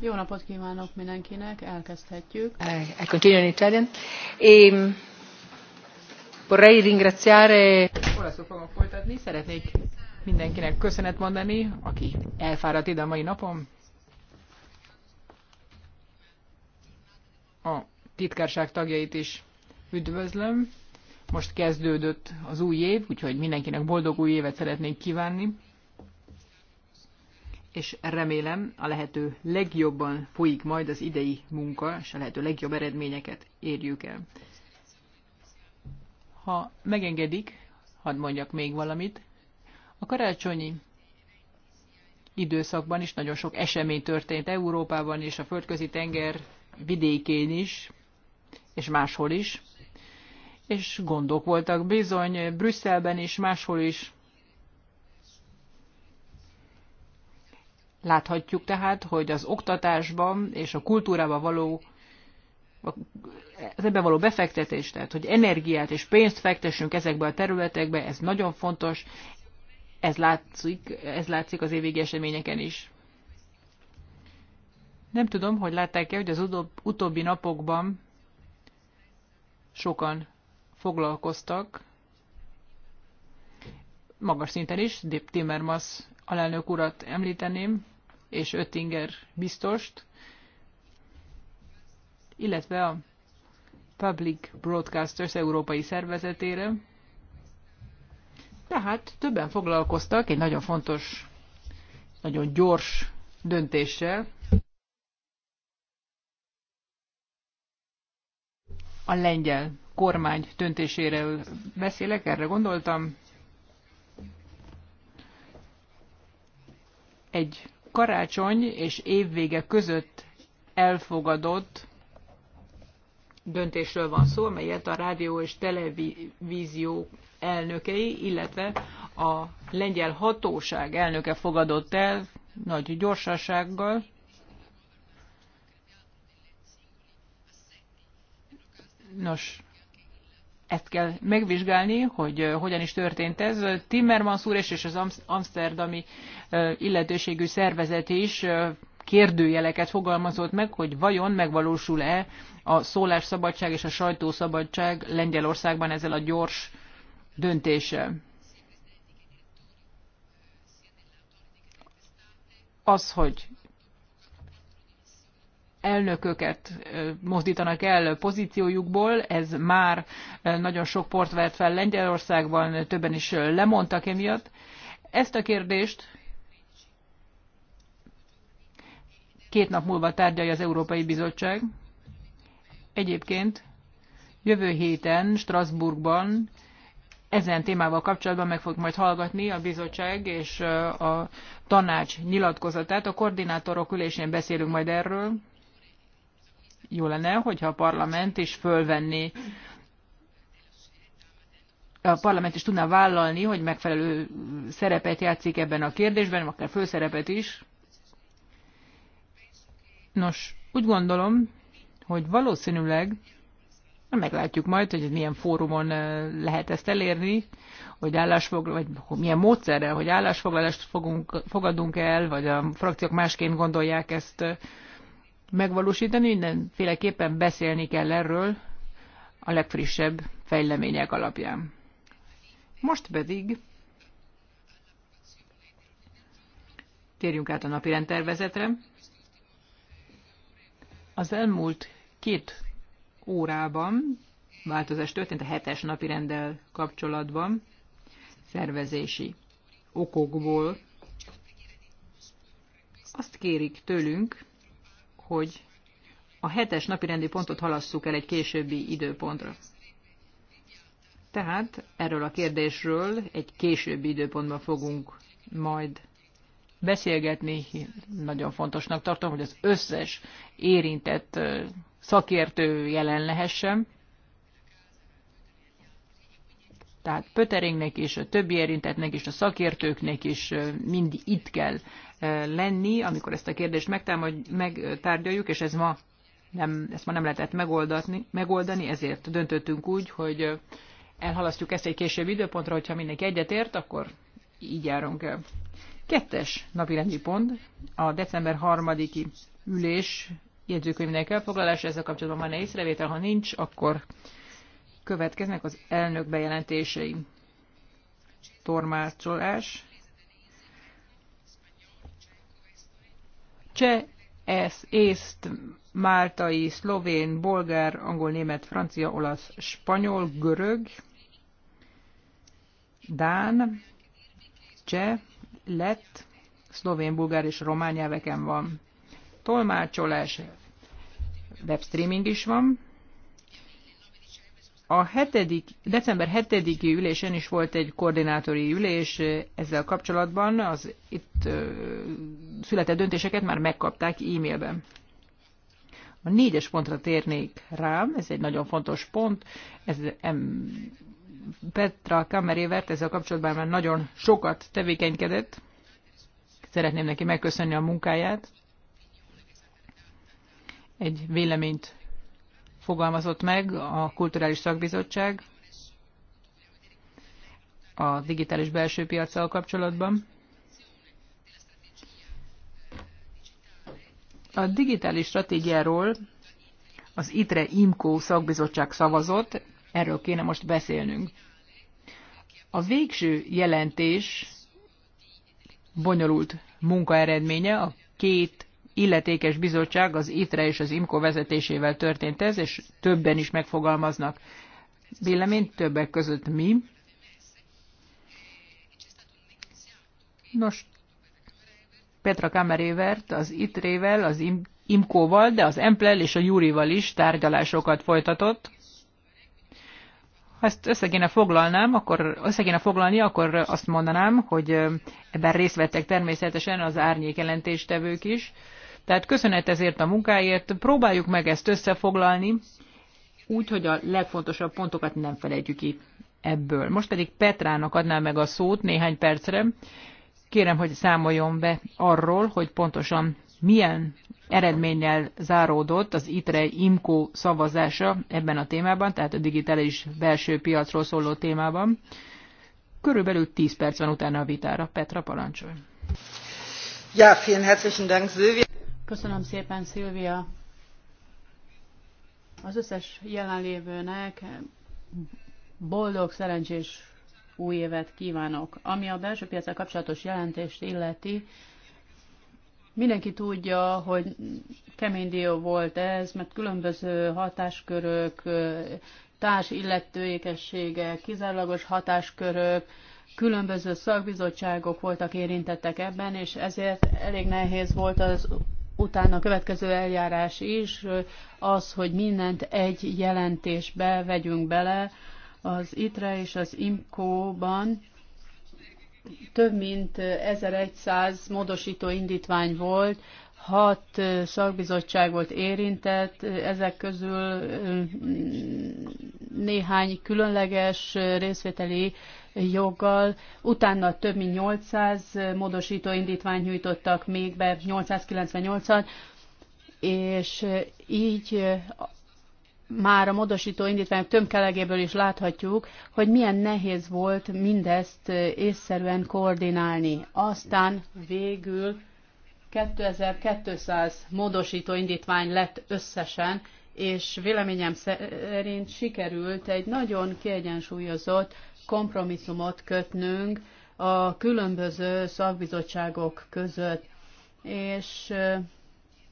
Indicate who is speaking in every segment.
Speaker 1: Jó napot kívánok mindenkinek, elkezdhetjük.
Speaker 2: I continue in Italian. E, vorrei ringraziare... Olaszul fogom folytatni. Szeretnék mindenkinek köszönet mondani, aki elfáradt ide a mai napom. A titkárság tagjait is üdvözlöm. Most kezdődött az új év, úgyhogy mindenkinek boldog új évet szeretnék kívánni és remélem a lehető legjobban folyik majd az idei munka, és a lehető legjobb eredményeket érjük el. Ha megengedik, hadd mondjak még valamit. A karácsonyi időszakban is nagyon sok esemény történt Európában és a földközi tenger vidékén is, és máshol is. És gondok voltak bizony Brüsszelben is, máshol is. Láthatjuk tehát, hogy az oktatásban és a kultúrában való az ebben való befektetés, tehát hogy energiát és pénzt fektessünk ezekbe a területekbe, ez nagyon fontos, ez látszik, ez látszik az évvégi eseményeken is. Nem tudom, hogy látták-e, hogy az utóbbi napokban sokan foglalkoztak, magas szinten is, Timmermans alelnök urat említeném, és Öttinger biztost, illetve a Public Broadcasters Európai Szervezetére. Tehát többen foglalkoztak egy nagyon fontos, nagyon gyors döntéssel. A lengyel kormány döntéséről beszélek, erre gondoltam, egy karácsony és évvége között elfogadott döntésről van szó, amelyet a rádió és televízió elnökei, illetve a lengyel hatóság elnöke fogadott el nagy gyorsasággal. Nos, ezt kell megvizsgálni, hogy hogyan is történt ez. Timmermans úr és az amsterdami illetőségű szervezet is kérdőjeleket fogalmazott meg, hogy vajon megvalósul-e a szólásszabadság és a sajtószabadság Lengyelországban ezzel a gyors döntéssel. Az, hogy elnököket mozdítanak el pozíciójukból, ez már nagyon sok port vert fel Lengyelországban, többen is lemondtak emiatt. Ezt a kérdést két nap múlva tárgyalja az Európai Bizottság. Egyébként jövő héten Strasbourgban ezen témával kapcsolatban meg fog majd hallgatni a bizottság és a tanács nyilatkozatát. A koordinátorok ülésén beszélünk majd erről jó lenne, hogyha a parlament is fölvenné, a parlament is tudná vállalni, hogy megfelelő szerepet játszik ebben a kérdésben, akár főszerepet is. Nos, úgy gondolom, hogy valószínűleg meglátjuk majd, hogy milyen fórumon eh, lehet ezt elérni, hogy állásfoglalás, vagy milyen módszerrel, hogy állásfoglalást fogunk, fogadunk el, vagy a frakciók másként gondolják ezt eh, megvalósítani, mindenféleképpen beszélni kell erről a legfrissebb fejlemények alapján. Most pedig térjünk át a napi rendtervezetre. Az elmúlt két órában változás történt a hetes napi rendel kapcsolatban szervezési okokból. Azt kérik tőlünk, hogy a hetes napi rendi pontot halasszuk el egy későbbi időpontra. Tehát erről a kérdésről egy későbbi időpontban fogunk majd beszélgetni. Nagyon fontosnak tartom, hogy az összes érintett szakértő jelen lehessen. Tehát Pöteringnek is, a többi érintettnek is, a szakértőknek is mind itt kell lenni, amikor ezt a kérdést megtárgyaljuk, és ez ma nem, ezt ma nem lehetett megoldani, megoldani, ezért döntöttünk úgy, hogy elhalasztjuk ezt egy később időpontra, hogyha mindenki egyetért, akkor így járunk el. Kettes napi rendi pont, a december harmadiki ülés jegyzőkönyvnek elfoglalása, ezzel kapcsolatban van-e észrevétel, ha nincs, akkor következnek az elnök bejelentései. Tormácsolás. cseh, esz, észt, máltai, szlovén, bolgár, angol, német, francia, olasz, spanyol, görög, dán, cseh, lett, szlovén, bulgár és román nyelveken van. Tolmácsolás, webstreaming is van. A 7. december 7-i ülésen is volt egy koordinátori ülés eh, ezzel kapcsolatban, az itt eh, született döntéseket már megkapták e-mailben. A négyes pontra térnék rá, ez egy nagyon fontos pont, ez em, Petra Kamerévert ezzel kapcsolatban már nagyon sokat tevékenykedett, szeretném neki megköszönni a munkáját. Egy véleményt fogalmazott meg a Kulturális Szakbizottság a digitális belső piacsal kapcsolatban. A digitális stratégiáról az ITRE IMCO szakbizottság szavazott, erről kéne most beszélnünk. A végső jelentés bonyolult munka eredménye, a két illetékes bizottság, az ITRE és az IMCO vezetésével történt ez, és többen is megfogalmaznak véleményt, többek között mi. Nos, Petra Kamerévert az ITRÉ-vel, az IMKO-val, de az EMPLEL és a Júrival is tárgyalásokat folytatott. Ha ezt össze kéne foglalnám, akkor össze kéne foglalni, akkor azt mondanám, hogy ebben részt vettek természetesen az árnyék jelentéstevők is. Tehát köszönet ezért a munkáért, próbáljuk meg ezt összefoglalni, úgy, hogy a legfontosabb pontokat nem felejtjük ki ebből. Most pedig Petrának adnám meg a szót néhány percre, Kérem, hogy számoljon be arról, hogy pontosan milyen eredménnyel záródott az ITRE IMCO szavazása ebben a témában, tehát a digitális belső piacról szóló témában. Körülbelül 10 perc van utána a vitára. Petra, parancsolj!
Speaker 1: Ja, vielen herzlichen Dank, Silvia. Köszönöm szépen, Szilvia. Az összes jelenlévőnek boldog, szerencsés új évet kívánok. Ami a belső piacra kapcsolatos jelentést illeti, mindenki tudja, hogy kemény dió volt ez, mert különböző hatáskörök, társ illetőékessége, kizárólagos hatáskörök, különböző szakbizottságok voltak érintettek ebben, és ezért elég nehéz volt az utána a következő eljárás is az, hogy mindent egy jelentésbe vegyünk bele, az ITRE és az IMCO-ban több mint 1100 módosító indítvány volt, hat szakbizottság volt érintett, ezek közül mm, néhány különleges részvételi joggal, utána több mint 800 módosító indítványt nyújtottak még be, 898-at, és így már a módosító indítványok tömkelegéből is láthatjuk, hogy milyen nehéz volt mindezt észszerűen koordinálni. Aztán végül 2200 módosító indítvány lett összesen, és véleményem szerint sikerült egy nagyon kiegyensúlyozott kompromisszumot kötnünk a különböző szakbizottságok között, és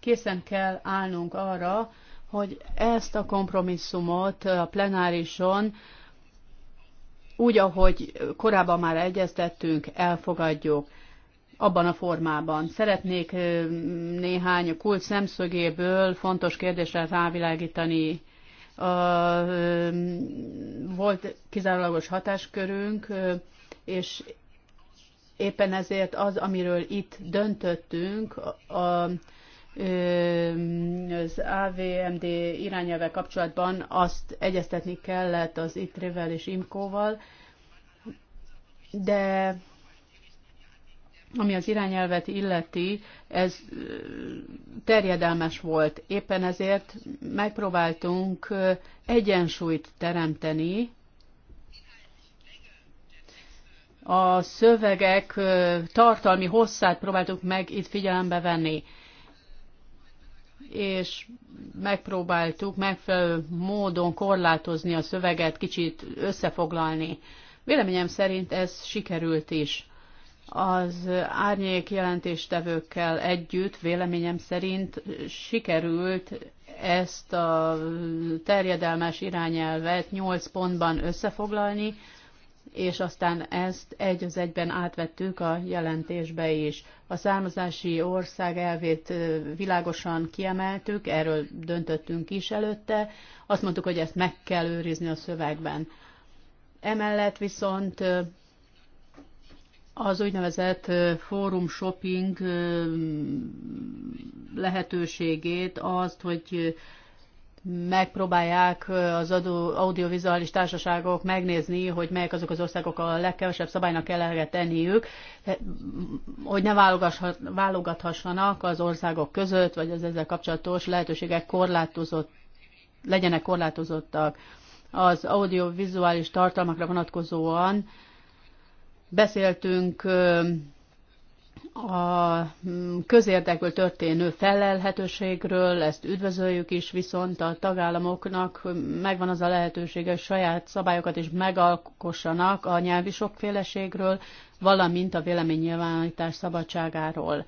Speaker 1: készen kell állnunk arra, hogy ezt a kompromisszumot a plenárison úgy, ahogy korábban már egyeztettünk, elfogadjuk abban a formában. Szeretnék néhány kult szemszögéből fontos kérdésre rávilágítani. Volt kizárólagos hatáskörünk, és éppen ezért az, amiről itt döntöttünk, a az AVMD irányelve kapcsolatban azt egyeztetni kellett az ITRE-vel és IMCO-val, de ami az irányelvet illeti, ez terjedelmes volt. Éppen ezért megpróbáltunk egyensúlyt teremteni a szövegek tartalmi hosszát próbáltuk meg itt figyelembe venni és megpróbáltuk megfelelő módon korlátozni a szöveget, kicsit összefoglalni. Véleményem szerint ez sikerült is. Az árnyék jelentéstevőkkel együtt véleményem szerint sikerült ezt a terjedelmes irányelvet 8 pontban összefoglalni, és aztán ezt egy az egyben átvettük a jelentésbe is. A származási ország elvét világosan kiemeltük, erről döntöttünk is előtte, azt mondtuk, hogy ezt meg kell őrizni a szövegben. Emellett viszont az úgynevezett fórum shopping lehetőségét, azt, hogy megpróbálják az audiovizuális társaságok megnézni, hogy melyek azok az országok a legkevesebb szabálynak kell eleget tenniük, hogy ne válogathassanak az országok között, vagy az ezzel kapcsolatos lehetőségek korlátozott, legyenek korlátozottak. Az audiovizuális tartalmakra vonatkozóan beszéltünk a mm, közérdekből történő felelhetőségről, ezt üdvözöljük is, viszont a tagállamoknak megvan az a lehetősége, hogy saját szabályokat is megalkossanak a nyelvi sokféleségről, valamint a véleménynyilvánítás szabadságáról.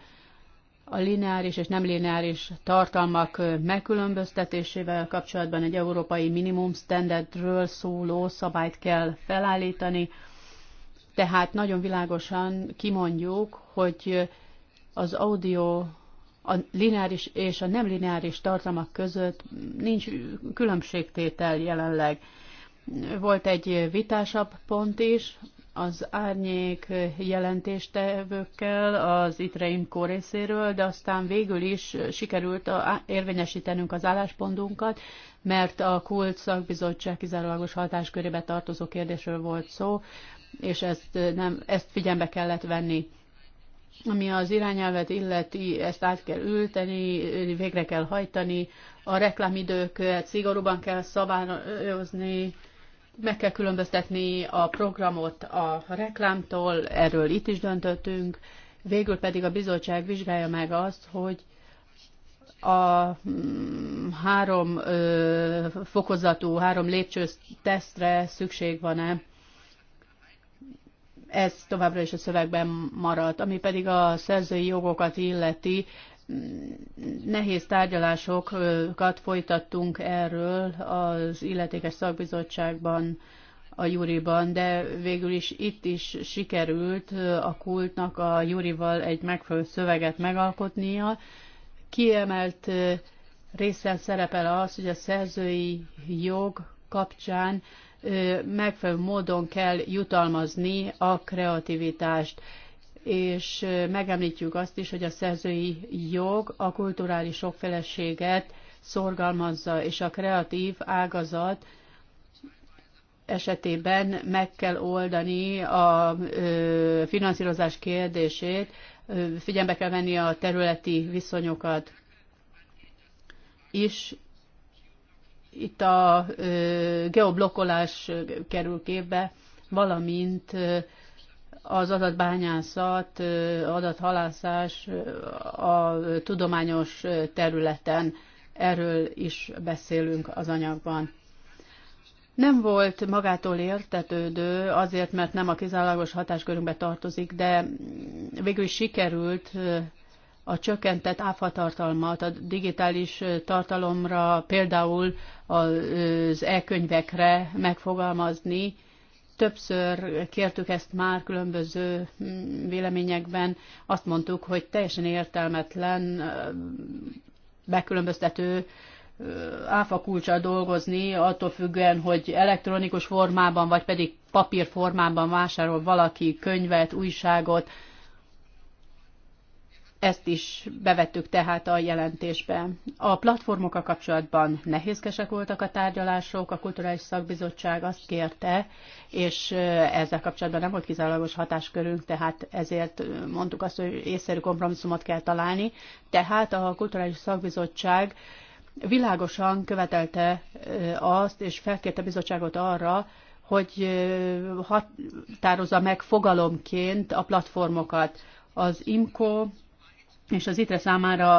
Speaker 1: A lineáris és nem lineáris tartalmak megkülönböztetésével kapcsolatban egy európai minimum standardről szóló szabályt kell felállítani, tehát nagyon világosan kimondjuk, hogy az audio a lineáris és a nem lineáris tartalmak között nincs különbségtétel jelenleg. Volt egy vitásabb pont is, az árnyék jelentéstevőkkel az Itreim részéről, de aztán végül is sikerült érvényesítenünk az álláspontunkat, mert a Kult szakbizottság kizárólagos hatáskörébe tartozó kérdésről volt szó, és ezt, nem, ezt figyelme kellett venni. Ami az irányelvet illeti, ezt át kell ülteni, végre kell hajtani, a reklámidőket szigorúban kell szabályozni, meg kell különböztetni a programot a reklámtól, erről itt is döntöttünk, végül pedig a bizottság vizsgálja meg azt, hogy a mm, három fokozatú, három lépcsős tesztre szükség van-e ez továbbra is a szövegben maradt. Ami pedig a szerzői jogokat illeti, nehéz tárgyalásokat folytattunk erről az illetékes szakbizottságban, a Juriban, de végül is itt is sikerült a kultnak a Jurival egy megfelelő szöveget megalkotnia. Kiemelt részen szerepel az, hogy a szerzői jog kapcsán megfelelő módon kell jutalmazni a kreativitást és megemlítjük azt is, hogy a szerzői jog a kulturális sokféleséget szorgalmazza, és a kreatív ágazat esetében meg kell oldani a finanszírozás kérdését, figyelme kell venni a területi viszonyokat is, itt a geoblokkolás kerül képbe, valamint az adatbányászat, adathalászás a tudományos területen. Erről is beszélünk az anyagban. Nem volt magától értetődő, azért, mert nem a kizárólagos hatáskörünkbe tartozik, de végül is sikerült a csökkentett áfatartalmat a digitális tartalomra, például az e-könyvekre megfogalmazni. Többször kértük ezt már különböző mm, véleményekben. Azt mondtuk, hogy teljesen értelmetlen, megkülönböztető áfa dolgozni, attól függően, hogy elektronikus formában, vagy pedig papír formában vásárol valaki könyvet, újságot, ezt is bevettük tehát a jelentésbe. A platformokkal kapcsolatban nehézkesek voltak a tárgyalások, a Kulturális Szakbizottság azt kérte, és ezzel kapcsolatban nem volt kizárólagos hatáskörünk, tehát ezért mondtuk azt, hogy észszerű kompromisszumot kell találni. Tehát a Kulturális Szakbizottság világosan követelte azt, és felkérte bizottságot arra, hogy határozza meg fogalomként a platformokat. Az IMCO és az ITRE számára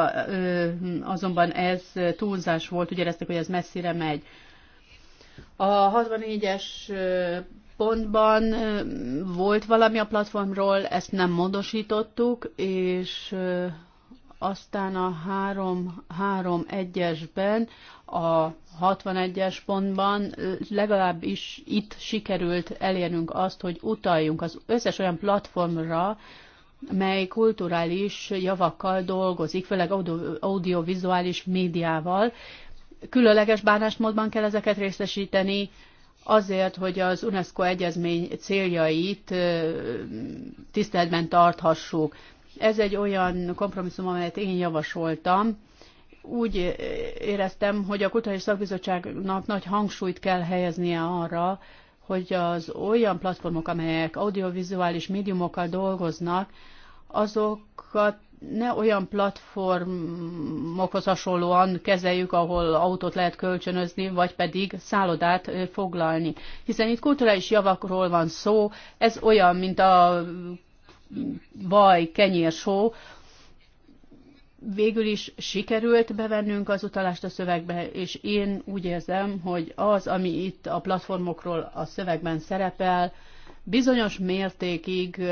Speaker 1: azonban ez túlzás volt, úgy éreztek, hogy ez messzire megy. A 64-es pontban volt valami a platformról, ezt nem módosítottuk, és aztán a 3-1-esben, a 61-es pontban legalábbis itt sikerült elérnünk azt, hogy utaljunk az összes olyan platformra, mely kulturális javakkal dolgozik, főleg audiovizuális médiával. Különleges bánásmódban kell ezeket részesíteni, azért, hogy az UNESCO egyezmény céljait tiszteletben tarthassuk. Ez egy olyan kompromisszum, amelyet én javasoltam. Úgy éreztem, hogy a Kutatási Szakbizottságnak nagy hangsúlyt kell helyeznie arra, hogy az olyan platformok, amelyek audiovizuális médiumokkal dolgoznak, azokat ne olyan platformokhoz hasonlóan kezeljük, ahol autót lehet kölcsönözni, vagy pedig szállodát foglalni. Hiszen itt kulturális javakról van szó, ez olyan, mint a vaj, só, végül is sikerült bevennünk az utalást a szövegbe, és én úgy érzem, hogy az, ami itt a platformokról a szövegben szerepel, bizonyos mértékig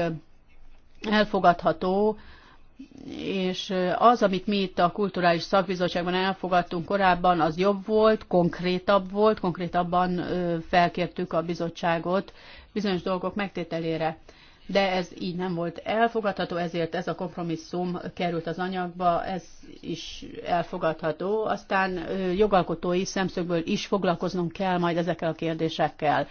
Speaker 1: elfogadható, és az, amit mi itt a Kulturális Szakbizottságban elfogadtunk korábban, az jobb volt, konkrétabb volt, konkrétabban felkértük a bizottságot bizonyos dolgok megtételére de ez így nem volt elfogadható, ezért ez a kompromisszum került az anyagba, ez is elfogadható. Aztán jogalkotói szemszögből is foglalkoznunk kell majd ezekkel a kérdésekkel.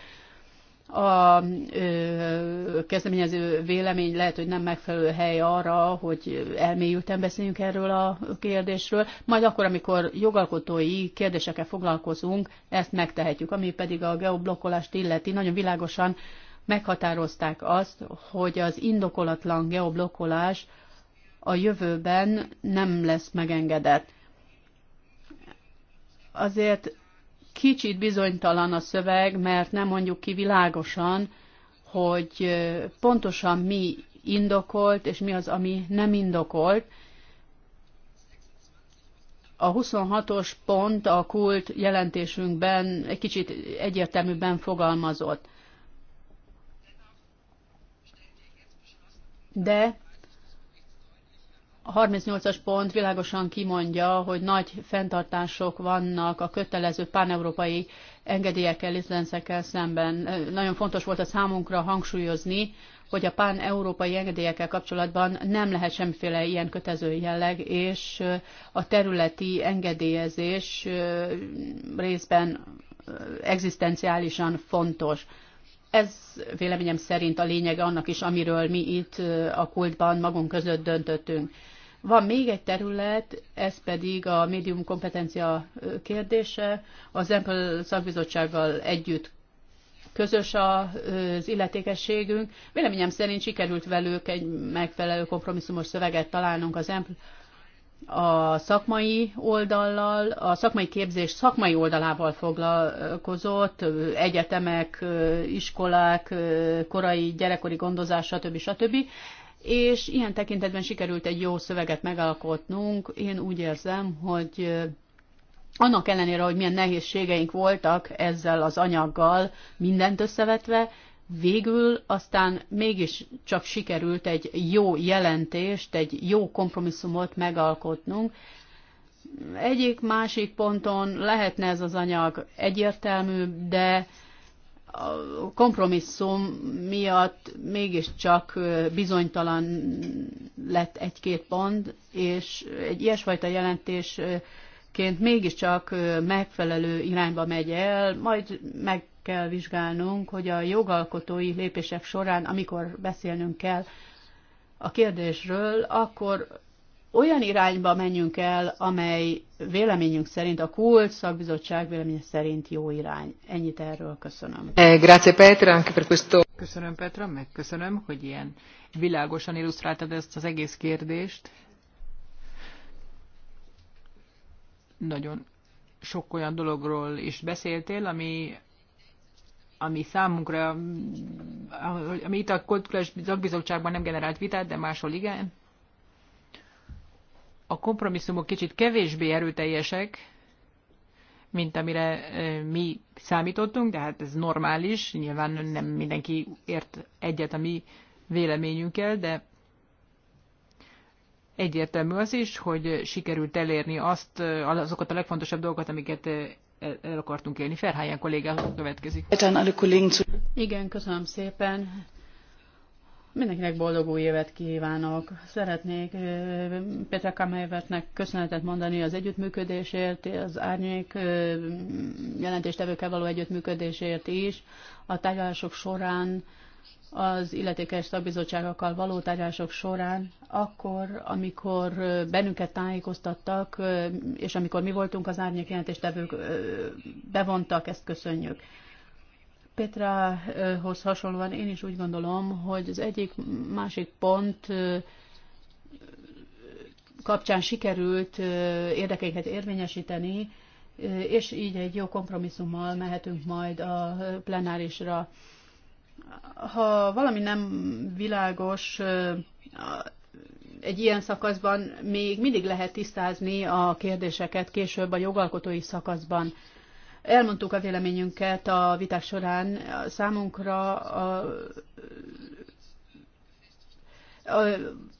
Speaker 1: A ö, kezdeményező vélemény lehet, hogy nem megfelelő hely arra, hogy elmélyülten beszéljünk erről a kérdésről. Majd akkor, amikor jogalkotói kérdésekkel foglalkozunk, ezt megtehetjük. Ami pedig a geoblokkolást illeti, nagyon világosan meghatározták azt, hogy az indokolatlan geoblokkolás a jövőben nem lesz megengedett. Azért kicsit bizonytalan a szöveg, mert nem mondjuk ki világosan, hogy pontosan mi indokolt, és mi az, ami nem indokolt. A 26-os pont a kult jelentésünkben egy kicsit egyértelműbben fogalmazott. de a 38-as pont világosan kimondja, hogy nagy fenntartások vannak a kötelező páneurópai engedélyekkel, licenszekkel szemben. Nagyon fontos volt a számunkra hangsúlyozni, hogy a pán-európai engedélyekkel kapcsolatban nem lehet semmiféle ilyen kötező jelleg, és a területi engedélyezés részben egzisztenciálisan fontos. Ez véleményem szerint a lényege annak is, amiről mi itt a kultban magunk között döntöttünk. Van még egy terület, ez pedig a médium kompetencia kérdése. Az Empel szakbizottsággal együtt közös az illetékességünk. Véleményem szerint sikerült velük egy megfelelő kompromisszumos szöveget találnunk az Empel a szakmai oldallal, a szakmai képzés szakmai oldalával foglalkozott, egyetemek, iskolák, korai gyerekkori gondozás, stb. stb. És ilyen tekintetben sikerült egy jó szöveget megalkotnunk. Én úgy érzem, hogy annak ellenére, hogy milyen nehézségeink voltak ezzel az anyaggal mindent összevetve, végül aztán mégis csak sikerült egy jó jelentést, egy jó kompromisszumot megalkotnunk. Egyik másik ponton lehetne ez az anyag egyértelmű, de a kompromisszum miatt mégiscsak bizonytalan lett egy-két pont, és egy ilyesfajta jelentés mégiscsak megfelelő irányba megy el, majd meg kell vizsgálnunk, hogy a jogalkotói lépések során, amikor beszélnünk kell a kérdésről, akkor olyan irányba menjünk el, amely véleményünk szerint, a KULT szakbizottság véleménye szerint jó irány. Ennyit erről köszönöm.
Speaker 2: Eh, grazie Petra, anche per questo. Köszönöm Petra, köszönöm, hogy ilyen világosan illusztráltad ezt az egész kérdést. Nagyon sok olyan dologról is beszéltél, ami ami számunkra, ami itt a kultúrás Szakbizottságban nem generált vitát, de máshol igen. A kompromisszumok kicsit kevésbé erőteljesek, mint amire mi számítottunk, de hát ez normális, nyilván nem mindenki ért egyet a mi véleményünkkel, de egyértelmű az is, hogy sikerült elérni azt, azokat a legfontosabb dolgokat, amiket el akartunk élni. Ferhályán kollégá következik.
Speaker 1: Igen, köszönöm szépen. Mindenkinek boldog új évet kívánok. Szeretnék Péter Kamevetnek köszönetet mondani az együttműködésért, az árnyék jelentéstevőkkel való együttműködésért is. A tárgyalások során az illetékes szakbizottságokkal való tárgyalások során, akkor, amikor bennünket tájékoztattak, és amikor mi voltunk az árnyék jelentéstevők, bevontak, ezt köszönjük. Petrahoz hasonlóan én is úgy gondolom, hogy az egyik másik pont kapcsán sikerült érdekeiket érvényesíteni, és így egy jó kompromisszummal mehetünk majd a plenárisra ha valami nem világos egy ilyen szakaszban, még mindig lehet tisztázni a kérdéseket később a jogalkotói szakaszban. Elmondtuk a véleményünket a viták során. Számunkra a, a,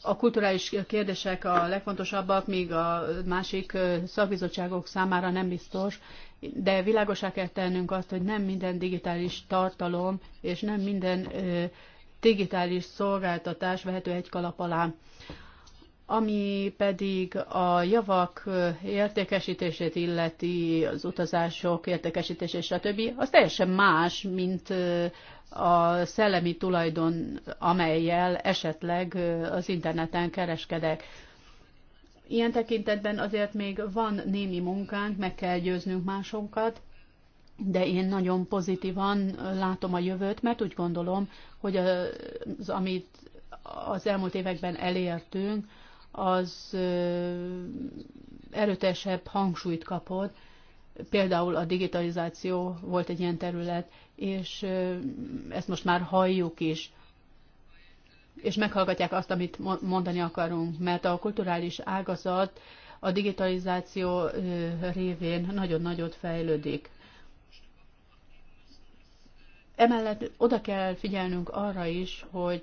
Speaker 1: a kulturális kérdések a legfontosabbak, míg a másik szakbizottságok számára nem biztos, de világosá kell tennünk azt, hogy nem minden digitális tartalom és nem minden digitális szolgáltatás vehető egy kalap alá. Ami pedig a javak értékesítését illeti, az utazások értékesítését, stb., az teljesen más, mint a szellemi tulajdon, amelyel esetleg az interneten kereskedek. Ilyen tekintetben azért még van némi munkánk, meg kell győznünk másunkat, de én nagyon pozitívan látom a jövőt, mert úgy gondolom, hogy az, amit az elmúlt években elértünk, az erőtesebb hangsúlyt kapott. Például a digitalizáció volt egy ilyen terület, és ezt most már halljuk is és meghallgatják azt, amit mondani akarunk, mert a kulturális ágazat a digitalizáció révén nagyon nagyot fejlődik. Emellett oda kell figyelnünk arra is, hogy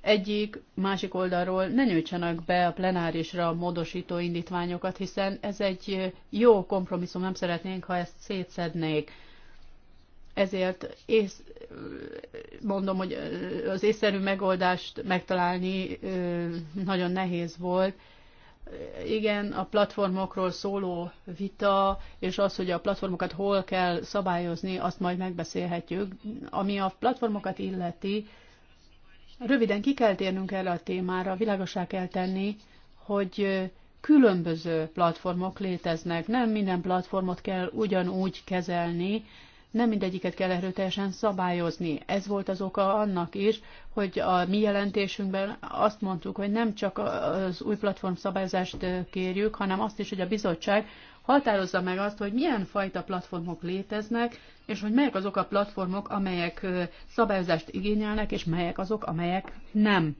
Speaker 1: egyik, másik oldalról ne nyújtsanak be a plenárisra a módosító indítványokat, hiszen ez egy jó kompromisszum, nem szeretnénk, ha ezt szétszednék ezért ész, mondom, hogy az észszerű megoldást megtalálni nagyon nehéz volt. Igen, a platformokról szóló vita, és az, hogy a platformokat hol kell szabályozni, azt majd megbeszélhetjük. Ami a platformokat illeti, röviden ki kell térnünk erre a témára, világosá kell tenni, hogy különböző platformok léteznek. Nem minden platformot kell ugyanúgy kezelni, nem mindegyiket kell erőteljesen szabályozni. Ez volt az oka annak is, hogy a mi jelentésünkben azt mondtuk, hogy nem csak az új platform szabályozást kérjük, hanem azt is, hogy a bizottság határozza meg azt, hogy milyen fajta platformok léteznek, és hogy melyek azok a platformok, amelyek szabályozást igényelnek, és melyek azok, amelyek nem.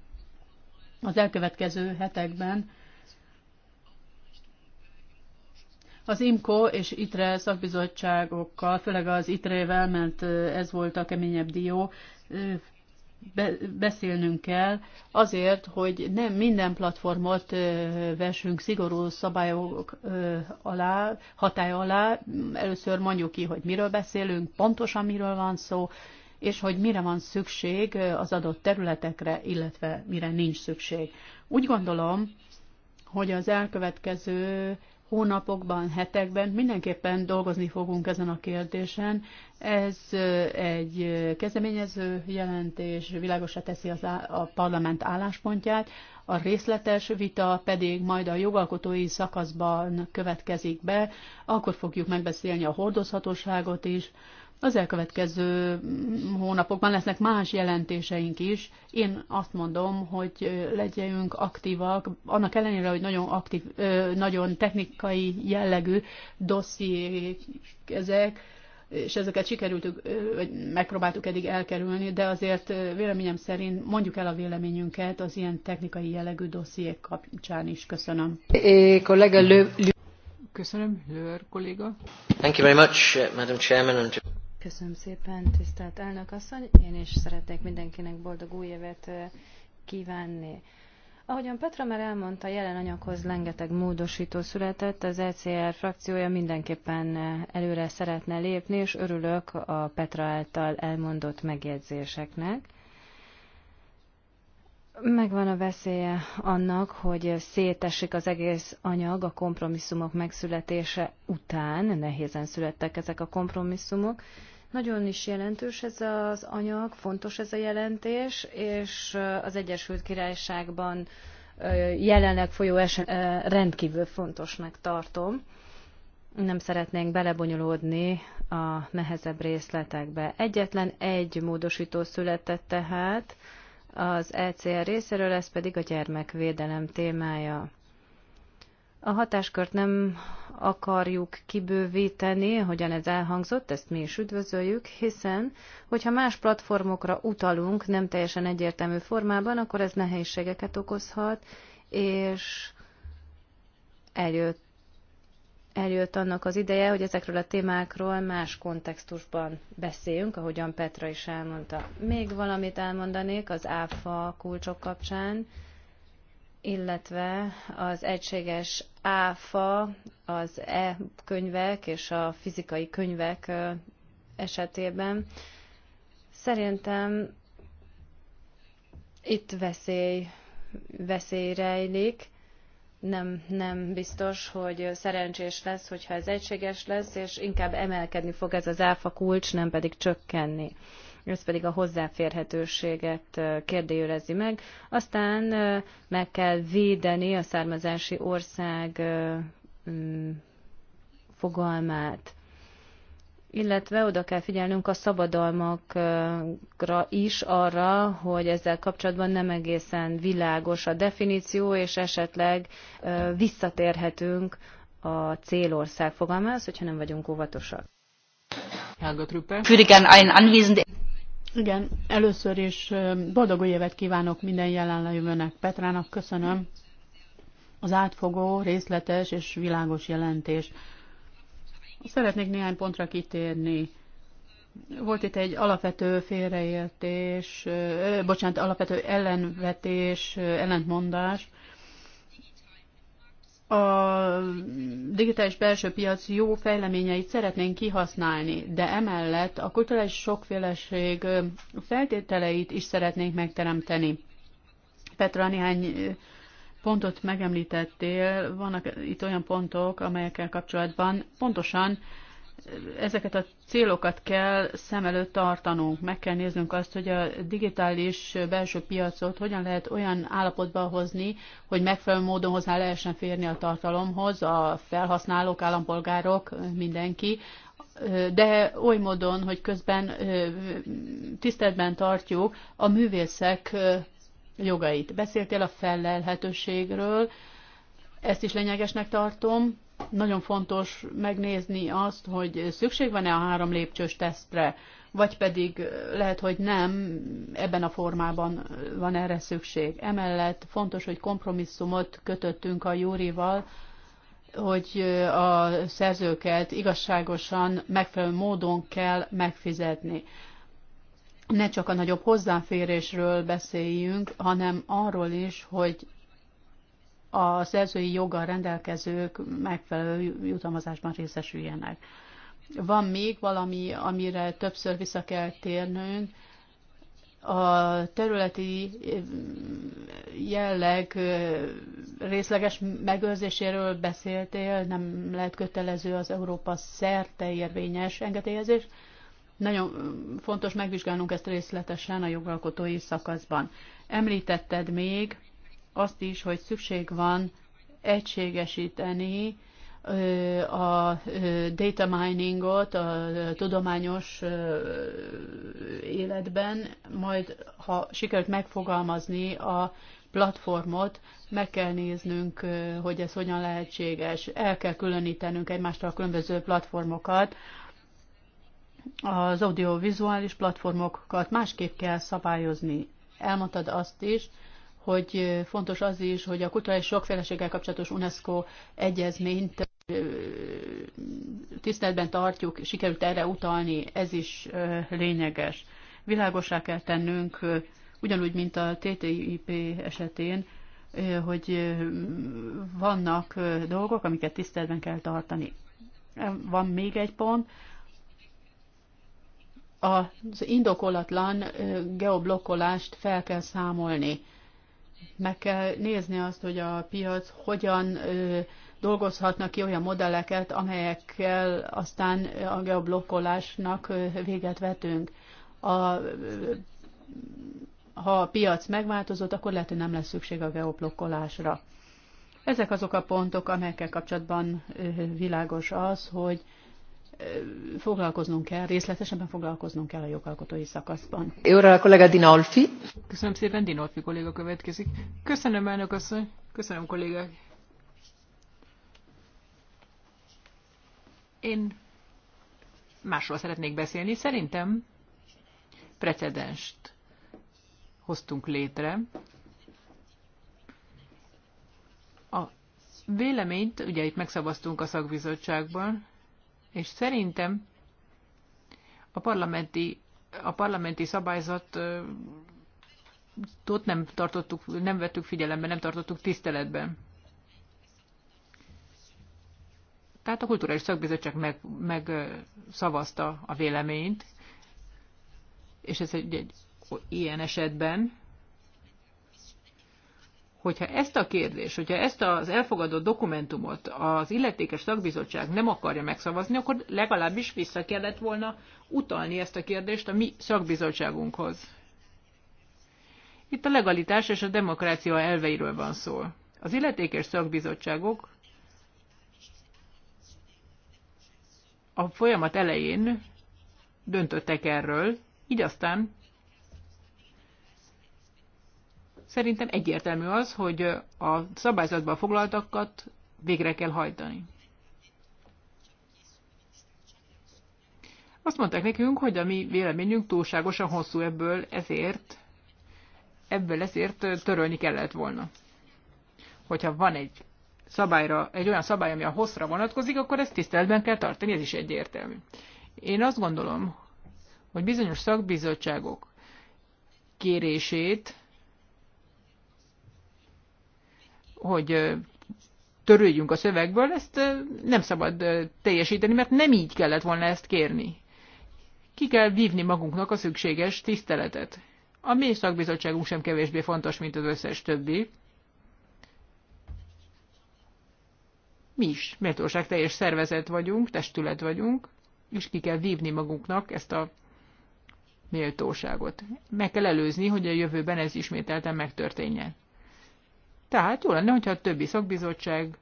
Speaker 1: Az elkövetkező hetekben Az IMCO és ITRE szakbizottságokkal, főleg az ITRE-vel, mert ez volt a keményebb dió, beszélnünk kell azért, hogy nem minden platformot versünk szigorú szabályok alá, hatály alá. Először mondjuk ki, hogy miről beszélünk, pontosan miről van szó, és hogy mire van szükség az adott területekre, illetve mire nincs szükség. Úgy gondolom, hogy az elkövetkező hónapokban, hetekben mindenképpen dolgozni fogunk ezen a kérdésen. Ez egy kezdeményező jelentés, világosra teszi az á- a parlament álláspontját, a részletes vita pedig majd a jogalkotói szakaszban következik be, akkor fogjuk megbeszélni a hordozhatóságot is, az elkövetkező hónapokban lesznek más jelentéseink is. Én azt mondom, hogy legyünk aktívak, annak ellenére, hogy nagyon, aktív, nagyon technikai jellegű dossziék ezek, és ezeket sikerült vagy megpróbáltuk eddig elkerülni, de azért véleményem szerint mondjuk el a véleményünket az ilyen technikai jellegű dossziék kapcsán is. Köszönöm. kollega
Speaker 2: Köszönöm,
Speaker 3: Lőr kolléga. Thank you very much, Madam Chairman. Köszönöm szépen, tisztelt elnök asszony. Én is szeretnék mindenkinek boldog új évet kívánni. Ahogyan Petra már elmondta, jelen anyaghoz rengeteg módosító született, az ECR frakciója mindenképpen előre szeretne lépni, és örülök a Petra által elmondott megjegyzéseknek. Megvan a veszélye annak, hogy szétesik az egész anyag a kompromisszumok megszületése után, nehézen születtek ezek a kompromisszumok, nagyon is jelentős ez az anyag, fontos ez a jelentés, és az Egyesült Királyságban jelenleg folyó eset rendkívül fontosnak tartom. Nem szeretnénk belebonyolódni a nehezebb részletekbe. Egyetlen egy módosító született tehát az ECR részéről, ez pedig a gyermekvédelem témája. A hatáskört nem akarjuk kibővíteni, hogyan ez elhangzott, ezt mi is üdvözöljük, hiszen, hogyha más platformokra utalunk nem teljesen egyértelmű formában, akkor ez nehézségeket okozhat, és eljött, eljött annak az ideje, hogy ezekről a témákról más kontextusban beszéljünk, ahogyan Petra is elmondta. Még valamit elmondanék az ÁFA kulcsok kapcsán illetve az egységes áfa, az e-könyvek és a fizikai könyvek esetében. Szerintem itt veszély, veszély rejlik. Nem, nem biztos, hogy szerencsés lesz, hogyha ez egységes lesz, és inkább emelkedni fog ez az áfa kulcs, nem pedig csökkenni ez pedig a hozzáférhetőséget kérdőjelezi meg. Aztán meg kell védeni a származási ország mm, fogalmát, illetve oda kell figyelnünk a szabadalmakra is arra, hogy ezzel kapcsolatban nem egészen világos a definíció, és esetleg visszatérhetünk a célország fogalmához, hogyha nem vagyunk óvatosak. Helga Trüppe. Für die gern
Speaker 1: igen, először is boldog új évet kívánok minden jelenlejövőnek. Petrának köszönöm az átfogó, részletes és világos jelentés. Szeretnék néhány pontra kitérni. Volt itt egy alapvető félreértés, bocsánat, alapvető ellenvetés, ellentmondás a digitális belső piac jó fejleményeit szeretnénk kihasználni, de emellett a kulturális sokféleség feltételeit is szeretnénk megteremteni. Petra, néhány pontot megemlítettél, vannak itt olyan pontok, amelyekkel kapcsolatban pontosan ezeket a célokat kell szem előtt tartanunk. Meg kell néznünk azt, hogy a digitális belső piacot hogyan lehet olyan állapotba hozni, hogy megfelelő módon hozzá lehessen férni a tartalomhoz, a felhasználók, állampolgárok, mindenki, de oly módon, hogy közben tiszteletben tartjuk a művészek jogait. Beszéltél a felelhetőségről, ezt is lényegesnek tartom nagyon fontos megnézni azt, hogy szükség van-e a három lépcsős tesztre, vagy pedig lehet, hogy nem, ebben a formában van erre szükség. Emellett fontos, hogy kompromisszumot kötöttünk a Júrival, hogy a szerzőket igazságosan, megfelelő módon kell megfizetni. Ne csak a nagyobb hozzáférésről beszéljünk, hanem arról is, hogy a szerzői joggal rendelkezők megfelelő jutalmazásban részesüljenek. Van még valami, amire többször vissza kell térnünk, a területi eh, jelleg eh, részleges megőrzéséről beszéltél, nem lehet kötelező az Európa szerte érvényes engedélyezés. Nagyon fontos megvizsgálnunk ezt részletesen a jogalkotói szakaszban. Említetted még azt is, hogy szükség van egységesíteni a data miningot a tudományos életben, majd ha sikerült megfogalmazni a platformot, meg kell néznünk, hogy ez hogyan lehetséges. El kell különítenünk egymástól a különböző platformokat, az audiovizuális platformokat másképp kell szabályozni. Elmondtad azt is, hogy fontos az is, hogy a kulturális sokféleséggel kapcsolatos UNESCO egyezményt tiszteletben tartjuk, sikerült erre utalni, ez is lényeges. Világosá kell tennünk, ugyanúgy, mint a TTIP esetén, hogy vannak dolgok, amiket tiszteletben kell tartani. Van még egy pont, az indokolatlan geoblokkolást fel kell számolni meg kell nézni azt, hogy a piac hogyan dolgozhatnak ki olyan modelleket, amelyekkel aztán a geoblokkolásnak véget vetünk. A, ha a piac megváltozott, akkor lehet, hogy nem lesz szükség a geoblokkolásra. Ezek azok a pontok, amelyekkel kapcsolatban világos az, hogy foglalkoznunk kell, részletesebben foglalkoznunk kell a jogalkotói szakaszban. Jóra e a kollega Dinolfi.
Speaker 2: Köszönöm szépen, Dinolfi kolléga következik. Köszönöm, elnök asszony. Köszönöm, kollégák. Én másról szeretnék beszélni. Szerintem precedenst hoztunk létre. A véleményt, ugye itt megszavaztunk a szakbizottságban, és szerintem a parlamenti, a parlamenti szabályzat ott nem tartottuk, nem vettük figyelembe, nem tartottuk tiszteletben. Tehát a Kulturális Szakbizottság megszavazta meg a véleményt, és ez egy, egy ilyen esetben hogyha ezt a kérdést, hogyha ezt az elfogadott dokumentumot az illetékes szakbizottság nem akarja megszavazni, akkor legalábbis vissza kellett volna utalni ezt a kérdést a mi szakbizottságunkhoz. Itt a legalitás és a demokrácia elveiről van szó. Az illetékes szakbizottságok a folyamat elején döntöttek erről, így aztán Szerintem egyértelmű az, hogy a szabályzatban foglaltakat végre kell hajtani. Azt mondták nekünk, hogy a mi véleményünk túlságosan hosszú ebből, ezért ebből ezért törölni kellett volna. Hogyha van egy szabályra, egy olyan szabály, ami a hosszra vonatkozik, akkor ezt tiszteletben kell tartani, ez is egyértelmű. Én azt gondolom, hogy bizonyos szakbizottságok kérését hogy törődjünk a szövegből, ezt nem szabad teljesíteni, mert nem így kellett volna ezt kérni. Ki kell vívni magunknak a szükséges tiszteletet. A mi szakbizottságunk sem kevésbé fontos, mint az összes többi. Mi is méltóság teljes szervezet vagyunk, testület vagyunk, és ki kell vívni magunknak ezt a méltóságot. Meg kell előzni, hogy a jövőben ez ismételten megtörténjen. Tehát jó lenne, hogyha a többi szakbizottság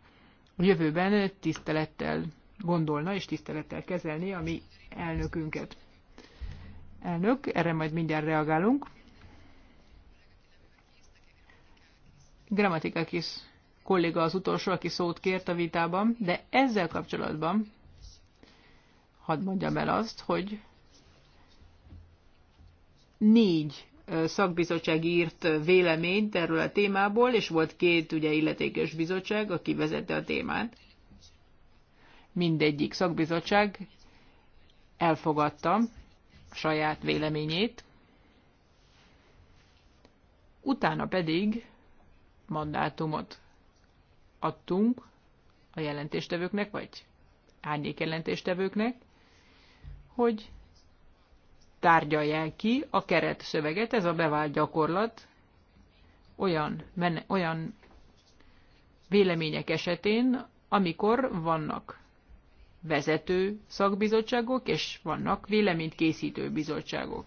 Speaker 2: a jövőben tisztelettel gondolna és tisztelettel kezelni a mi elnökünket. Elnök, erre majd mindjárt reagálunk. kis kolléga az utolsó, aki szót kért a vitában, de ezzel kapcsolatban hadd mondjam el azt, hogy négy szakbizottság írt véleményt erről a témából, és volt két ugye illetékes bizottság, aki vezette a témát. Mindegyik szakbizottság elfogadta saját véleményét, utána pedig mandátumot adtunk a jelentéstevőknek, vagy árnyék jelentéstevőknek, hogy tárgyalják ki a keret szöveget, ez a bevált gyakorlat olyan, men, olyan vélemények esetén, amikor vannak vezető szakbizottságok, és vannak véleményt készítő bizottságok.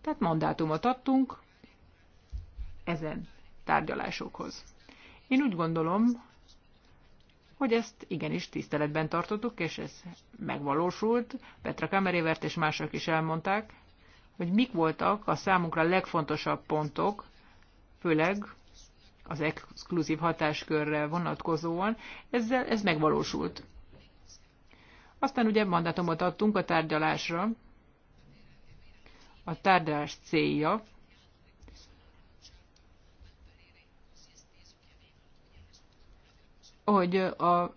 Speaker 2: Tehát mandátumot adtunk ezen tárgyalásokhoz. Én úgy gondolom, hogy ezt igenis tiszteletben tartottuk, és ez megvalósult. Petra Kamerévert és mások is elmondták, hogy mik voltak a számunkra legfontosabb pontok, főleg az exkluzív hatáskörre vonatkozóan, ezzel ez megvalósult. Aztán ugye mandátumot adtunk a tárgyalásra. A tárgyalás célja hogy a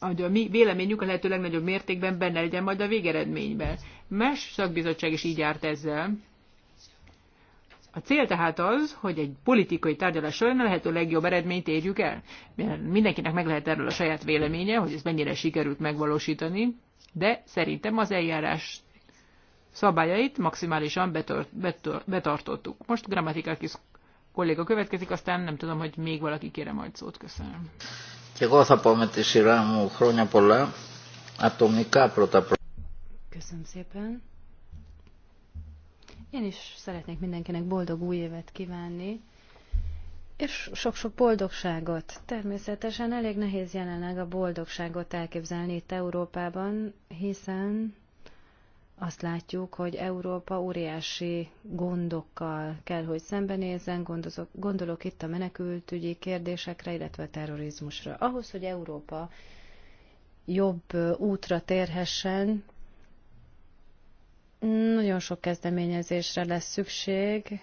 Speaker 2: hogy a mi véleményünk a lehető legnagyobb mértékben benne legyen majd a végeredményben. Más szakbizottság is így járt ezzel. A cél tehát az, hogy egy politikai tárgyalás során a lehető legjobb eredményt érjük el. Mindenkinek meg lehet erről a saját véleménye, hogy ez mennyire sikerült megvalósítani, de szerintem az eljárás szabályait maximálisan betört, betört, betartottuk. Most is kolléga következik, aztán nem tudom, hogy még valaki kére majd szót. Köszönöm.
Speaker 3: Köszönöm szépen. Én is szeretnék mindenkinek boldog új évet kívánni, és sok-sok boldogságot. Természetesen elég nehéz jelenleg a boldogságot elképzelni itt Európában, hiszen azt látjuk, hogy Európa óriási gondokkal kell, hogy szembenézzen, gondozok, gondolok itt a menekültügyi kérdésekre, illetve a terrorizmusra. Ahhoz, hogy Európa jobb útra térhessen, nagyon sok kezdeményezésre lesz szükség,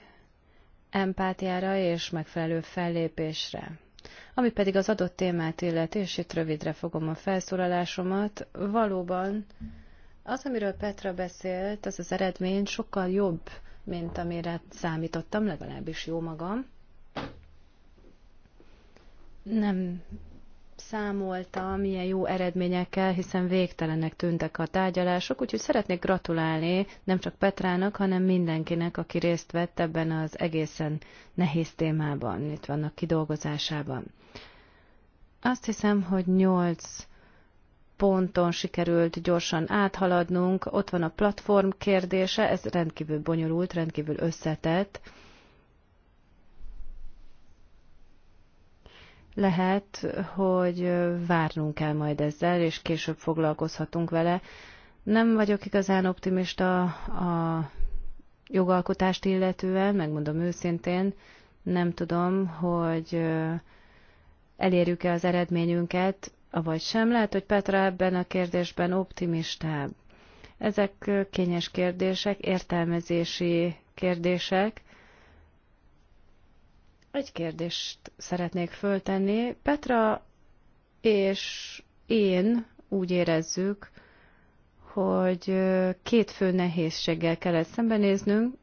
Speaker 3: empátiára és megfelelő fellépésre. Ami pedig az adott témát illeti, és itt rövidre fogom a felszólalásomat, valóban mm az, amiről Petra beszélt, az az eredmény sokkal jobb, mint amire számítottam, legalábbis jó magam. Nem számoltam ilyen jó eredményekkel, hiszen végtelenek tűntek a tárgyalások, úgyhogy szeretnék gratulálni nem csak Petrának, hanem mindenkinek, aki részt vett ebben az egészen nehéz témában, itt vannak kidolgozásában. Azt hiszem, hogy nyolc ponton sikerült gyorsan áthaladnunk. Ott van a platform kérdése, ez rendkívül bonyolult, rendkívül összetett. Lehet, hogy várnunk kell majd ezzel, és később foglalkozhatunk vele. Nem vagyok igazán optimista a jogalkotást illetően, megmondom őszintén, nem tudom, hogy elérjük-e az eredményünket, vagy sem. Lehet, hogy Petra ebben a kérdésben optimistább. Ezek kényes kérdések, értelmezési kérdések. Egy kérdést szeretnék föltenni. Petra és én úgy érezzük, hogy két fő nehézséggel kellett szembenéznünk.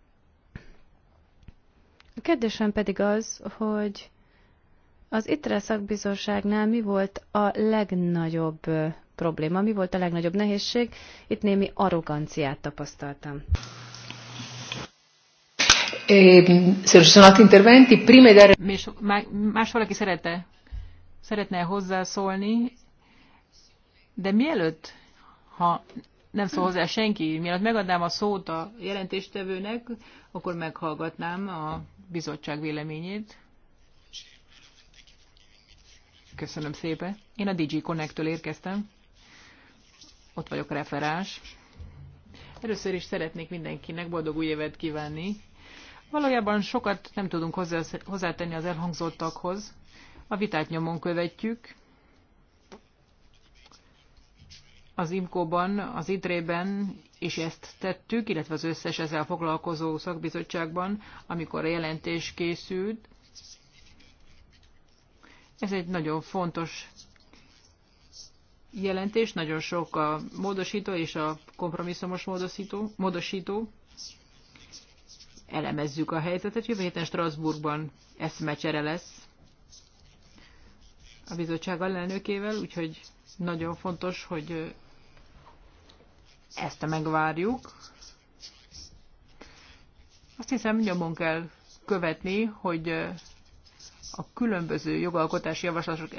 Speaker 3: A kérdésem pedig az, hogy az ITRE szakbizottságnál mi volt a legnagyobb probléma, mi volt a legnagyobb nehézség? Itt némi arroganciát tapasztaltam.
Speaker 2: Ehm, más valaki szerette, szeretne hozzászólni, de mielőtt, ha nem szól hozzá senki, mielőtt megadnám a szót a jelentéstevőnek, akkor meghallgatnám a bizottság véleményét. Köszönöm szépen. Én a DJ Connect-től érkeztem. Ott vagyok referás. Először is szeretnék mindenkinek boldog új évet kívánni. Valójában sokat nem tudunk hozzátenni az elhangzottakhoz. A vitát nyomon követjük. Az imco ban az idre ben és ezt tettük, illetve az összes ezzel foglalkozó szakbizottságban, amikor a jelentés készült, ez egy nagyon fontos jelentés, nagyon sok a módosító és a kompromisszumos módosító. módosító. Elemezzük a helyzetet. Jövő héten Strasbourgban eszmecsere lesz a bizottság alelnökével, úgyhogy nagyon fontos, hogy ezt a megvárjuk. Azt hiszem, nyomon kell követni, hogy a különböző jogalkotási javaslatok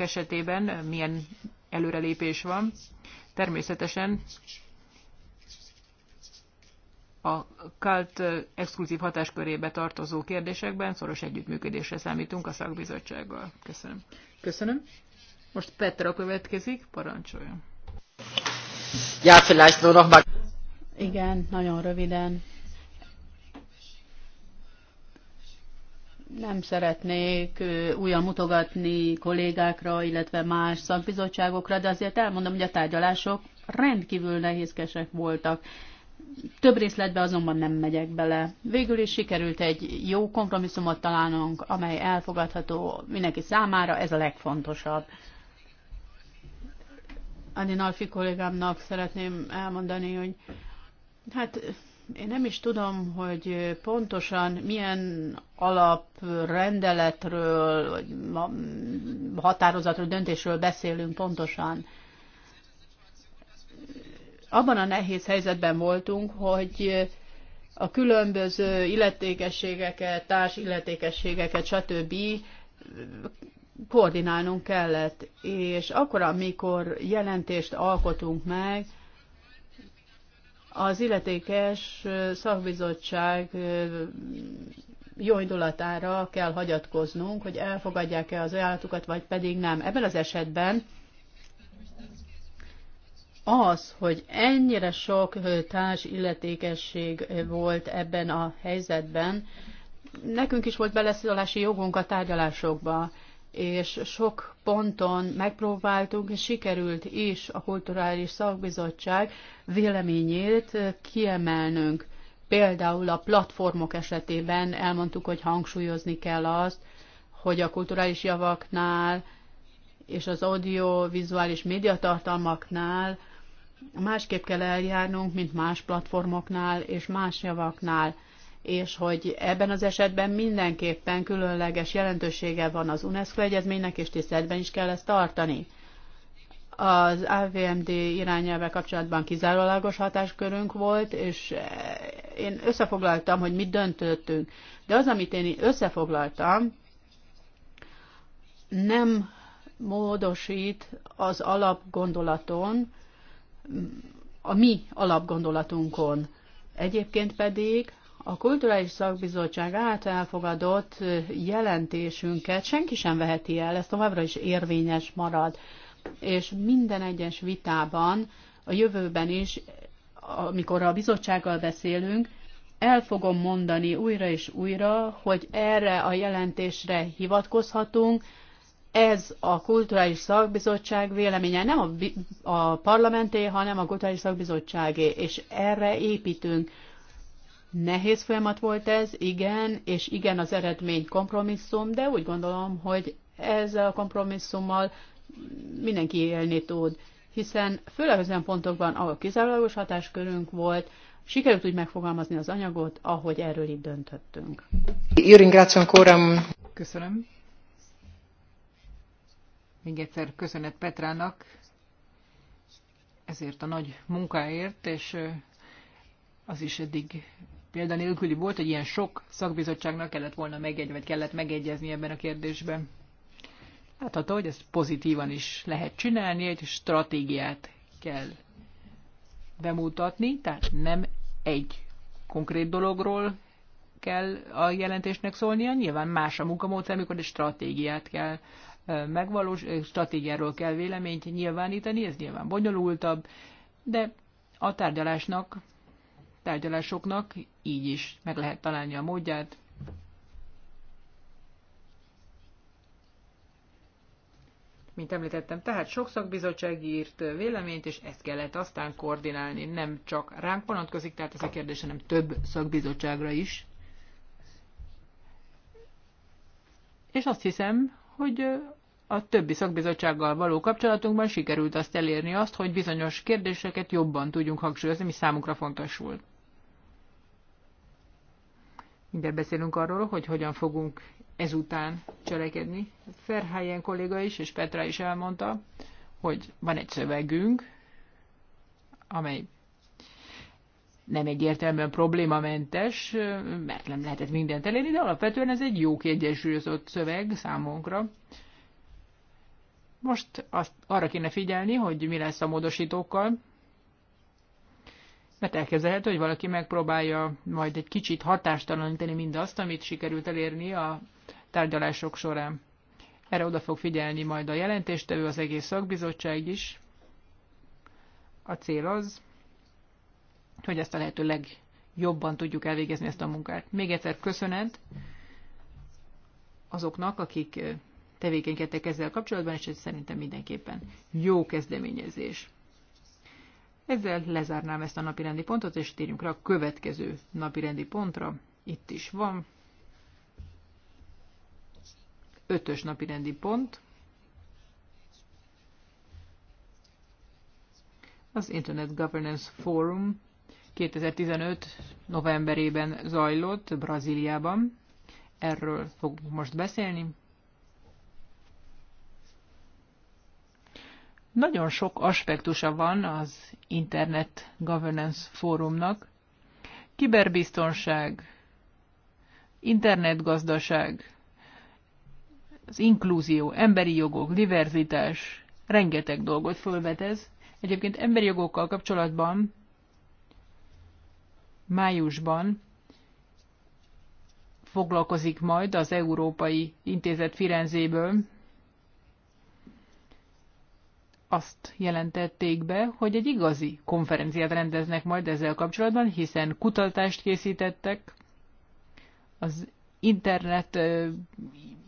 Speaker 2: esetében milyen előrelépés van. Természetesen a KALT exkluzív hatáskörébe tartozó kérdésekben szoros együttműködésre számítunk a szakbizottsággal. Köszönöm. Köszönöm. Most Petra következik, parancsoljon.
Speaker 1: Ja, vielleicht nur noch mal. Igen, nagyon röviden Nem szeretnék újra mutogatni kollégákra, illetve más szakbizottságokra, de azért elmondom, hogy a tárgyalások rendkívül nehézkesek voltak. Több részletbe azonban nem megyek bele. Végül is sikerült egy jó kompromisszumot találnunk, amely elfogadható mindenki számára, ez a legfontosabb. Adi Nalfi kollégámnak szeretném elmondani, hogy hát én nem is tudom, hogy pontosan milyen alaprendeletről, vagy határozatról, döntésről beszélünk pontosan. Abban a nehéz helyzetben voltunk, hogy a különböző illetékességeket, társ illetékességeket, stb. koordinálnunk kellett. És akkor, amikor jelentést alkotunk meg, az illetékes szakbizottság jó indulatára kell hagyatkoznunk, hogy elfogadják-e az ajánlatukat, vagy pedig nem. Ebben az esetben az, hogy ennyire sok társ illetékesség volt ebben a helyzetben, nekünk is volt beleszólási jogunk a tárgyalásokba és sok ponton megpróbáltunk, és sikerült is a Kulturális Szakbizottság véleményét kiemelnünk. Például a platformok esetében elmondtuk, hogy hangsúlyozni kell azt, hogy a kulturális javaknál és az audio-vizuális médiatartalmaknál másképp kell eljárnunk, mint más platformoknál és más javaknál és hogy ebben az esetben mindenképpen különleges jelentősége van az UNESCO egyezménynek, és tiszteletben is kell ezt tartani. Az AVMD irányelve kapcsolatban kizárólagos hatáskörünk volt, és eh, én összefoglaltam, hogy mit döntöttünk. De az, amit én összefoglaltam, nem módosít az alapgondolaton, a mi alapgondolatunkon. Egyébként pedig a Kulturális Szakbizottság által elfogadott jelentésünket senki sem veheti el, ez továbbra is érvényes marad. És minden egyes vitában, a jövőben is, amikor a bizottsággal beszélünk, el fogom mondani újra és újra, hogy erre a jelentésre hivatkozhatunk, ez a kulturális szakbizottság véleménye nem a, a parlamenté, hanem a kulturális szakbizottságé, és erre építünk. Nehéz folyamat volt ez, igen, és igen az eredmény kompromisszum, de úgy gondolom, hogy ezzel a kompromisszummal mindenki élni tud, hiszen főleg olyan pontokban, ahol kizárólagos hatáskörünk volt, sikerült úgy megfogalmazni az anyagot, ahogy erről itt döntöttünk.
Speaker 2: Köszönöm. Még egyszer köszönet Petrának ezért a nagy munkáért, és az is eddig nélküli volt, hogy ilyen sok szakbizottságnak kellett volna megegy, vagy kellett megegyezni ebben a kérdésben. Látható, hogy ezt pozitívan is lehet csinálni, egy stratégiát kell bemutatni, tehát nem egy konkrét dologról kell a jelentésnek szólnia, nyilván más a munkamódszer, amikor egy stratégiát kell megvalós, stratégiáról kell véleményt nyilvánítani, ez nyilván bonyolultabb, de a tárgyalásnak tárgyalásoknak, így is meg lehet találni a módját. Mint említettem, tehát sok szakbizottság írt véleményt, és ezt kellett aztán koordinálni. Nem csak ránk vonatkozik, tehát ez a kérdés, hanem több szakbizottságra is. És azt hiszem, hogy a többi szakbizottsággal való kapcsolatunkban sikerült azt elérni azt, hogy bizonyos kérdéseket jobban tudjunk hangsúlyozni, mi számunkra fontos volt. Mindjárt beszélünk arról, hogy hogyan fogunk ezután cselekedni. Ferhelyen kolléga is, és Petra is elmondta, hogy van egy szövegünk, amely nem egyértelműen problémamentes, mert nem lehetett mindent elérni, de alapvetően ez egy jó kiegyensúlyozott szöveg számunkra. Most azt, arra kéne figyelni, hogy mi lesz a módosítókkal, mert elképzelhető, hogy valaki megpróbálja majd egy kicsit hatástalanítani mindazt, amit sikerült elérni a tárgyalások során. Erre oda fog figyelni majd a jelentéstevő, az egész szakbizottság is. A cél az, hogy ezt a lehető legjobban tudjuk elvégezni ezt a munkát. Még egyszer köszönet azoknak, akik tevékenykedtek ezzel kapcsolatban, és ez szerintem mindenképpen jó kezdeményezés. Ezzel lezárnám ezt a napirendi pontot, és térjünk rá a következő napirendi pontra. Itt is van. Ötös napirendi pont. Az Internet Governance Forum 2015. novemberében zajlott Brazíliában. Erről fogunk most beszélni. Nagyon sok aspektusa van az Internet Governance Fórumnak. Kiberbiztonság, internetgazdaság, az inklúzió, emberi jogok, diverzitás, rengeteg dolgot fölvet Egyébként emberi jogokkal kapcsolatban májusban foglalkozik majd az Európai Intézet Firenzéből azt jelentették be, hogy egy igazi konferenciát rendeznek majd ezzel kapcsolatban, hiszen kutatást készítettek az internet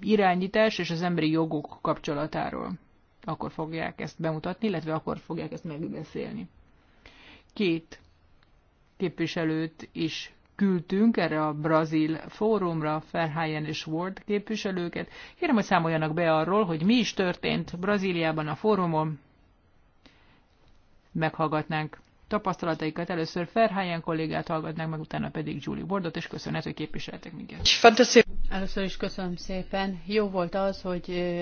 Speaker 2: irányítás és az emberi jogok kapcsolatáról. Akkor fogják ezt bemutatni, illetve akkor fogják ezt megbeszélni. Két képviselőt is küldtünk erre a brazil fórumra, Ferhelyen és Ward képviselőket. Kérem, hogy számoljanak be arról, hogy mi is történt Brazíliában a fórumon, meghallgatnánk tapasztalataikat. Először Ferháján kollégát hallgatnánk, meg utána pedig Julie Bordot, és köszönhet, hogy képviseltek minket.
Speaker 1: Először is köszönöm szépen. Jó volt az, hogy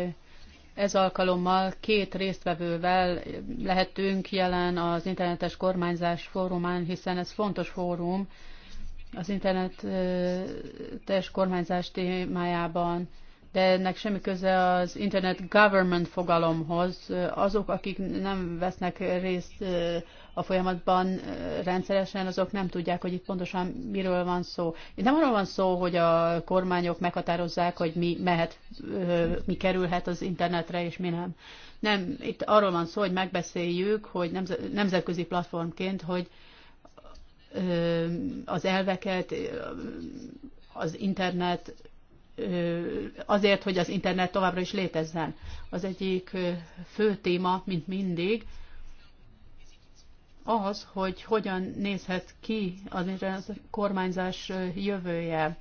Speaker 1: ez alkalommal két résztvevővel lehetünk jelen az internetes kormányzás fórumán, hiszen ez fontos fórum az internetes kormányzás témájában de ennek semmi köze az Internet Government fogalomhoz. Azok, akik nem vesznek részt a folyamatban rendszeresen, azok nem tudják, hogy itt pontosan miről van szó. Itt nem arról van szó, hogy a kormányok meghatározzák, hogy mi mehet, mi kerülhet az internetre, és mi nem. Nem, itt arról van szó, hogy megbeszéljük, hogy nemzetközi platformként, hogy az elveket, az internet azért, hogy az internet továbbra is létezzen. Az egyik fő téma, mint mindig, az, hogy hogyan nézhet ki az internet kormányzás jövője.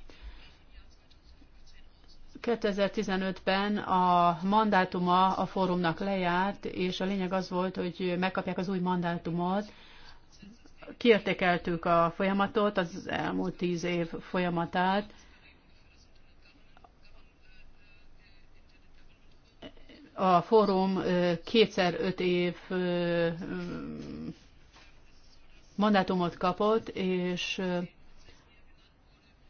Speaker 1: 2015-ben a mandátuma a fórumnak lejárt, és a lényeg az volt, hogy megkapják az új mandátumot. Kiértékeltük a folyamatot, az elmúlt tíz év folyamatát, a fórum kétszer öt év mandátumot kapott, és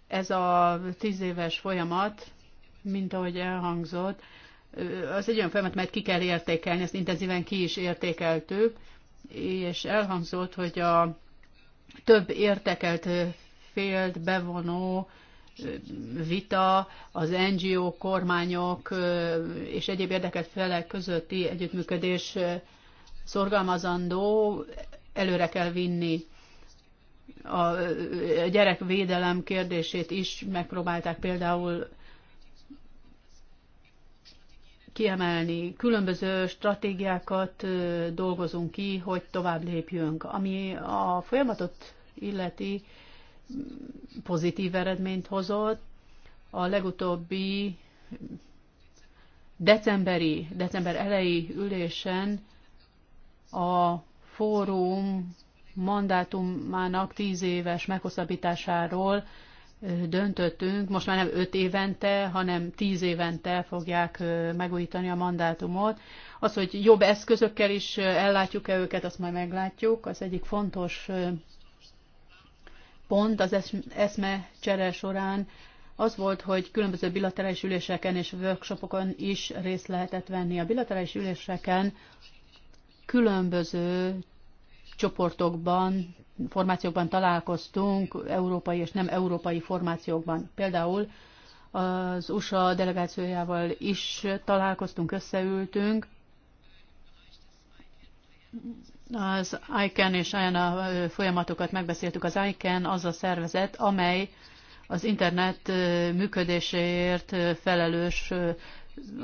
Speaker 1: ez a tíz éves folyamat, mint ahogy elhangzott, az egy olyan folyamat, mert ki kell értékelni, ezt intenzíven ki is értékeltük, és elhangzott, hogy a több értekelt félt bevonó vita az NGO, kormányok és egyéb érdekelt felek közötti együttműködés szorgalmazandó, előre kell vinni a gyerekvédelem kérdését is megpróbálták például kiemelni. Különböző stratégiákat dolgozunk ki, hogy tovább lépjünk. Ami a folyamatot illeti, pozitív eredményt hozott. A legutóbbi decemberi, december elejé ülésen a fórum mandátumának tíz éves meghosszabbításáról döntöttünk, most már nem öt évente, hanem tíz évente fogják megújítani a mandátumot. Az, hogy jobb eszközökkel is ellátjuk-e őket, azt majd meglátjuk. Az egyik fontos pont az eszme csere során az volt, hogy különböző bilaterális üléseken és workshopokon is részt lehetett venni. A bilaterális üléseken különböző csoportokban, formációkban találkoztunk, európai és nem európai formációkban. Például az USA delegációjával is találkoztunk, összeültünk. Az ICANN és a folyamatokat megbeszéltük. Az ICANN az a szervezet, amely az internet működéséért felelős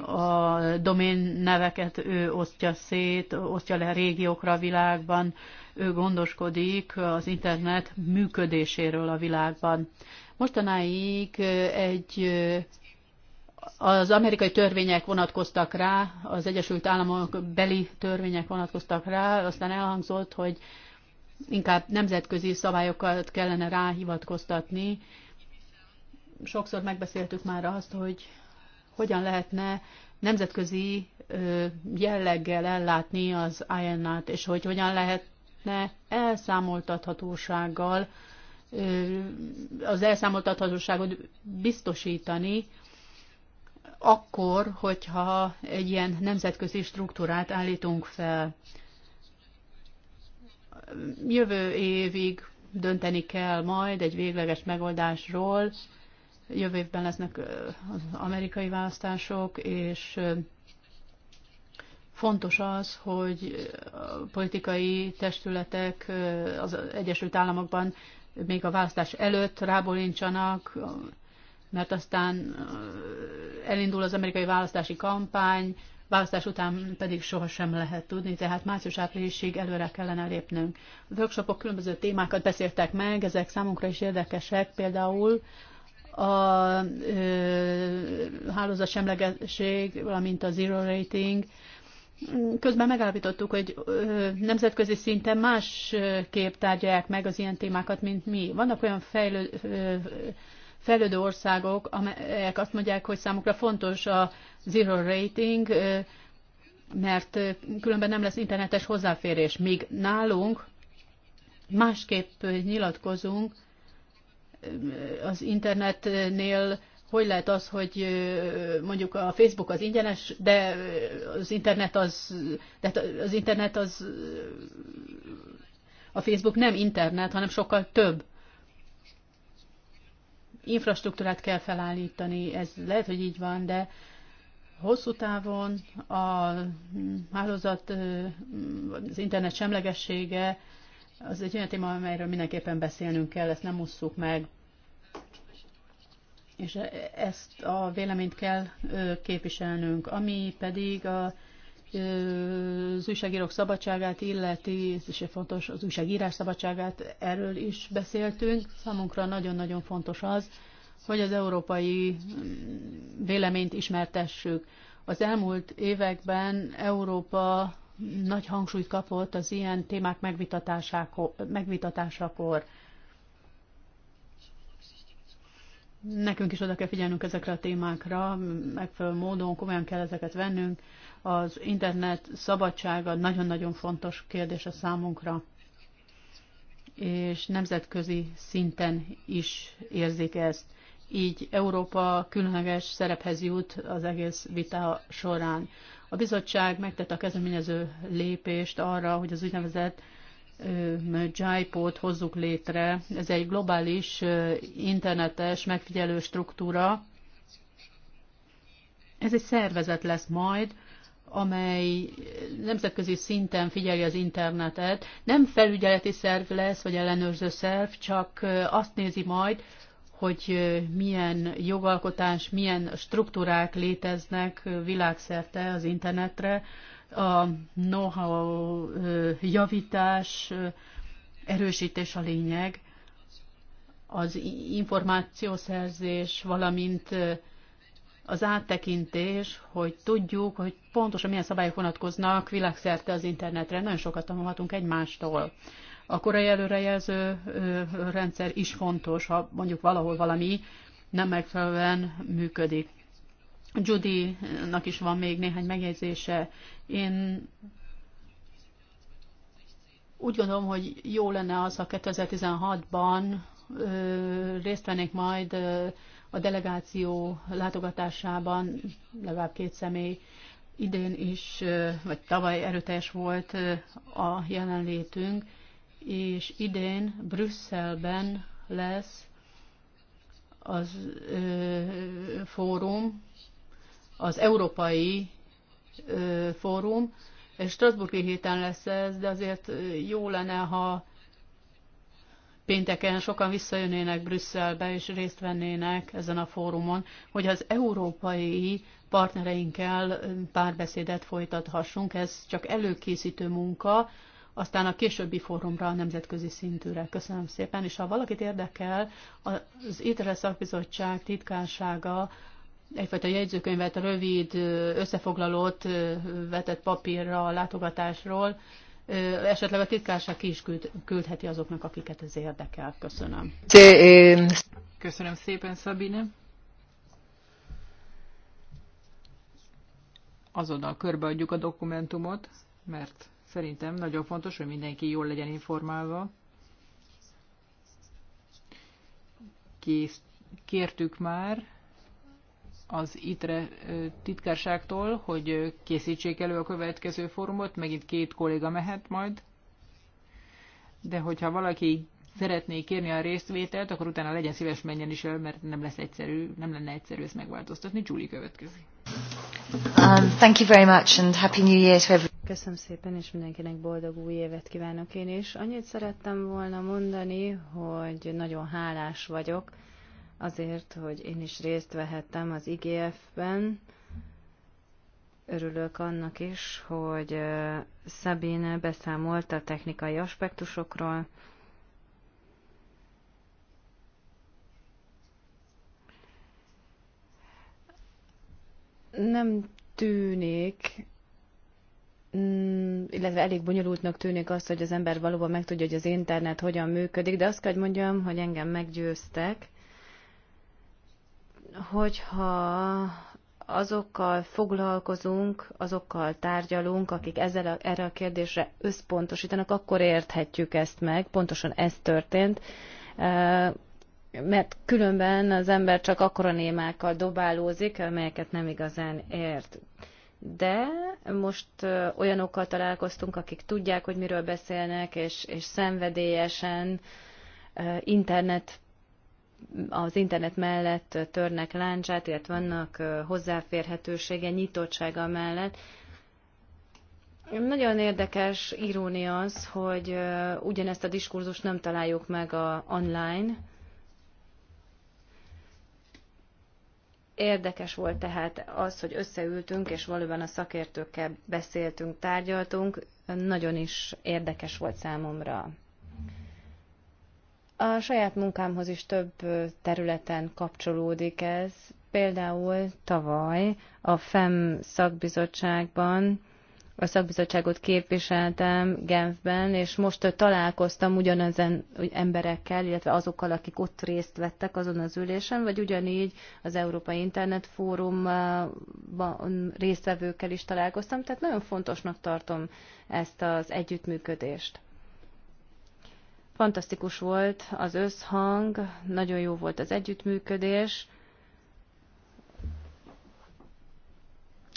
Speaker 1: a domén neveket ő osztja szét, osztja le régiókra a világban, ő gondoskodik az internet működéséről a világban. Mostanáig egy az amerikai törvények vonatkoztak rá, az Egyesült Államok beli törvények vonatkoztak rá, aztán elhangzott, hogy inkább nemzetközi szabályokat kellene ráhivatkoztatni. Sokszor megbeszéltük már azt, hogy hogyan lehetne nemzetközi jelleggel ellátni az INA-t, és hogy hogyan lehetne elszámoltathatósággal az elszámoltathatóságot biztosítani, akkor, hogyha egy ilyen nemzetközi struktúrát állítunk fel. Jövő évig dönteni kell majd egy végleges megoldásról. Jövő évben lesznek az amerikai választások, és fontos az, hogy a politikai testületek az Egyesült Államokban még a választás előtt rábolincsanak mert aztán elindul az amerikai választási kampány, választás után pedig sohasem lehet tudni, tehát március-áprilisig előre kellene lépnünk. A workshopok különböző témákat beszéltek meg, ezek számunkra is érdekesek, például a ö, hálózat valamint a zero rating. Közben megállapítottuk, hogy ö, nemzetközi szinten más kép tárgyalják meg az ilyen témákat, mint mi. Vannak olyan fejlő, ö, fejlődő országok, amelyek azt mondják, hogy számukra fontos a zero rating, mert különben nem lesz internetes hozzáférés. Míg nálunk másképp nyilatkozunk az internetnél, hogy lehet az, hogy mondjuk a Facebook az ingyenes, de az internet az, de az internet az, a Facebook nem internet, hanem sokkal több infrastruktúrát kell felállítani, ez lehet, hogy így van, de hosszú távon a hálózat, az internet semlegessége, az egy olyan téma, amelyről mindenképpen beszélnünk kell, ezt nem ússzuk meg. És e, ezt a véleményt kell képviselnünk, ami pedig a az újságírók szabadságát illeti, és fontos az újságírás szabadságát, erről is beszéltünk. Számunkra nagyon-nagyon fontos az, hogy az európai mm, véleményt ismertessük. Az elmúlt években Európa nagy hangsúlyt kapott az ilyen témák megvitatásakor. Nekünk is oda kell figyelnünk ezekre a témákra, megfelelő módon komolyan kell ezeket vennünk az internet szabadsága nagyon-nagyon fontos kérdés a számunkra, és nemzetközi szinten is érzik ezt. Így Európa különleges szerephez jut az egész vita során. A bizottság megtette a kezdeményező lépést arra, hogy az úgynevezett Jaipót hozzuk létre. Ez egy globális internetes megfigyelő struktúra. Ez egy szervezet lesz majd, amely nemzetközi szinten figyeli az internetet, nem felügyeleti szerv lesz, vagy ellenőrző szerv, csak azt nézi majd, hogy milyen jogalkotás, milyen struktúrák léteznek világszerte az internetre, a know-how javítás, erősítés a lényeg, az információszerzés, valamint az áttekintés, hogy tudjuk, hogy pontosan milyen szabályok vonatkoznak világszerte az internetre. Nagyon sokat tanulhatunk egymástól. A korai előrejelző rendszer is fontos, ha mondjuk valahol valami nem megfelelően működik. Judy-nak is van még néhány megjegyzése. Én úgy gondolom, hogy jó lenne az, ha 2016-ban részt vennék majd a delegáció látogatásában legalább két személy idén is, vagy tavaly erőteljes volt a jelenlétünk, és idén Brüsszelben lesz az ö, fórum, az európai ö, fórum, és Strasburgi héten lesz ez, de azért jó lenne, ha pénteken sokan visszajönnének Brüsszelbe és részt vennének ezen a fórumon, hogy az európai partnereinkkel párbeszédet folytathassunk. Ez csak előkészítő munka, aztán a későbbi fórumra, a nemzetközi szintűre. Köszönöm szépen, és ha valakit érdekel, az ITRE szakbizottság titkársága egyfajta jegyzőkönyvet, rövid összefoglalót vetett papírra a látogatásról, esetleg a titkárság ki is küld, küldheti azoknak, akiket ez érdekel. Köszönöm.
Speaker 2: Eh, Köszönöm szépen, Szabine. Azonnal körbeadjuk a dokumentumot, mert szerintem nagyon fontos, hogy mindenki jól legyen informálva. Kész, kértük már az ITRE titkárságtól, hogy készítsék elő a következő fórumot, megint két kolléga mehet majd, de hogyha valaki szeretné kérni a résztvételt, akkor utána legyen szíves menjen is el, mert nem lesz egyszerű, nem lenne egyszerű ezt megváltoztatni. csúli következik.
Speaker 3: Um, thank you very much and happy new year to everyone. Köszönöm szépen, és mindenkinek boldog új évet kívánok én is. Annyit szerettem volna mondani, hogy nagyon hálás vagyok, azért, hogy én is részt vehettem az IGF-ben. Örülök annak is, hogy Szabine beszámolt a technikai aspektusokról, nem tűnik, mm, illetve elég bonyolultnak tűnik az, hogy az ember valóban megtudja, hogy az internet hogyan működik, de azt kell, hogy mondjam, hogy engem meggyőztek, hogyha azokkal foglalkozunk, azokkal tárgyalunk, akik ezzel a, erre a kérdésre összpontosítanak, akkor érthetjük ezt meg. Pontosan ez történt. Mert különben az ember csak akkora némákkal dobálózik, amelyeket nem igazán ért. De most olyanokkal találkoztunk, akik tudják, hogy miről beszélnek, és, és szenvedélyesen internet az internet mellett törnek láncsát, illetve vannak hozzáférhetősége, nyitottsága mellett. Nagyon érdekes irónia az, hogy ugyanezt a diskurzust nem találjuk meg a online. Érdekes volt tehát az, hogy összeültünk, és valóban a szakértőkkel beszéltünk, tárgyaltunk. Nagyon is érdekes volt számomra a saját munkámhoz is több területen kapcsolódik ez. Például tavaly a FEM szakbizottságban a szakbizottságot képviseltem Genfben, és most találkoztam ugyanezen emberekkel, illetve azokkal, akik ott részt vettek azon az ülésen, vagy ugyanígy az Európai Internet Fórumban résztvevőkkel is találkoztam, tehát nagyon fontosnak tartom ezt az együttműködést. Fantasztikus volt az összhang, nagyon jó volt az együttműködés.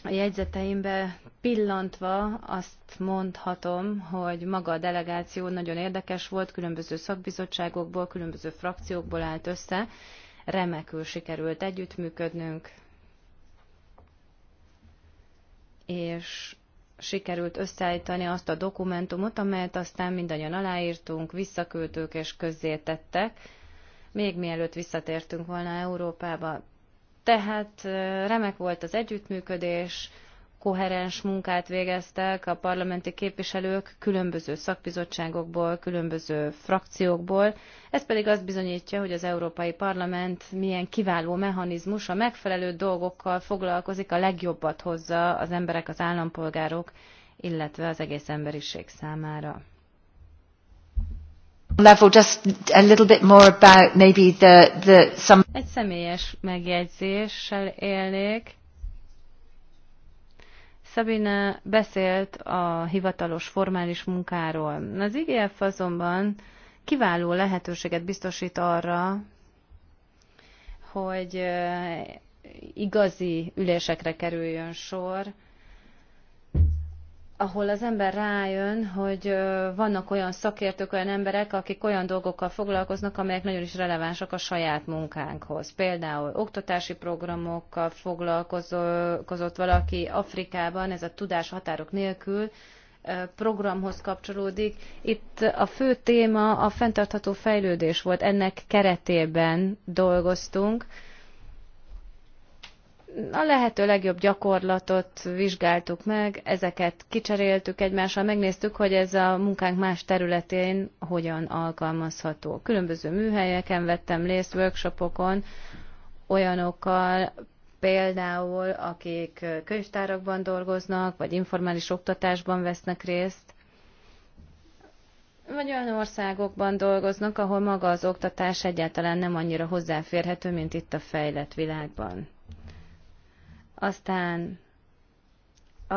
Speaker 3: A jegyzeteimbe pillantva azt mondhatom, hogy maga a delegáció nagyon érdekes volt, különböző szakbizottságokból, különböző frakciókból állt össze. Remekül sikerült együttműködnünk, és sikerült összeállítani azt a dokumentumot, amelyet aztán mindannyian aláírtunk, visszaküldtük és közzétettek, még mielőtt visszatértünk volna Európába. Tehát remek volt az együttműködés, koherens munkát végeztek a parlamenti képviselők különböző szakbizottságokból, különböző frakciókból. Ez pedig azt bizonyítja, hogy az Európai Parlament milyen kiváló mechanizmus, a megfelelő dolgokkal foglalkozik, a legjobbat hozza az emberek, az állampolgárok, illetve az egész emberiség számára. Level, just a little bit more about maybe the, the some... Egy személyes megjegyzéssel élnék Szabina beszélt a hivatalos formális munkáról. Az IGF azonban kiváló lehetőséget biztosít arra, hogy eh, igazi ülésekre kerüljön sor, ahol az ember rájön, hogy vannak olyan szakértők, olyan emberek, akik olyan dolgokkal foglalkoznak, amelyek nagyon is relevánsak a saját munkánkhoz. Például oktatási programokkal foglalkozott valaki Afrikában, ez a tudás határok nélkül programhoz kapcsolódik. Itt a fő téma a fenntartható fejlődés volt, ennek keretében dolgoztunk a lehető legjobb gyakorlatot vizsgáltuk meg, ezeket kicseréltük egymással, megnéztük, hogy ez a munkánk más területén hogyan alkalmazható. Különböző műhelyeken vettem részt, workshopokon, olyanokkal, például, akik könyvtárakban dolgoznak, vagy informális oktatásban vesznek részt, vagy olyan országokban dolgoznak, ahol maga az oktatás egyáltalán nem annyira hozzáférhető, mint itt a fejlett világban. Aztán a,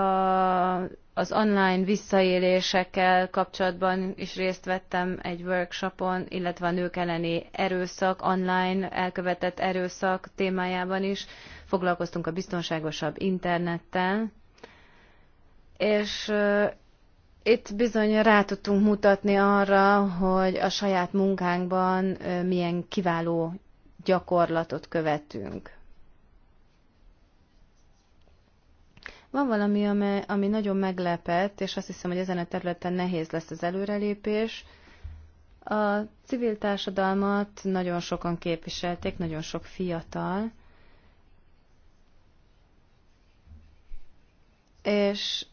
Speaker 3: az online visszaélésekkel kapcsolatban is részt vettem egy workshopon, illetve a nők elleni erőszak, online elkövetett erőszak témájában is. Foglalkoztunk a biztonságosabb internettel, és itt bizony rá tudtunk mutatni arra, hogy a saját munkánkban milyen kiváló gyakorlatot követünk. Van valami, ami, ami nagyon meglepett, és azt hiszem, hogy ezen a területen nehéz lesz az előrelépés. A civil társadalmat nagyon sokan képviselték, nagyon sok fiatal, és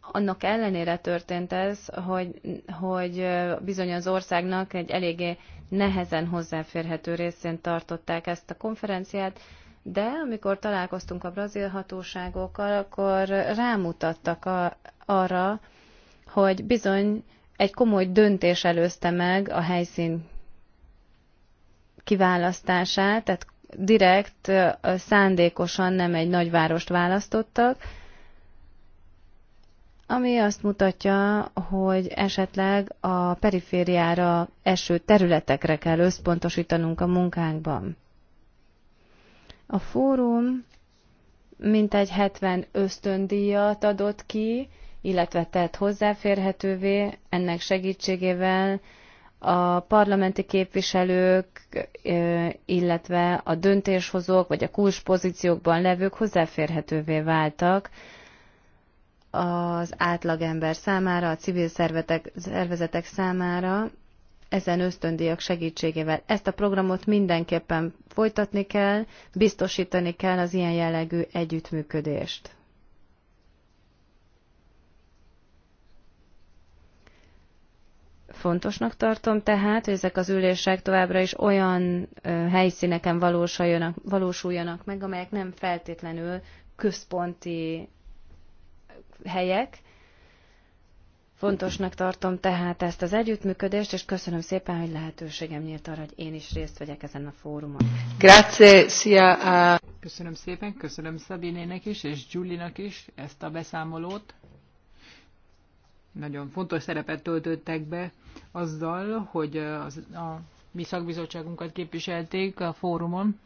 Speaker 3: annak ellenére történt ez, hogy, hogy bizony az országnak egy eléggé nehezen hozzáférhető részén tartották ezt a konferenciát, de amikor találkoztunk a brazil hatóságokkal, akkor rámutattak a, arra, hogy bizony egy komoly döntés előzte meg a helyszín kiválasztását, tehát direkt szándékosan nem egy nagyvárost választottak, ami azt mutatja, hogy esetleg a perifériára eső területekre kell összpontosítanunk a munkánkban. A fórum mintegy 70 ösztöndíjat adott ki, illetve tett hozzáférhetővé ennek segítségével a parlamenti képviselők, illetve a döntéshozók vagy a pozíciókban levők hozzáférhetővé váltak az átlagember számára, a civil szervezetek számára, ezen ösztöndíjak segítségével. Ezt a programot mindenképpen folytatni kell, biztosítani kell az ilyen jellegű együttműködést. Fontosnak tartom tehát, hogy ezek az ülések továbbra is olyan helyszíneken valósuljanak, valósuljanak meg, amelyek nem feltétlenül központi helyek, Fontosnak tartom tehát ezt az együttműködést, és köszönöm szépen, hogy lehetőségem nyílt arra, hogy én is részt vegyek ezen a fórumon.
Speaker 2: Grazie, szia! Köszönöm szépen, köszönöm Szabinének is, és Julinak is ezt a beszámolót. Nagyon fontos szerepet töltöttek be azzal, hogy az, a mi szakbizottságunkat képviselték a fórumon.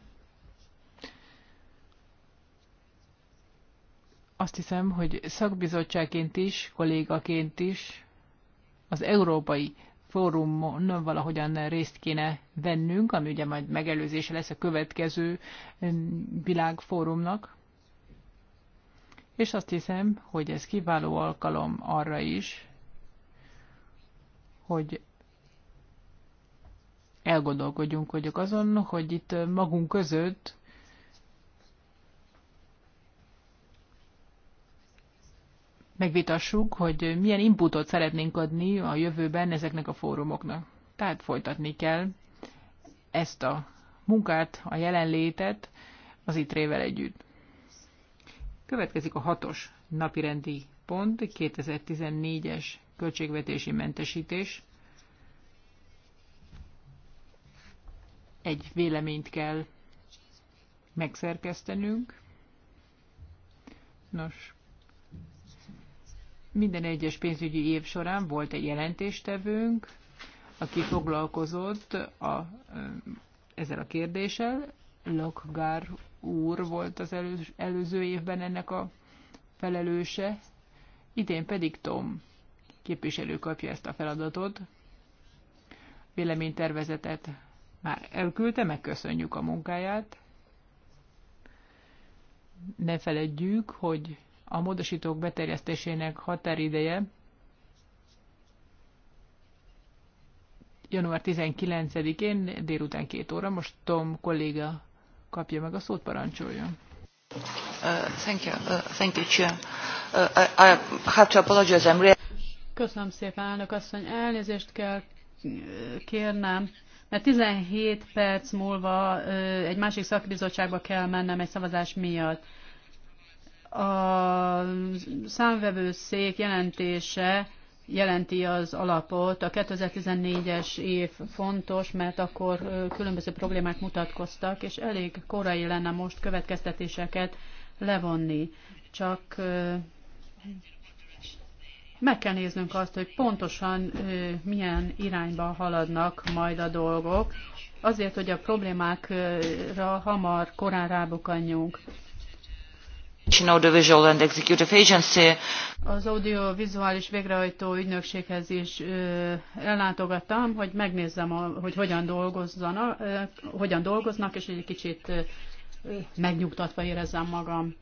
Speaker 2: azt hiszem, hogy szakbizottságként is, kollégaként is az Európai Fórumon valahogyan részt kéne vennünk, ami ugye majd megelőzése lesz a következő világfórumnak. És azt hiszem, hogy ez kiváló alkalom arra is, hogy elgondolkodjunk vagyok azon, hogy itt magunk között megvitassuk, hogy milyen inputot szeretnénk adni a jövőben ezeknek a fórumoknak. Tehát folytatni kell ezt a munkát, a jelenlétet az itre vel együtt. Következik a hatos napirendi pont, 2014-es költségvetési mentesítés. Egy véleményt kell megszerkesztenünk. Nos, minden egyes pénzügyi év során volt egy jelentéstevőnk, aki foglalkozott a, ezzel a kérdéssel. Lokgár úr volt az előz, előző évben ennek a felelőse, idén pedig Tom képviselő kapja ezt a feladatot. Véleménytervezetet már elküldte, megköszönjük a munkáját. Ne feledjük, hogy a módosítók beterjesztésének határideje január 19-én délután két óra. Most Tom kolléga kapja meg a szót, parancsoljon.
Speaker 1: Köszönöm szépen, elnök asszony. Elnézést kell uh, kérnem, mert 17 perc múlva uh, egy másik szakbizottságba kell mennem egy szavazás miatt. A számvevőszék jelentése jelenti az alapot. A 2014-es év fontos, mert akkor különböző problémák mutatkoztak, és elég korai lenne most következtetéseket levonni. Csak meg kell néznünk azt, hogy pontosan milyen irányba haladnak majd a dolgok, azért, hogy a problémákra hamar korán
Speaker 3: rábukanjunk.
Speaker 1: Az audiovizuális végrehajtó ügynökséghez is ellátogattam, hogy megnézzem, hogy hogyan, dolgozzanak, hogyan dolgoznak, és egy kicsit megnyugtatva érezzem magam.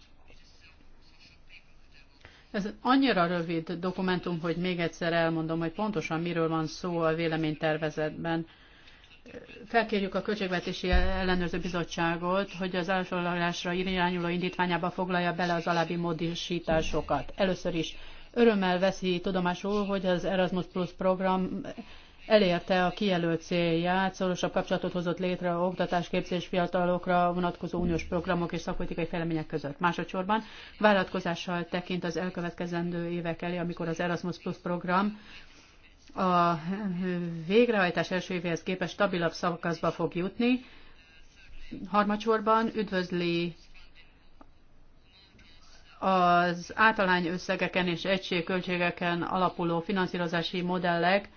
Speaker 1: Ez annyira rövid dokumentum, hogy még egyszer elmondom, hogy pontosan miről van szó a véleménytervezetben felkérjük a Költségvetési Ellenőrző Bizottságot, hogy az állásfoglalásra irányuló indítványába foglalja bele az alábbi módosításokat. Először is örömmel veszi tudomásul, hogy az Erasmus Plus program elérte a kijelölt célját, szorosabb kapcsolatot hozott létre a oktatás, képzés fiatalokra vonatkozó uniós programok és szakpolitikai fejlemények között. Másodszorban váratkozással tekint az elkövetkezendő évek elé, amikor az Erasmus Plus program a végrehajtás első évéhez képest stabilabb szakaszba fog jutni. Harmadsorban üdvözli az általány összegeken és egységköltségeken alapuló finanszírozási modellek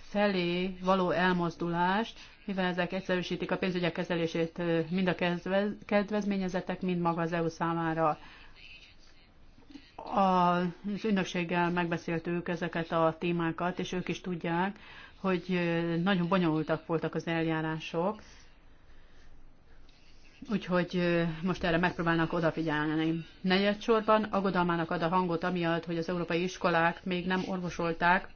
Speaker 1: felé való elmozdulást, mivel ezek egyszerűsítik a pénzügyek kezelését mind a kedvezményezetek, mind maga az EU számára. Az ügynökséggel megbeszéltük ezeket a témákat, és ők is tudják, hogy nagyon bonyolultak voltak az eljárások, Úgyhogy most erre megpróbálnak odafigyelni. Negyedsorban aggodalmának ad a hangot amiatt, hogy az európai iskolák még nem orvosolták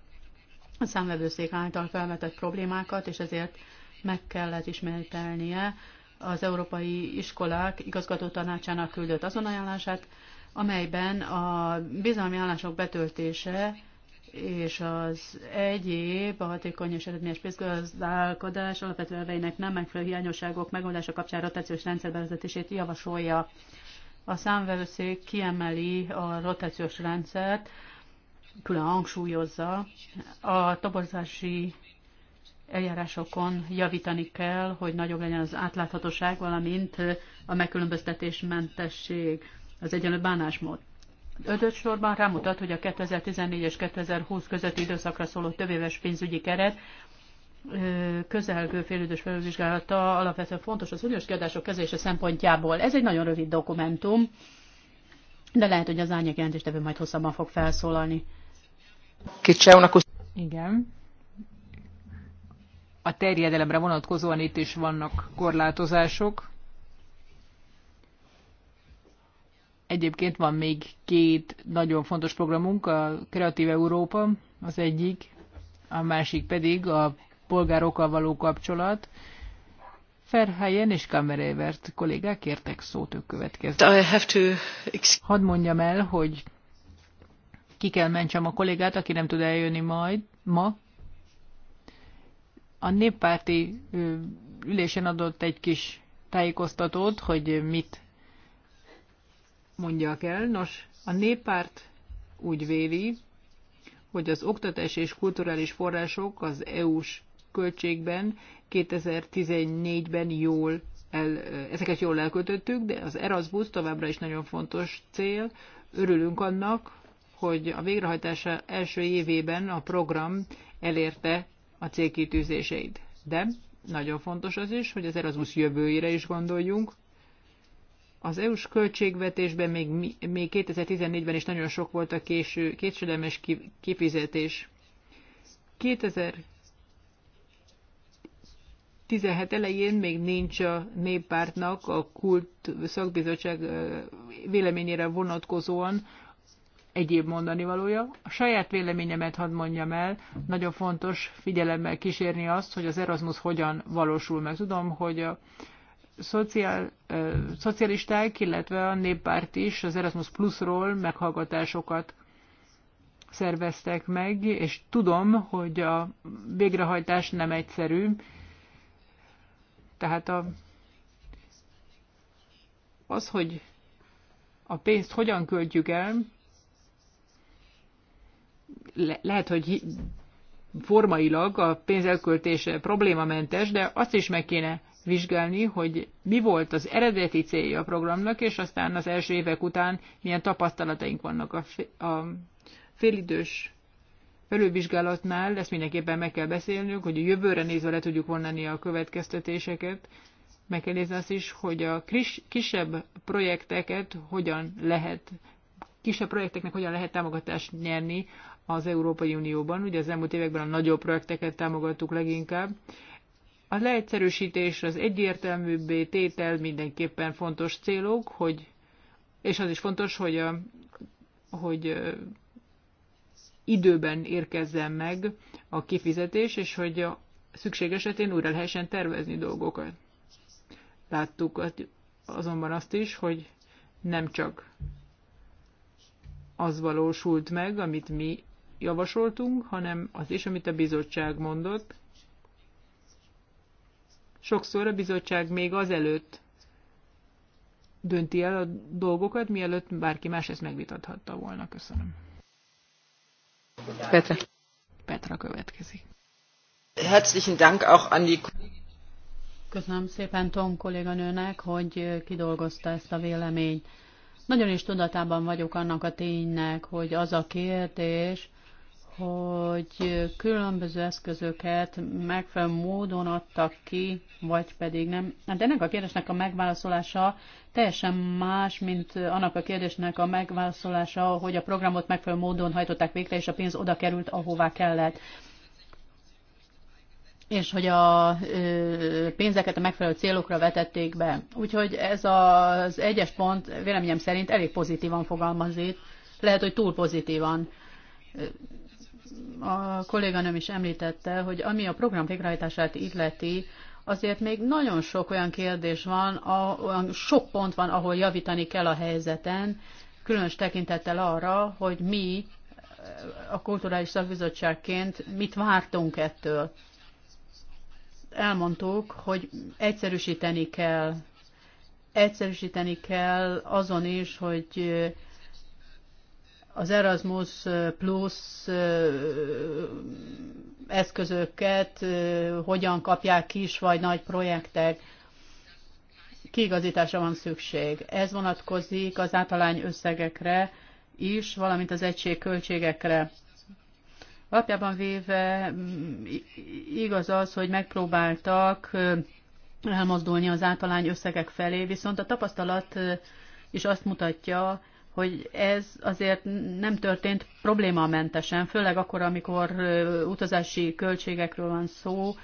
Speaker 1: a számvevőszék által felvetett problémákat, és ezért meg kellett ismételnie az európai iskolák igazgató tanácsának küldött azon ajánlását, amelyben a bizalmi állások betöltése és az egyéb a hatékony és eredményes pénzgazdálkodás alapvető elveinek nem megfelelő hiányosságok megoldása kapcsán rotációs rendszerbevezetését javasolja. A számvevőszék kiemeli a rotációs rendszert, külön hangsúlyozza, a toborzási eljárásokon javítani kell, hogy nagyobb legyen az átláthatóság, valamint a megkülönböztetésmentesség az egyenlő bánásmód. Ötöt sorban rámutat, hogy a 2014 és 2020 közötti időszakra szóló többéves pénzügyi keret közelgő félidős felülvizsgálata alapvetően fontos az uniós kiadások kezelése szempontjából. Ez egy nagyon rövid dokumentum, de lehet, hogy az árnyék jelentéstevő majd hosszabban fog felszólalni.
Speaker 2: Igen. A terjedelemre vonatkozóan itt is vannak korlátozások. Egyébként van még két nagyon fontos programunk, a Kreatív Európa az egyik, a másik pedig a polgárokkal való kapcsolat. Ferhelyen és Kamerévert kollégák kértek szót, ők következnek. Hadd mondjam el, hogy ki kell mentsem a kollégát, aki nem tud eljönni majd ma. A néppárti ülésen adott egy kis tájékoztatót, hogy mit mondjak el. Nos, a néppárt úgy véli, hogy az oktatás és kulturális források az EU-s költségben 2014-ben jól el, ezeket jól elkötöttük, de az Erasmus továbbra is nagyon fontos cél. Örülünk annak, hogy a végrehajtása első évében a program elérte a célkitűzéseit. De nagyon fontos az is, hogy az Erasmus jövőjére is gondoljunk. Az EU-s költségvetésben még, még 2014-ben is nagyon sok volt a késő, késődelmes kifizetés. 2017 elején még nincs a néppártnak a kult szakbizottság véleményére vonatkozóan egyéb mondani valója. A saját véleményemet hadd mondjam el, nagyon fontos figyelemmel kísérni azt, hogy az Erasmus hogyan valósul meg. Tudom, hogy a szociál, ö, szocialisták, illetve a néppárt is az Erasmus Plus-ról meghallgatásokat szerveztek meg, és tudom, hogy a végrehajtás nem egyszerű, tehát a, az, hogy a pénzt hogyan költjük el, le, lehet, hogy formailag a pénzelköltés problémamentes, de azt is meg kéne vizsgálni, hogy mi volt az eredeti célja a programnak, és aztán az első évek után milyen tapasztalataink vannak a, a félidős felülvizsgálatnál, ezt mindenképpen meg kell beszélnünk, hogy a jövőre nézve le tudjuk vonani a következtetéseket, meg kell nézni azt is, hogy a kisebb projekteket hogyan lehet, kisebb projekteknek hogyan lehet támogatást nyerni az Európai Unióban. Ugye az elmúlt években a nagyobb projekteket támogattuk leginkább. A leegyszerűsítés, az egyértelműbbé tétel mindenképpen fontos célok, hogy, és az is fontos, hogy, a, hogy időben érkezzen meg a kifizetés, és hogy a szükség esetén újra lehessen tervezni dolgokat. Láttuk azonban azt is, hogy nem csak az valósult meg, amit mi javasoltunk, hanem az is, amit a bizottság mondott, sokszor a bizottság még azelőtt dönti el a dolgokat, mielőtt bárki más ezt megvitathatta volna. Köszönöm. Petra. Petra következik. Herzlichen Dank auch an die
Speaker 1: Köszönöm szépen Tom kolléganőnek, hogy kidolgozta ezt a véleményt. Nagyon is tudatában vagyok annak a ténynek, hogy az a kérdés, hogy különböző eszközöket megfelelő módon adtak ki, vagy pedig nem. Hát ennek a kérdésnek a megválaszolása teljesen más, mint annak a kérdésnek a megválaszolása, hogy a programot megfelelő módon hajtották végre, és a pénz oda került, ahová kellett. És hogy a pénzeket a megfelelő célokra vetették be. Úgyhogy ez az egyes pont véleményem szerint elég pozitívan fogalmaz itt. Lehet, hogy túl pozitívan a kolléganőm is említette, hogy ami a program végrehajtását illeti, azért még nagyon sok olyan kérdés van, a, olyan sok pont van, ahol javítani kell a helyzeten, különös tekintettel arra, hogy mi a kulturális szakbizottságként mit vártunk ettől. Elmondtuk, hogy egyszerűsíteni kell. Egyszerűsíteni kell azon is, hogy az Erasmus Plus eszközöket hogyan kapják kis vagy nagy projektek, kiigazításra van szükség. Ez vonatkozik az általány összegekre is, valamint az egység költségekre. Alapjában véve igaz az, hogy megpróbáltak elmozdulni az általány összegek felé, viszont a tapasztalat is azt mutatja, hogy ez azért nem történt problémamentesen, főleg akkor, amikor utazási költségekről van szó,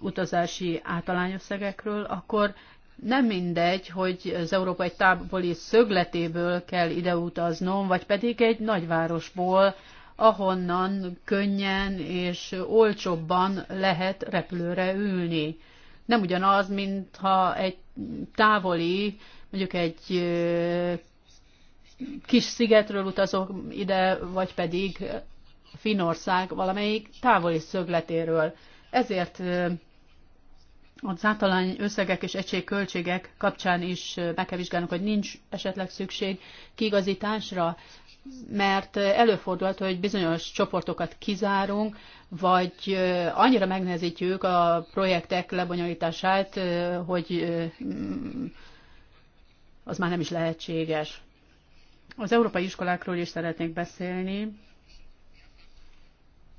Speaker 1: utazási általányösszegekről, akkor nem mindegy, hogy az európai egy távoli szögletéből kell ide utaznom, vagy pedig egy nagyvárosból, ahonnan könnyen és olcsóbban lehet repülőre ülni. Nem ugyanaz, mintha egy távoli, mondjuk egy kis szigetről utazok ide, vagy pedig Finország valamelyik távoli szögletéről. Ezért az általány összegek és egységköltségek kapcsán is meg kell vizsgálnunk, hogy nincs esetleg szükség kigazításra, mert előfordulhat, hogy bizonyos csoportokat kizárunk, vagy annyira megnehezítjük a projektek lebonyolítását, hogy mm, az már nem is lehetséges. Az európai iskolákról is szeretnék beszélni.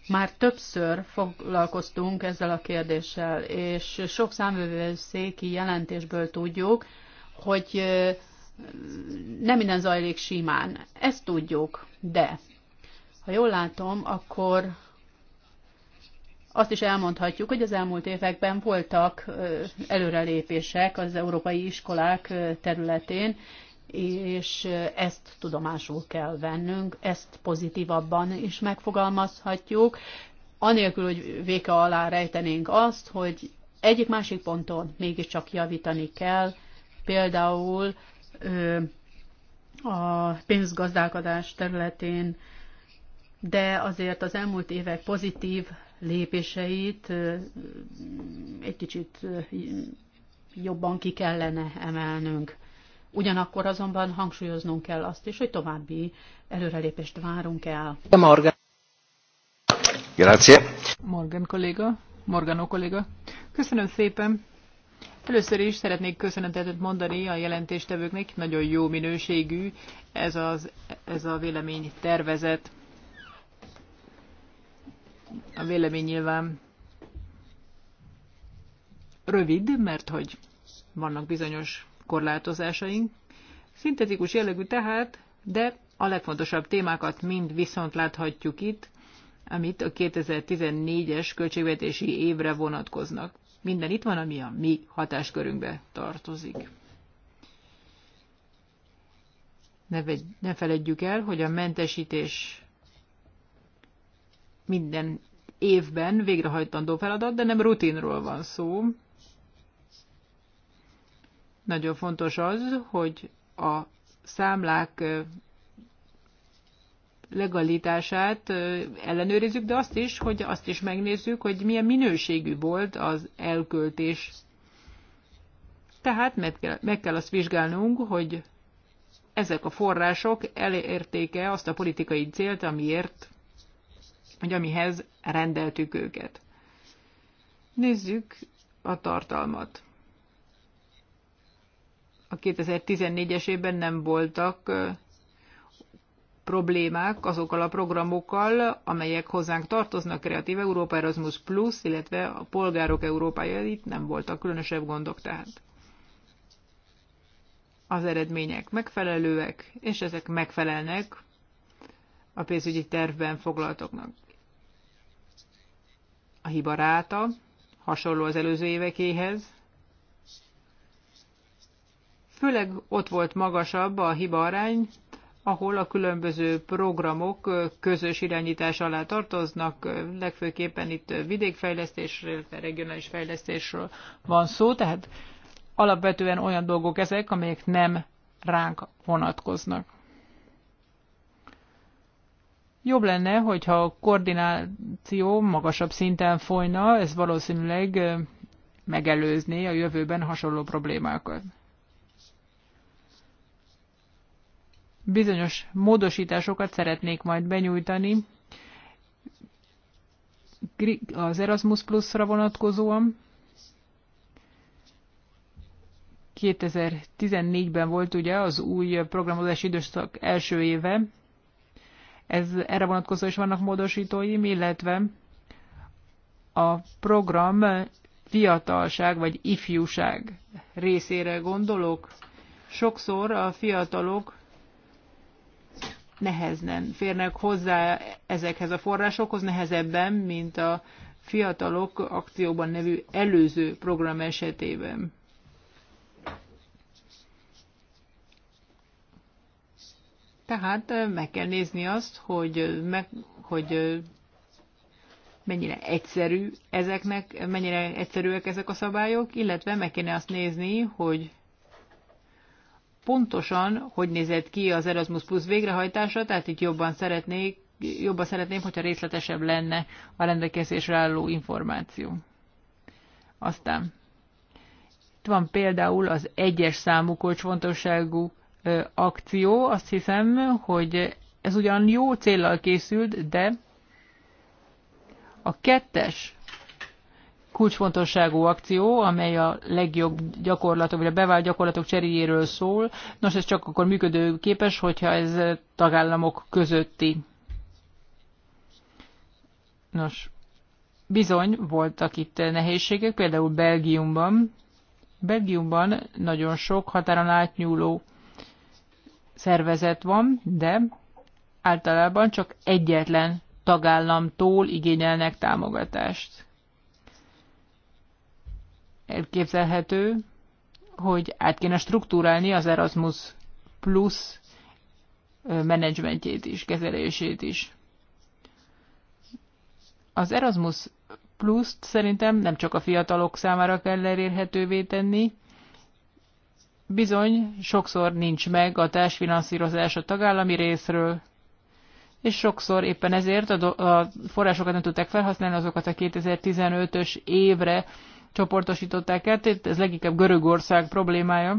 Speaker 1: Már többször foglalkoztunk ezzel a kérdéssel, és sok számvevőszéki jelentésből tudjuk, hogy nem minden zajlik simán. Ezt tudjuk, de ha jól látom, akkor azt is elmondhatjuk, hogy az elmúlt években voltak előrelépések az európai iskolák területén, és ezt tudomásul kell vennünk, ezt pozitívabban is megfogalmazhatjuk, anélkül, hogy véke alá rejtenénk azt, hogy egyik másik ponton mégiscsak javítani kell, például a pénzgazdálkodás területén, de azért az elmúlt évek pozitív lépéseit egy kicsit jobban ki kellene emelnünk. Ugyanakkor azonban hangsúlyoznunk kell azt is, hogy további előrelépést várunk el. Morgan.
Speaker 2: Grazie. Morgan kolléga, Morgano kolléga. Köszönöm szépen. Először is szeretnék köszönetet mondani a jelentéstevőknek, nagyon jó minőségű ez, az, ez a vélemény tervezet. A vélemény nyilván rövid, mert hogy vannak bizonyos korlátozásaink. Szintetikus jellegű tehát, de a legfontosabb témákat mind viszont láthatjuk itt, amit a 2014-es költségvetési évre vonatkoznak. Minden itt van, ami a mi hatáskörünkbe tartozik. Ne, vegy, ne feledjük el, hogy a mentesítés minden évben végrehajtandó feladat, de nem rutinról van szó. Nagyon fontos az, hogy a számlák legalitását ellenőrizzük, de azt is, hogy azt is megnézzük, hogy milyen minőségű volt az elköltés. Tehát meg kell, meg kell azt vizsgálnunk, hogy ezek a források elértéke azt a politikai célt, amiért, vagy amihez rendeltük őket. Nézzük a tartalmat a 2014-es évben nem voltak problémák azokkal a programokkal, amelyek hozzánk tartoznak, Kreatív Európa Erasmus Plus, illetve a Polgárok Európája, itt nem voltak különösebb gondok tehát. Az eredmények megfelelőek, és ezek megfelelnek a pénzügyi tervben foglaltoknak. A hibaráta hasonló az előző évekéhez, Főleg ott volt magasabb a hiba arány, ahol a különböző programok közös irányítás alá tartoznak, legfőképpen itt vidékfejlesztésről, regionális fejlesztésről van szó, tehát alapvetően olyan dolgok ezek, amelyek nem ránk vonatkoznak. Jobb lenne, hogyha a koordináció magasabb szinten folyna, ez valószínűleg megelőzné a jövőben hasonló problémákat. bizonyos módosításokat szeretnék majd benyújtani az Erasmus Plus-ra vonatkozóan. 2014-ben volt ugye az új programozási időszak első éve. Ez, erre vonatkozó is vannak módosítóim, illetve a program fiatalság vagy ifjúság részére gondolok. Sokszor a fiatalok nehezen férnek hozzá ezekhez a forrásokhoz, nehezebben, mint a Fiatalok Akcióban nevű előző program esetében. Tehát meg kell nézni azt, hogy, meg, hogy mennyire egyszerű ezeknek, mennyire egyszerűek ezek a szabályok, illetve meg kéne azt nézni, hogy pontosan hogy nézett ki az Erasmus Plus végrehajtása, tehát itt jobban szeretnék, jobban szeretném, hogyha részletesebb lenne a rendelkezésre álló információ. Aztán itt van például az egyes számú kulcsfontosságú akció, azt hiszem, hogy ez ugyan jó célral készült, de a kettes kulcsfontosságú akció, amely a legjobb gyakorlatok, vagy a bevált gyakorlatok cseréjéről szól. Nos, ez csak akkor működő képes, hogyha ez tagállamok közötti. Nos, bizony voltak itt nehézségek, például Belgiumban. Belgiumban nagyon sok határon átnyúló szervezet van, de általában csak egyetlen tagállamtól igényelnek támogatást elképzelhető, hogy át kéne struktúrálni az Erasmus Plus menedzsmentjét is, kezelését is. Az Erasmus plus szerintem nem csak a fiatalok számára kell elérhetővé tenni, bizony sokszor nincs meg a társfinanszírozás a tagállami részről, és sokszor éppen ezért a, a forrásokat nem tudták felhasználni, azokat a 2015-ös évre csoportosították el, ez leginkább Görögország problémája.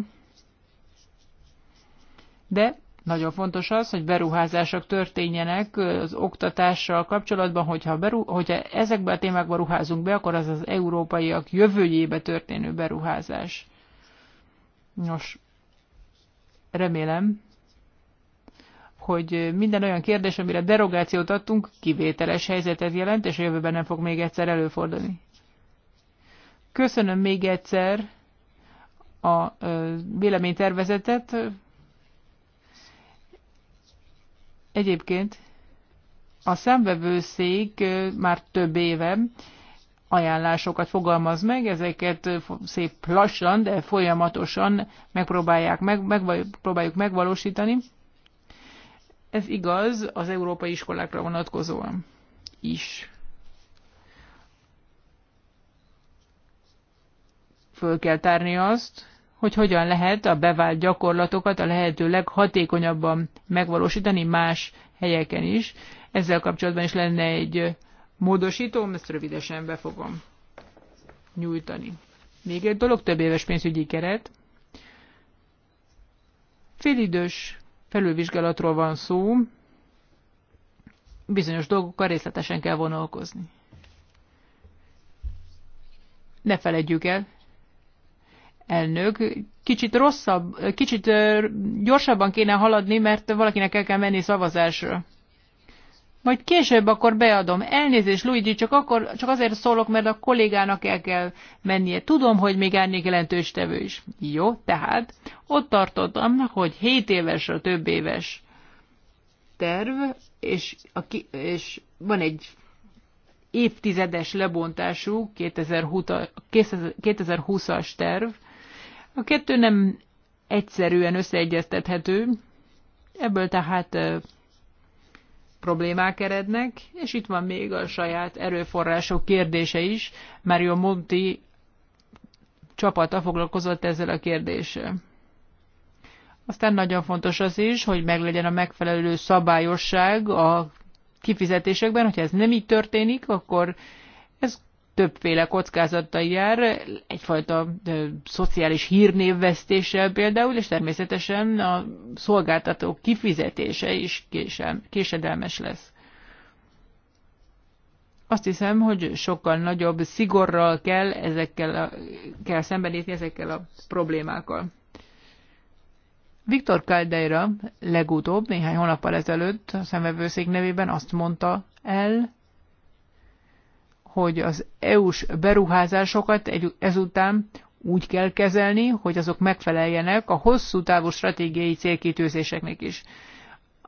Speaker 2: De nagyon fontos az, hogy beruházások történjenek az oktatással kapcsolatban, hogyha, beru, hogyha ezekben a témákban ruházunk be, akkor az az európaiak jövőjébe történő beruházás. Nos, remélem, hogy minden olyan kérdés, amire derogációt adtunk, kivételes helyzetet jelent, és a jövőben nem fog még egyszer előfordulni. Köszönöm még egyszer a véleménytervezetet. Egyébként a szemvevőszék már több éve ajánlásokat fogalmaz meg, ezeket szép lassan, de folyamatosan megpróbálják meg, megpróbáljuk megvalósítani. Ez igaz az európai iskolákra vonatkozóan is. föl kell tárni azt, hogy hogyan lehet a bevált gyakorlatokat a lehető leghatékonyabban megvalósítani más helyeken is. Ezzel kapcsolatban is lenne egy módosító, ezt rövidesen be fogom nyújtani. Még egy dolog, több éves pénzügyi keret. Félidős felülvizsgálatról van szó, bizonyos dolgokkal részletesen kell vonalkozni. Ne feledjük el, elnök. Kicsit rosszabb, kicsit gyorsabban kéne haladni, mert valakinek el kell menni szavazásra. Majd később akkor beadom. Elnézést, Luigi, csak, akkor, csak azért szólok, mert a kollégának el kell mennie. Tudom, hogy még árnyék jelentős tevő is. Jó, tehát ott tartottam, hogy 7 éves a több éves terv, és, a, és van egy évtizedes lebontású 2020-as terv, a kettő nem egyszerűen összeegyeztethető, ebből tehát problémák erednek, és itt van még a saját erőforrások kérdése is. Mario Monti csapata foglalkozott ezzel a kérdéssel. Aztán nagyon fontos az is, hogy meglegyen a megfelelő szabályosság a kifizetésekben, hogyha ez nem így történik, akkor ez többféle kockázattal jár, egyfajta szociális hírnévvesztéssel például, és természetesen a szolgáltatók kifizetése is késedelmes lesz. Azt hiszem, hogy sokkal nagyobb szigorral kell, ezekkel a, kell szembenézni ezekkel a problémákkal. Viktor Caldeira legutóbb, néhány hónappal ezelőtt a szemvevőszék nevében azt mondta el, hogy az EU-s beruházásokat ezután úgy kell kezelni, hogy azok megfeleljenek a hosszú távú stratégiai célkitűzéseknek is.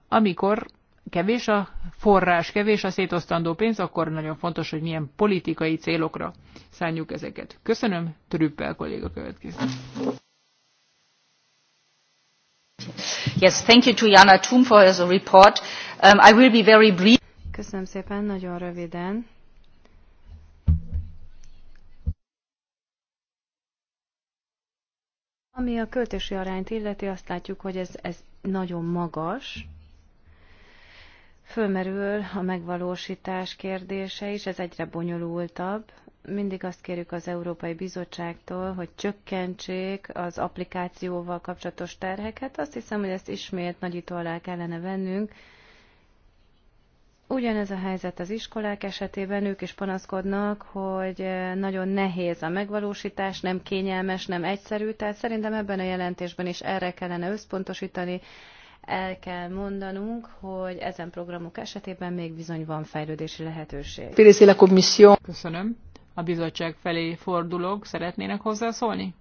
Speaker 2: Amikor kevés a forrás, kevés a szétosztandó pénz, akkor nagyon fontos, hogy milyen politikai célokra szánjuk ezeket. Köszönöm, Trüppel kolléga következő.
Speaker 3: Yes, thank you to Jana Thum for his report. Um, I will be very brief. Köszönöm szépen, nagyon röviden. Ami a költési arányt illeti, azt látjuk, hogy ez, ez nagyon magas, Fölmerül a megvalósítás kérdése is, ez egyre bonyolultabb. Mindig azt kérjük az Európai Bizottságtól, hogy csökkentsék az applikációval kapcsolatos terheket. Azt hiszem, hogy ezt ismét nagyító alá kellene vennünk, Ugyanez a helyzet az iskolák esetében, ők is panaszkodnak, hogy eh, nagyon nehéz a megvalósítás, nem kényelmes, nem egyszerű, tehát szerintem ebben a jelentésben is erre kellene összpontosítani, el kell mondanunk, hogy ezen programok esetében még bizony van fejlődési lehetőség.
Speaker 2: Köszönöm. A
Speaker 3: bizottság felé fordulok,
Speaker 2: szeretnének hozzászólni?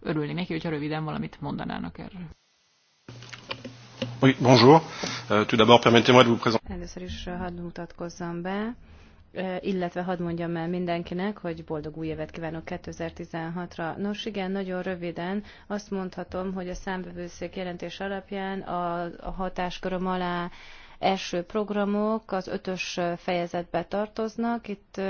Speaker 2: Örülnék neki, hogyha röviden valamit mondanának erről
Speaker 3: bonjour. Euh, tout d'abord, permettez-moi de vous présenter. Először is uh, hadd mutatkozzam be, uh, illetve hadd mondjam el mindenkinek, hogy boldog új évet kívánok 2016-ra. Nos igen, nagyon röviden azt mondhatom, hogy a számbevőszék jelentés alapján a hatásköröm alá első programok az ötös uh, fejezetbe tartoznak. Itt,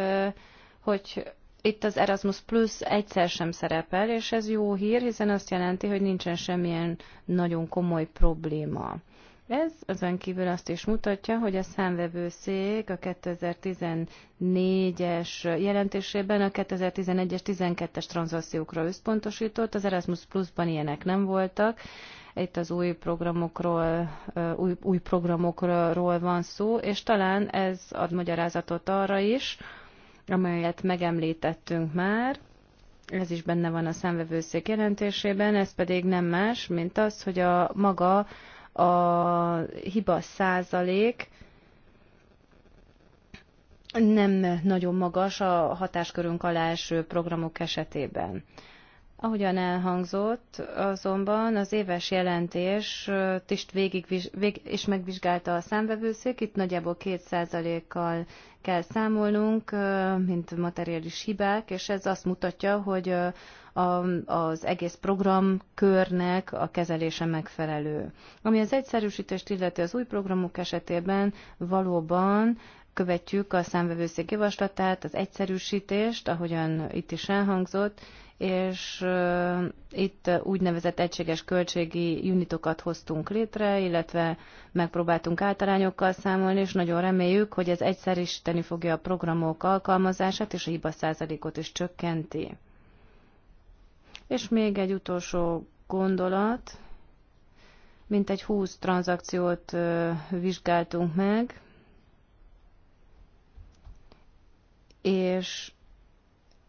Speaker 3: hogy itt az Erasmus Plus egyszer sem szerepel, és ez jó hír, hiszen azt jelenti, hogy nincsen semmilyen nagyon komoly probléma. Ez ezen kívül azt is mutatja, hogy a számvevőszék a 2014-es jelentésében a 2011-es, 12-es tranzakciókra összpontosított, az Erasmus Plus-ban ilyenek nem voltak, itt az új programokról, új, új programokról van szó, és talán ez ad magyarázatot arra is, amelyet megemlítettünk már, ez is benne van a szemvevőszék jelentésében, ez pedig nem más, mint az, hogy a maga a hiba százalék nem nagyon magas a hatáskörünk alá eső programok esetében. Ahogyan elhangzott, azonban az éves jelentés is, végig, vég, és megvizsgálta a számvevőszék, itt nagyjából 2%-kal kell számolnunk, mint materiális hibák, és ez azt mutatja, hogy az egész programkörnek a kezelése megfelelő. Ami az egyszerűsítést illeti az új programok esetében valóban követjük a számvevőszék javaslatát, az egyszerűsítést, ahogyan itt is elhangzott, és itt úgynevezett egységes költségi unitokat hoztunk létre, illetve megpróbáltunk általányokkal számolni, és nagyon reméljük, hogy ez egyszerűsíteni fogja a programok alkalmazását, és a hiba százalékot is csökkenti. És még egy utolsó gondolat, mintegy 20 tranzakciót vizsgáltunk meg, és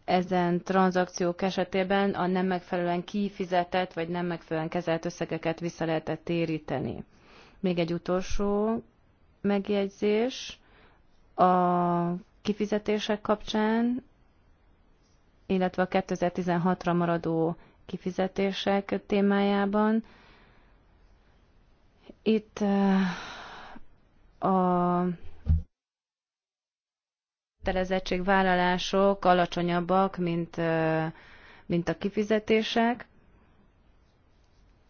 Speaker 3: ezen tranzakciók esetében a nem megfelelően kifizetett vagy nem megfelelően kezelt összegeket vissza lehetett téríteni. Még egy utolsó megjegyzés a kifizetések kapcsán, illetve a 2016-ra maradó kifizetések témájában. Itt eh, a kötelezettségvállalások alacsonyabbak, mint, mint a kifizetések,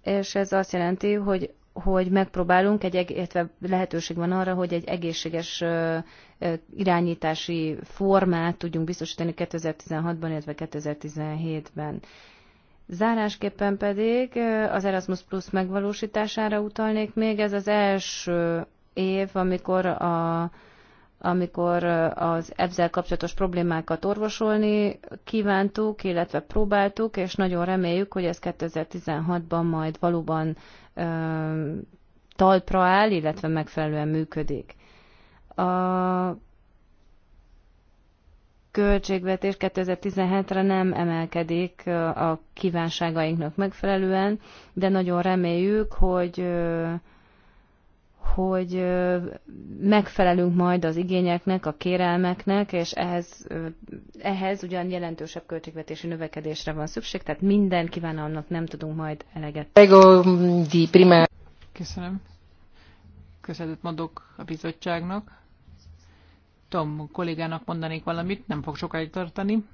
Speaker 3: és ez azt jelenti, hogy hogy megpróbálunk, egy, illetve lehetőség van arra, hogy egy egészséges irányítási formát tudjunk biztosítani 2016-ban, illetve 2017-ben. Zárásképpen pedig az Erasmus Plus megvalósítására utalnék még. Ez az első év, amikor a amikor az ezzel kapcsolatos problémákat orvosolni kívántuk, illetve próbáltuk, és nagyon reméljük, hogy ez 2016-ban majd valóban ö, talpra áll, illetve megfelelően működik. A költségvetés 2017-re nem emelkedik a kívánságainknak megfelelően, de nagyon reméljük, hogy hogy megfelelünk majd az igényeknek, a kérelmeknek, és ehhez, ehhez ugyan jelentősebb költségvetési növekedésre van szükség, tehát minden kívánalmnak nem tudunk majd eleget. Köszönöm. Köszönetet mondok a bizottságnak.
Speaker 2: Tom kollégának mondanék valamit, nem fog sokáig tartani.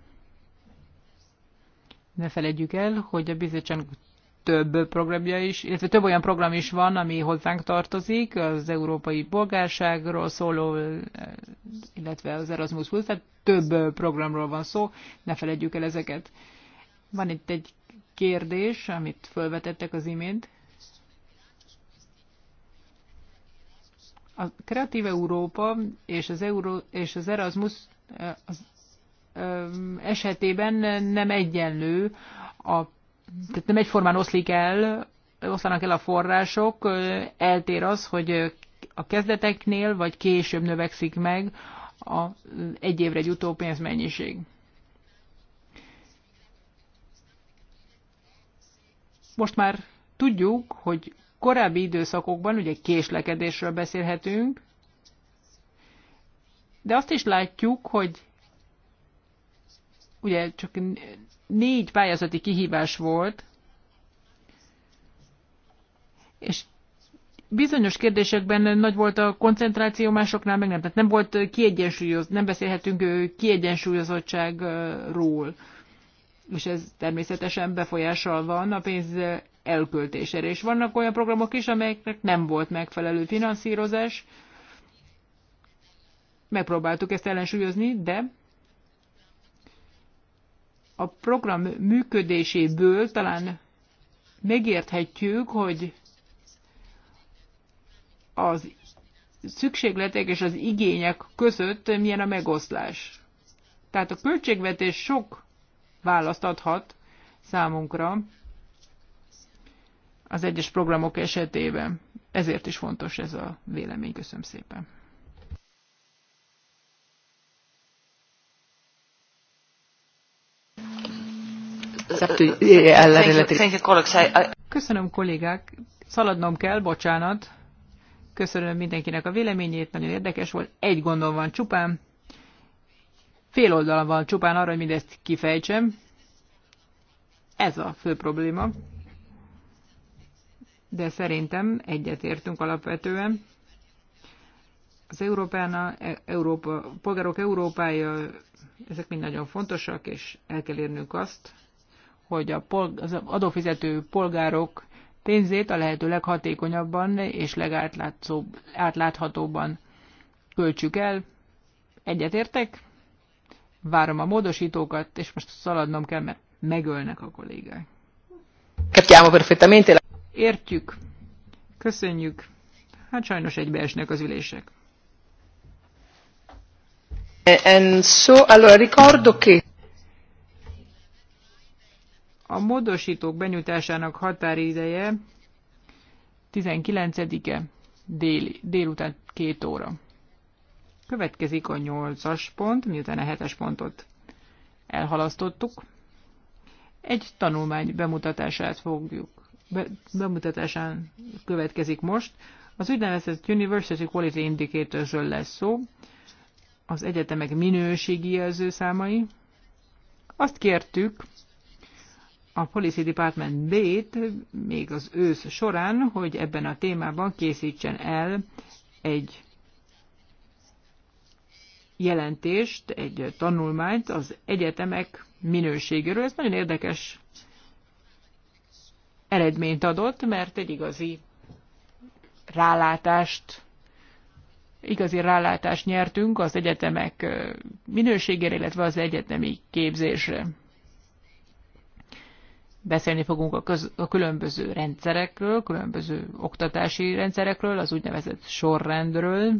Speaker 2: Ne felejtjük el, hogy a bizottság több programja is, illetve több olyan program is van, ami hozzánk tartozik, az európai polgárságról szóló, illetve az Erasmus Plus, tehát több programról van szó, ne felejtjük el ezeket. Van itt egy kérdés, amit felvetettek az imént. A Kreatív Európa és az, Euró és az Erasmus eh, az eh, esetében nem egyenlő a tehát nem egyformán oszlik el, oszlanak el a források, eltér az, hogy a kezdeteknél, vagy később növekszik meg az egy évre jutó pénzmennyiség. Most már tudjuk, hogy korábbi időszakokban ugye késlekedésről beszélhetünk, de azt is látjuk, hogy ugye csak négy pályázati kihívás volt, és bizonyos kérdésekben nagy volt a koncentráció, másoknál meg nem. Tehát nem volt kiegyensúlyoz, nem beszélhetünk kiegyensúlyozottságról. És ez természetesen befolyással van a pénz elköltésére. És vannak olyan programok is, amelyeknek nem volt megfelelő finanszírozás. Megpróbáltuk ezt ellensúlyozni, de a program működéséből talán megérthetjük, hogy az szükségletek és az igények között milyen a megoszlás. Tehát a költségvetés sok választ adhat számunkra az egyes programok esetében. Ezért is fontos ez a vélemény. Köszönöm szépen. Köszönöm kollégák, szaladnom kell, bocsánat. Köszönöm mindenkinek a véleményét, nagyon érdekes volt. Egy gondom van csupán, fél oldalam van csupán arra, hogy mindezt kifejtsem. Ez a fő probléma. De szerintem egyetértünk alapvetően. Az Európána, Európa, polgárok Európája, ezek mind nagyon fontosak, és el kell érnünk azt, hogy a az adófizető polgárok pénzét a lehető leghatékonyabban és legátláthatóbban költsük el. Egyetértek? Várom a módosítókat, és most szaladnom kell, mert megölnek a kollégák. Captiamo perfettamente. Értjük. Köszönjük. Hát sajnos egybeesnek az ülések. And eh, so, allora ricordo che... A módosítók benyújtásának határideje 19-e dél, délután két óra. Következik a 8-as pont, miután a 7-es pontot elhalasztottuk. Egy tanulmány bemutatását fogjuk. Be, bemutatásán következik most. Az úgynevezett University Quality Indicatorsről lesz szó, az egyetemek minőségi jelzőszámai. Azt kértük a Policy Department b még az ősz során, hogy ebben a témában készítsen el egy jelentést, egy tanulmányt az egyetemek minőségéről. Ez nagyon érdekes eredményt adott, mert egy igazi rálátást, igazi rálátást nyertünk az egyetemek minőségére, illetve az egyetemi képzésre beszélni fogunk a, köz, a különböző rendszerekről, különböző oktatási rendszerekről, az úgynevezett sorrendről,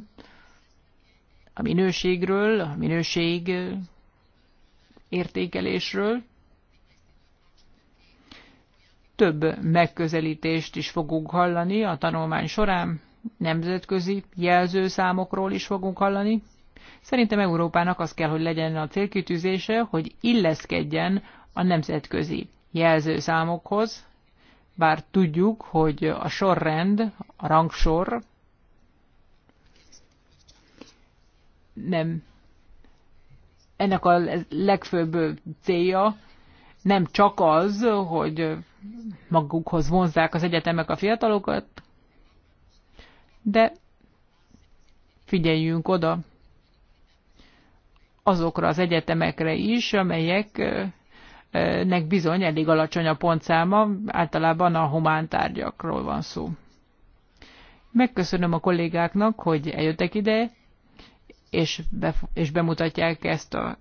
Speaker 2: a minőségről, a minőség értékelésről. Több megközelítést is fogunk hallani a tanulmány során, nemzetközi jelzőszámokról is fogunk hallani. Szerintem Európának az kell, hogy legyen a célkitűzése, hogy illeszkedjen a nemzetközi jelzőszámokhoz, bár tudjuk, hogy a sorrend, a rangsor nem ennek a legfőbb célja nem csak az, hogy magukhoz vonzzák az egyetemek a fiatalokat, de figyeljünk oda azokra az egyetemekre is, amelyek nek bizony elég alacsony a pontszáma, általában a humántárgyakról van szó. Megköszönöm a kollégáknak, hogy eljöttek ide, és, be, és bemutatják ezt a,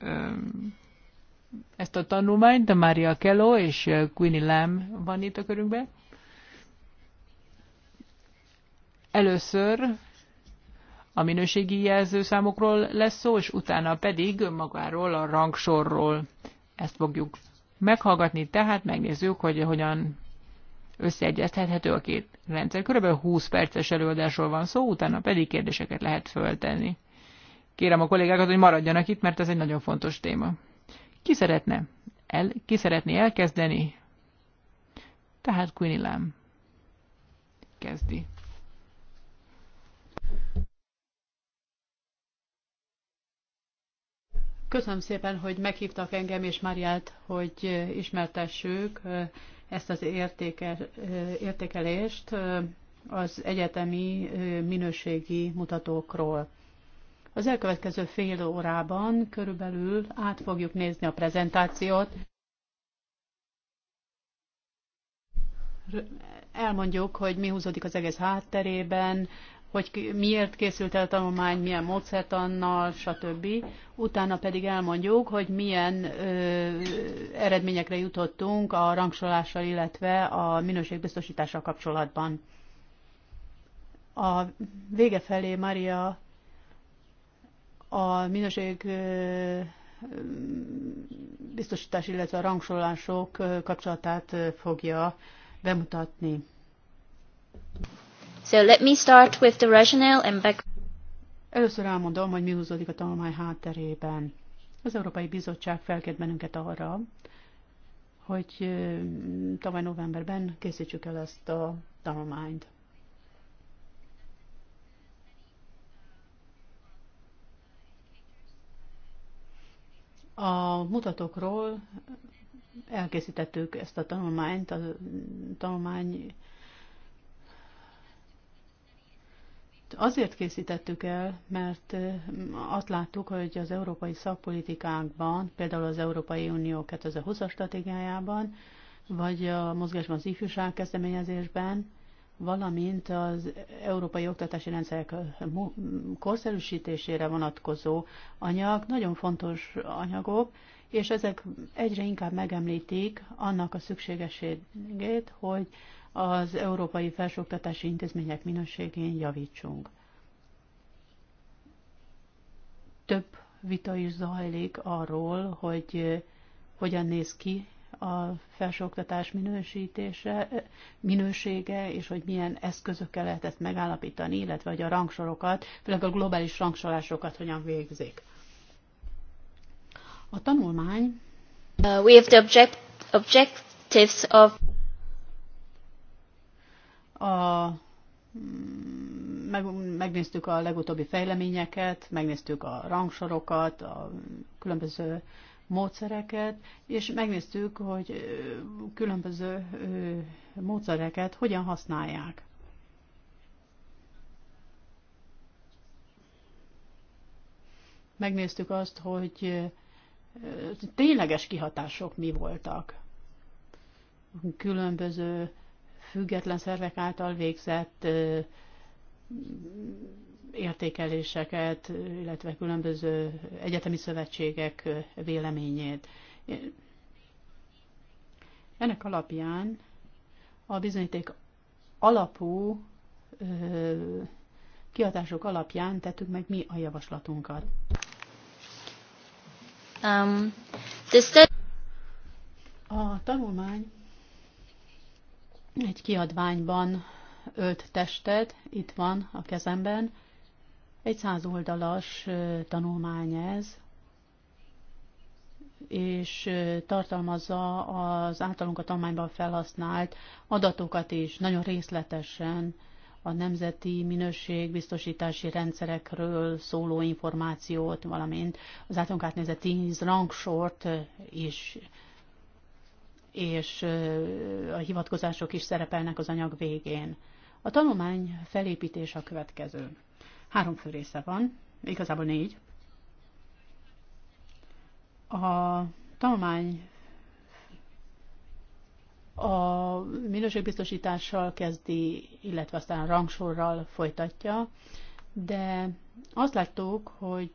Speaker 2: ezt a tanulmányt, de Mária Kello és Queenie Lam van itt a körünkben. Először a minőségi jelzőszámokról lesz szó, és utána pedig magáról a rangsorról. Ezt fogjuk meghallgatni, tehát megnézzük, hogy hogyan összeegyeztethető a két rendszer. Körülbelül 20 perces előadásról van szó, utána pedig kérdéseket lehet föltenni. Kérem a kollégákat, hogy maradjanak itt, mert ez egy nagyon fontos téma. Ki szeretne? El, ki szeretné elkezdeni? Tehát Quinilám
Speaker 3: kezdi.
Speaker 1: Köszönöm szépen, hogy meghívtak engem és Máriát, hogy ismertessük ezt az értéke, értékelést az egyetemi minőségi mutatókról. Az elkövetkező fél órában körülbelül át fogjuk nézni a prezentációt. Elmondjuk, hogy mi húzódik az egész hátterében, hogy miért készült el a tanulmány, milyen módszertannal, stb. Utána pedig elmondjuk, hogy milyen ö, eredményekre jutottunk a rangsorolással, illetve a minőségbiztosítással kapcsolatban. A vége felé Maria a minőség ö, biztosítás, illetve a rangsorolások kapcsolatát fogja bemutatni.
Speaker 2: So let me start with the rationale and back...
Speaker 1: Először elmondom, hogy mi húzódik a tanulmány hátterében. Az Európai Bizottság felkért bennünket arra, hogy tavaly novemberben készítsük el ezt a tanulmányt. A mutatókról elkészítettük ezt a tanulmányt, a tanulmány Azért készítettük el, mert azt láttuk, hogy az európai szakpolitikákban, például az Európai Unió 2020-as stratégiájában, vagy a mozgásban az ifjúság kezdeményezésben, valamint az európai oktatási rendszerek korszerűsítésére vonatkozó anyag, nagyon fontos anyagok, és ezek egyre inkább megemlítik annak a szükségességét, hogy az európai felsőoktatási intézmények minőségén javítsunk. Több vita is zajlik arról, hogy eh, hogyan néz ki a felsőoktatás minősítése, minősége, és hogy milyen eszközökkel lehet ezt megállapítani, illetve hogy a rangsorokat, főleg a globális rangsorásokat hogyan végzik. A tanulmány uh, We have the object, objectives of a, mm, meg, megnéztük a legutóbbi fejleményeket, megnéztük a rangsorokat, a különböző módszereket, és megnéztük, hogy különböző módszereket hogyan használják. Megnéztük azt, hogy tényleges kihatások mi voltak. Különböző független szervek által végzett értékeléseket, illetve különböző egyetemi szövetségek véleményét. Ennek alapján a bizonyíték alapú kiadások alapján tettük meg mi a javaslatunkat. Um, A tanulmány egy kiadványban ölt testet, itt van a kezemben. Egy száz oldalas tanulmány ez, és tartalmazza az általunk a tanulmányban felhasznált adatokat is, nagyon részletesen a nemzeti minőségbiztosítási rendszerekről szóló információt, valamint az általunk átnézett tíz rangsort is és a hivatkozások is szerepelnek az anyag végén. A tanulmány felépítése a következő. Három fő része van, igazából négy. A tanulmány a minőségbiztosítással kezdi, illetve aztán rangsorral folytatja, de azt láttuk, hogy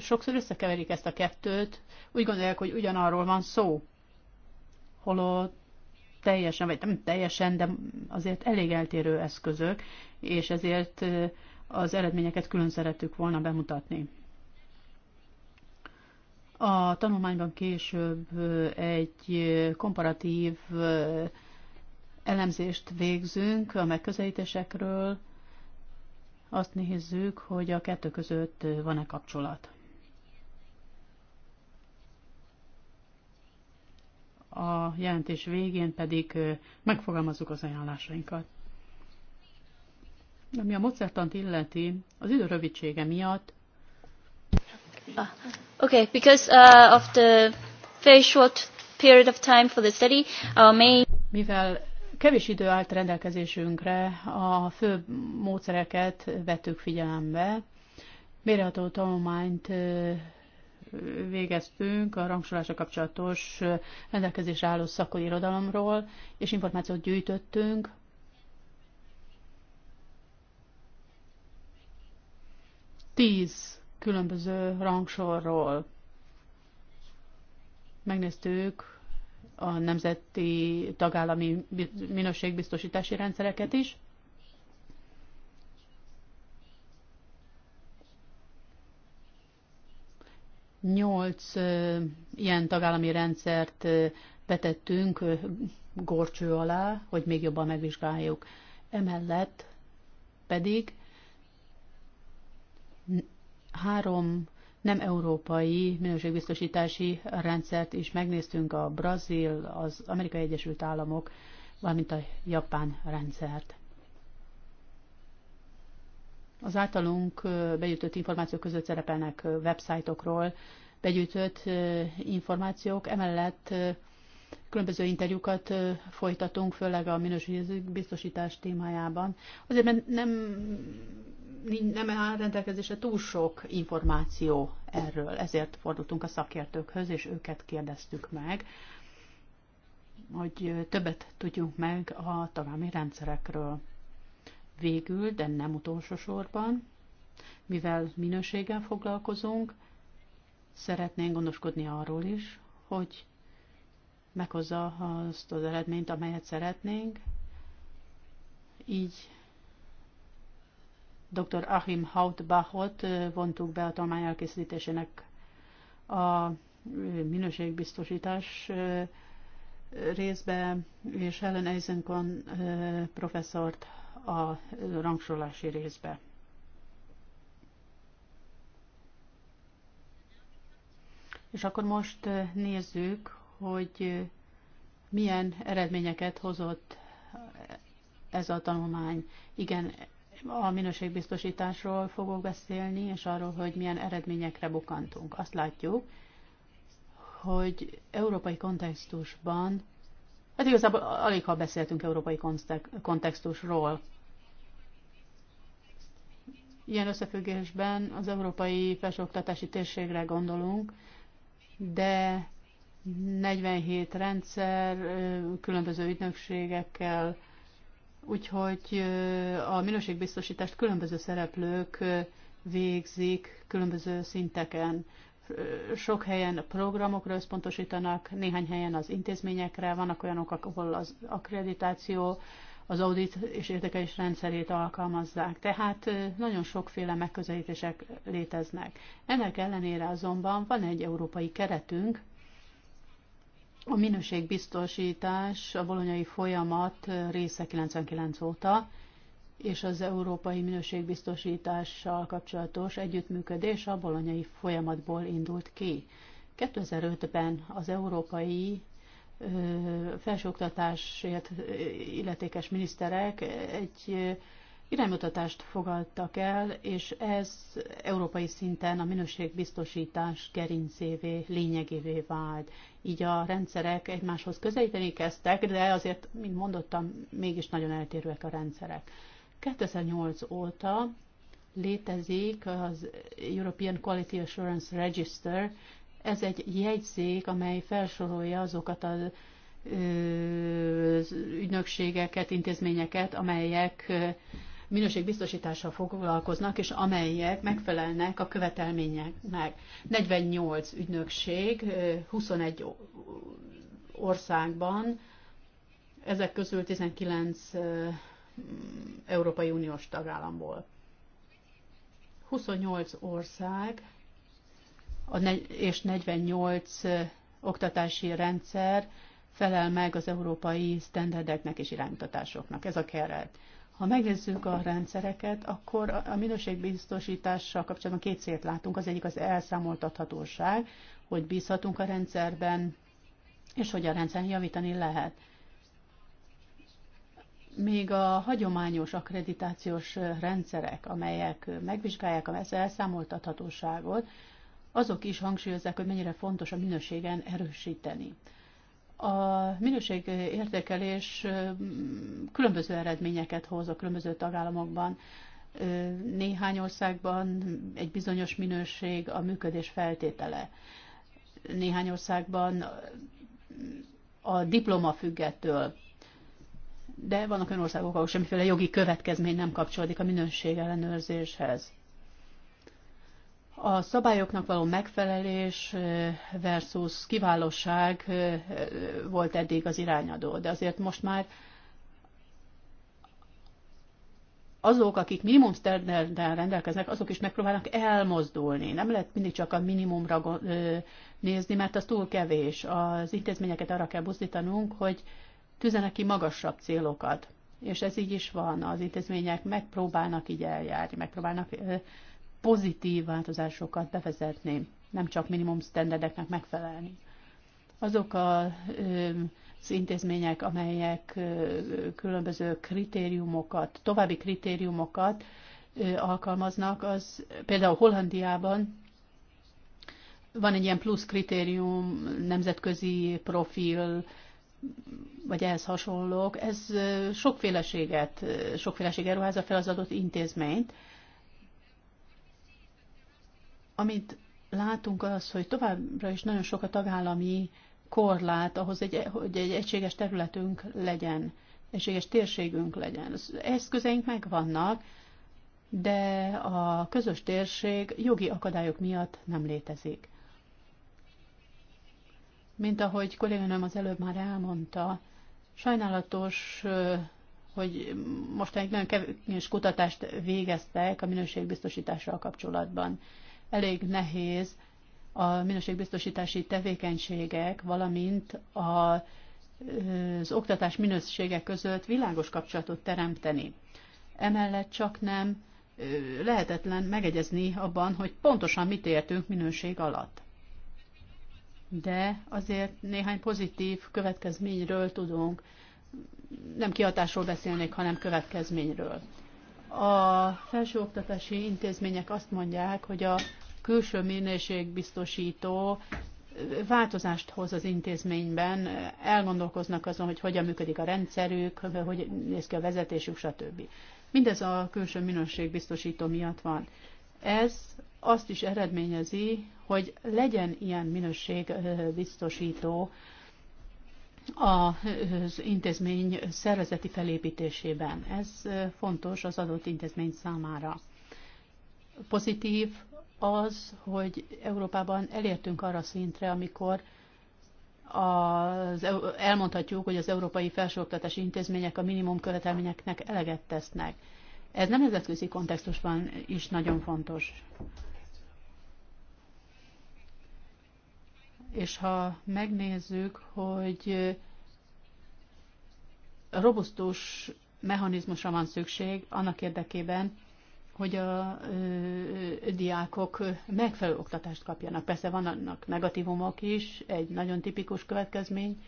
Speaker 1: sokszor összekeverik ezt a kettőt, úgy gondolják, hogy ugyanarról van szó holott teljesen, vagy nem teljesen, de azért elég eltérő eszközök, és ezért az eredményeket külön szerettük volna bemutatni. A tanulmányban később egy komparatív elemzést végzünk a megközelítésekről, azt nézzük, hogy a kettő között van-e kapcsolat. a jelentés végén pedig megfogalmazzuk az ajánlásainkat. Ami a mozertant illeti, az idő rövidsége miatt.
Speaker 3: Uh, okay, because uh, of the very short period of time
Speaker 1: for the study, our main... Mivel kevés idő állt rendelkezésünkre, a fő módszereket vettük figyelembe. mérható tanulmányt végeztünk a rangsorolásra kapcsolatos rendelkezésre álló szakoi irodalomról, és információt gyűjtöttünk. Tíz különböző rangsorról megnéztük a nemzeti tagállami minőségbiztosítási rendszereket is, Nyolc ilyen tagállami rendszert betettünk gorcső alá, hogy még jobban megvizsgáljuk. Emellett pedig három nem európai minőségbiztosítási rendszert is megnéztünk, a brazil, az Amerikai Egyesült Államok, valamint a japán rendszert. Az általunk bejutott információk között szerepelnek websájtokról begyűjtött információk, emellett különböző interjúkat folytatunk, főleg a minőségbiztosítás témájában. Azért, mert nem, nem áll rendelkezésre túl sok információ erről, ezért fordultunk a szakértőkhöz, és őket kérdeztük meg, hogy többet tudjunk meg a tagállami rendszerekről. Végül, de nem utolsó sorban, mivel minőséggel foglalkozunk, szeretnénk gondoskodni arról is, hogy meghozza azt az eredményt, amelyet szeretnénk. Így dr. Achim Hautbachot vontuk be a tanulmány elkészítésének a minőségbiztosítás részbe, és Helen Eisenkorn professzort a rangsolási részbe. És akkor most nézzük, hogy milyen eredményeket hozott ez a tanulmány. Igen, a minőségbiztosításról fogok beszélni, és arról, hogy milyen eredményekre bukantunk. Azt látjuk, hogy európai kontextusban, hát igazából alig ha beszéltünk európai kontextusról, Ilyen összefüggésben az európai felsőoktatási térségre gondolunk, de 47 rendszer, különböző ügynökségekkel, úgyhogy a minőségbiztosítást különböző szereplők végzik különböző szinteken. Sok helyen programokra összpontosítanak, néhány helyen az intézményekre, vannak olyanok, ahol az akkreditáció, az audit és értékelés rendszerét alkalmazzák. Tehát nagyon sokféle megközelítések léteznek. Ennek ellenére azonban van egy európai keretünk, a minőségbiztosítás a bolonyai folyamat része 99 óta, és az európai minőségbiztosítással kapcsolatos együttműködés a bolonyai folyamatból indult ki. 2005-ben az európai felsőoktatásért illetékes miniszterek egy iránymutatást fogadtak el, és ez európai szinten a minőségbiztosítás gerincévé, lényegévé vált. Így a rendszerek egymáshoz közelíteni kezdtek, de azért, mint mondottam, mégis nagyon eltérőek a rendszerek. 2008 óta létezik az European Quality Assurance Register, ez egy jegyzék, amely felsorolja azokat az ügynökségeket, intézményeket, amelyek minőségbiztosítással foglalkoznak, és amelyek megfelelnek a követelményeknek. 48 ügynökség 21 országban, ezek közül 19 Európai Uniós tagállamból. 28 ország és 48 oktatási rendszer felel meg az európai sztenderdeknek és iránytatásoknak. Ez a keret. Ha megnézzük a rendszereket, akkor a minőségbiztosítással kapcsolatban két célt látunk. Az egyik az elszámoltathatóság, hogy bízhatunk a rendszerben, és hogy a rendszeren javítani lehet. Még a hagyományos akkreditációs rendszerek, amelyek megvizsgálják az elszámoltathatóságot, azok is hangsúlyozzák, hogy mennyire fontos a minőségen erősíteni. A minőség értékelés különböző eredményeket hoz a különböző tagállamokban. Néhány országban egy bizonyos minőség a működés feltétele. Néhány országban a diploma függettől. De vannak olyan országok, ahol semmiféle jogi következmény nem kapcsolódik a minőség ellenőrzéshez a szabályoknak való megfelelés eh, versus kiválóság eh, volt eddig az irányadó, de azért most már azok, akik minimum standarddel rendelkeznek, azok is megpróbálnak elmozdulni. Nem lehet mindig csak a minimumra eh, nézni, mert az túl kevés. Az intézményeket arra kell buzdítanunk, hogy tűzenek ki magasabb célokat. És ez így is van. Az intézmények megpróbálnak így eljárni, megpróbálnak pozitív változásokat bevezetni, nem csak minimum standardeknek megfelelni. Azok az intézmények, amelyek különböző kritériumokat, további kritériumokat alkalmaznak, az például Hollandiában van egy ilyen plusz kritérium, nemzetközi profil, vagy ehhez hasonlók, ez sokféleséget, sokféleséget ruházza fel az adott intézményt, amit látunk az, hogy továbbra is nagyon sok a tagállami korlát ahhoz, egy, hogy egy egységes területünk legyen, egységes térségünk legyen. Az eszközeink megvannak, de a közös térség jogi akadályok miatt nem létezik. Mint ahogy kolléganőm az előbb már elmondta, sajnálatos, hogy most egy nagyon kevés kutatást végeztek a minőségbiztosítással kapcsolatban elég nehéz a minőségbiztosítási tevékenységek, valamint a, az oktatás minősége között világos kapcsolatot teremteni. Emellett csak nem lehetetlen megegyezni abban, hogy pontosan mit értünk minőség alatt. De azért néhány pozitív következményről tudunk, nem kihatásról beszélnék, hanem következményről. A felsőoktatási intézmények azt mondják, hogy a külső minőségbiztosító változást hoz az intézményben, elgondolkoznak azon, hogy hogyan működik a rendszerük, hogy néz ki a vezetésük, stb. Mindez a külső minőségbiztosító miatt van. Ez azt is eredményezi, hogy legyen ilyen minőségbiztosító az intézmény szervezeti felépítésében. Ez fontos az adott intézmény számára. Pozitív az, hogy Európában elértünk arra szintre, amikor az, elmondhatjuk, hogy az európai felsőoktatási intézmények a minimum követelményeknek eleget tesznek. Ez nem nemzetközi kontextusban is nagyon fontos. És ha megnézzük, hogy robusztus mechanizmusra van szükség annak érdekében, hogy a ö, diákok megfelelő oktatást kapjanak. Persze van annak negatívumok is, egy nagyon tipikus következmény.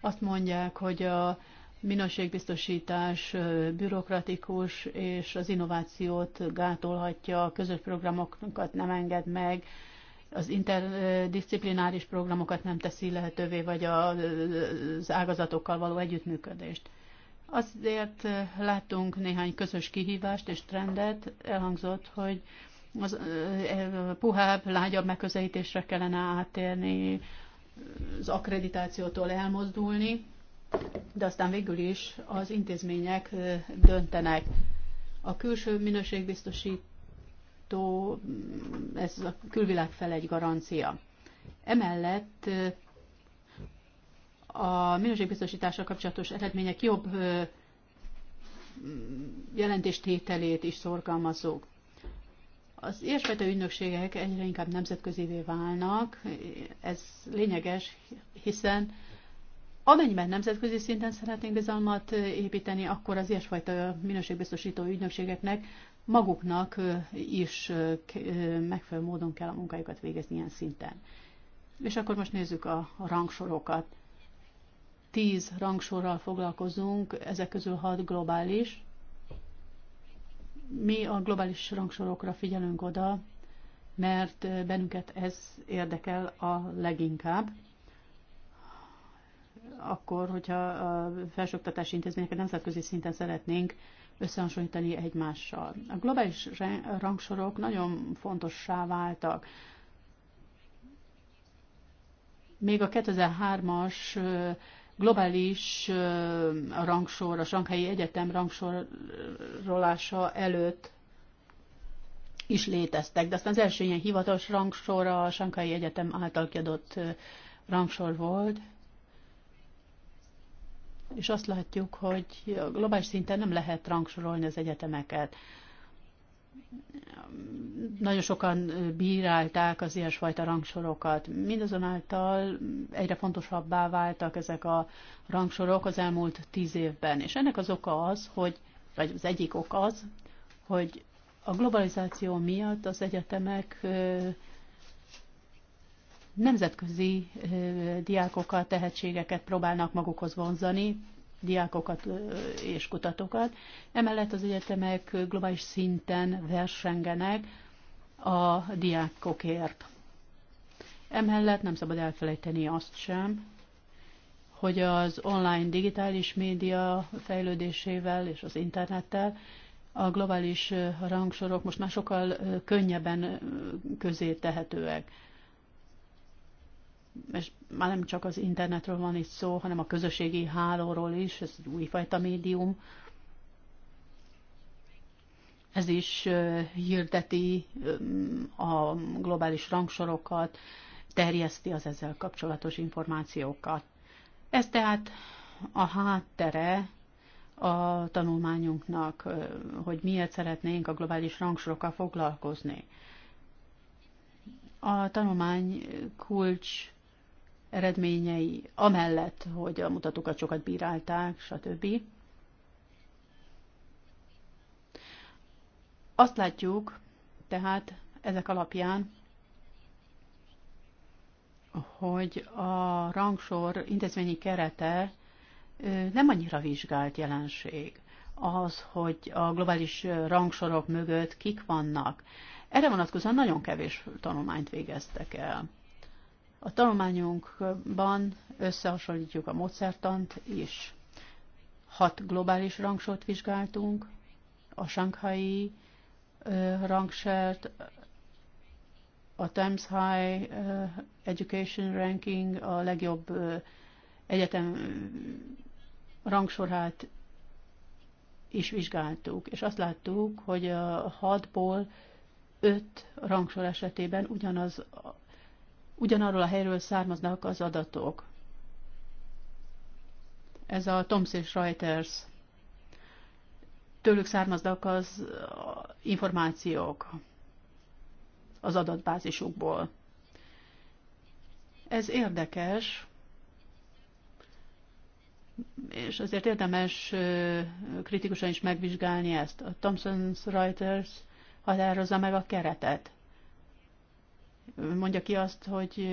Speaker 1: Azt mondják, hogy a minőségbiztosítás bürokratikus, és az innovációt gátolhatja, a közös programokat nem enged meg, az interdisziplináris programokat nem teszi lehetővé, vagy az ágazatokkal való együttműködést. Azért eh, láttunk néhány közös kihívást és trendet, elhangzott, hogy az eh, eh, puhább, lágyabb megközelítésre kellene átérni, az akkreditációtól elmozdulni, de aztán végül is az intézmények döntenek. A külső minőségbiztosító, mm, ez a külvilág fel egy garancia. Emellett a minőségbiztosítással kapcsolatos eredmények jobb jelentéstételét is szorgalmazók. Az ilyesfajta ügynökségek egyre inkább nemzetközivé válnak, ez lényeges, hiszen amennyiben nemzetközi szinten szeretnénk bizalmat építeni, akkor az ilyesfajta minőségbiztosító ügynökségeknek maguknak is megfelelő módon kell a munkájukat végezni ilyen szinten. És akkor most nézzük a rangsorokat tíz rangsorral foglalkozunk, ezek közül hat globális. Mi a globális rangsorokra figyelünk oda, mert bennünket ez érdekel a leginkább. Akkor, hogyha a felsőoktatási intézményeket nemzetközi szinten szeretnénk összehasonlítani egymással. A globális rangsorok nagyon fontossá váltak. Még a 2003-as globális rangsor, a Sankhelyi Egyetem rangsorolása előtt is léteztek, de aztán az első ilyen hivatalos rangsor a Sankhelyi Egyetem által kiadott rangsor volt, és azt látjuk, hogy globális szinten nem lehet rangsorolni az egyetemeket nagyon sokan bírálták az ilyesfajta rangsorokat. Mindazonáltal egyre fontosabbá váltak ezek a rangsorok az elmúlt tíz évben. És ennek az oka az, hogy, vagy az egyik ok az, hogy a globalizáció miatt az egyetemek nemzetközi diákokat, tehetségeket próbálnak magukhoz vonzani, diákokat és kutatókat. Emellett az egyetemek globális szinten versengenek a diákokért. Emellett nem szabad elfelejteni azt sem, hogy az online digitális média fejlődésével és az internettel a globális rangsorok most már sokkal könnyebben közé tehetőek és már nem csak az internetről van itt szó, hanem a közösségi hálóról is, ez egy újfajta médium. Ez is hirdeti a globális rangsorokat, terjeszti az ezzel kapcsolatos információkat. Ez tehát a háttere a tanulmányunknak, hogy miért szeretnénk a globális rangsorokkal foglalkozni. A tanulmány kulcs eredményei, amellett, hogy a mutatókat sokat bírálták, stb. Azt látjuk, tehát ezek alapján, hogy a rangsor intézményi kerete nem annyira vizsgált jelenség. Az, hogy a globális rangsorok mögött kik vannak, erre vonatkozóan nagyon kevés tanulmányt végeztek el. A tanulmányunkban összehasonlítjuk a módszertant is. Hat globális rangsort vizsgáltunk, a Shanghai rangsort, a Times High Education Ranking, a legjobb egyetem rangsorát is vizsgáltuk, és azt láttuk, hogy a hatból öt rangsor esetében ugyanaz ugyanarról a helyről származnak az adatok. Ez a Thomson és Reuters. Tőlük származnak az információk az adatbázisukból. Ez érdekes, és azért érdemes kritikusan is megvizsgálni ezt. A Thomson Reuters határozza meg a keretet mondja ki azt, hogy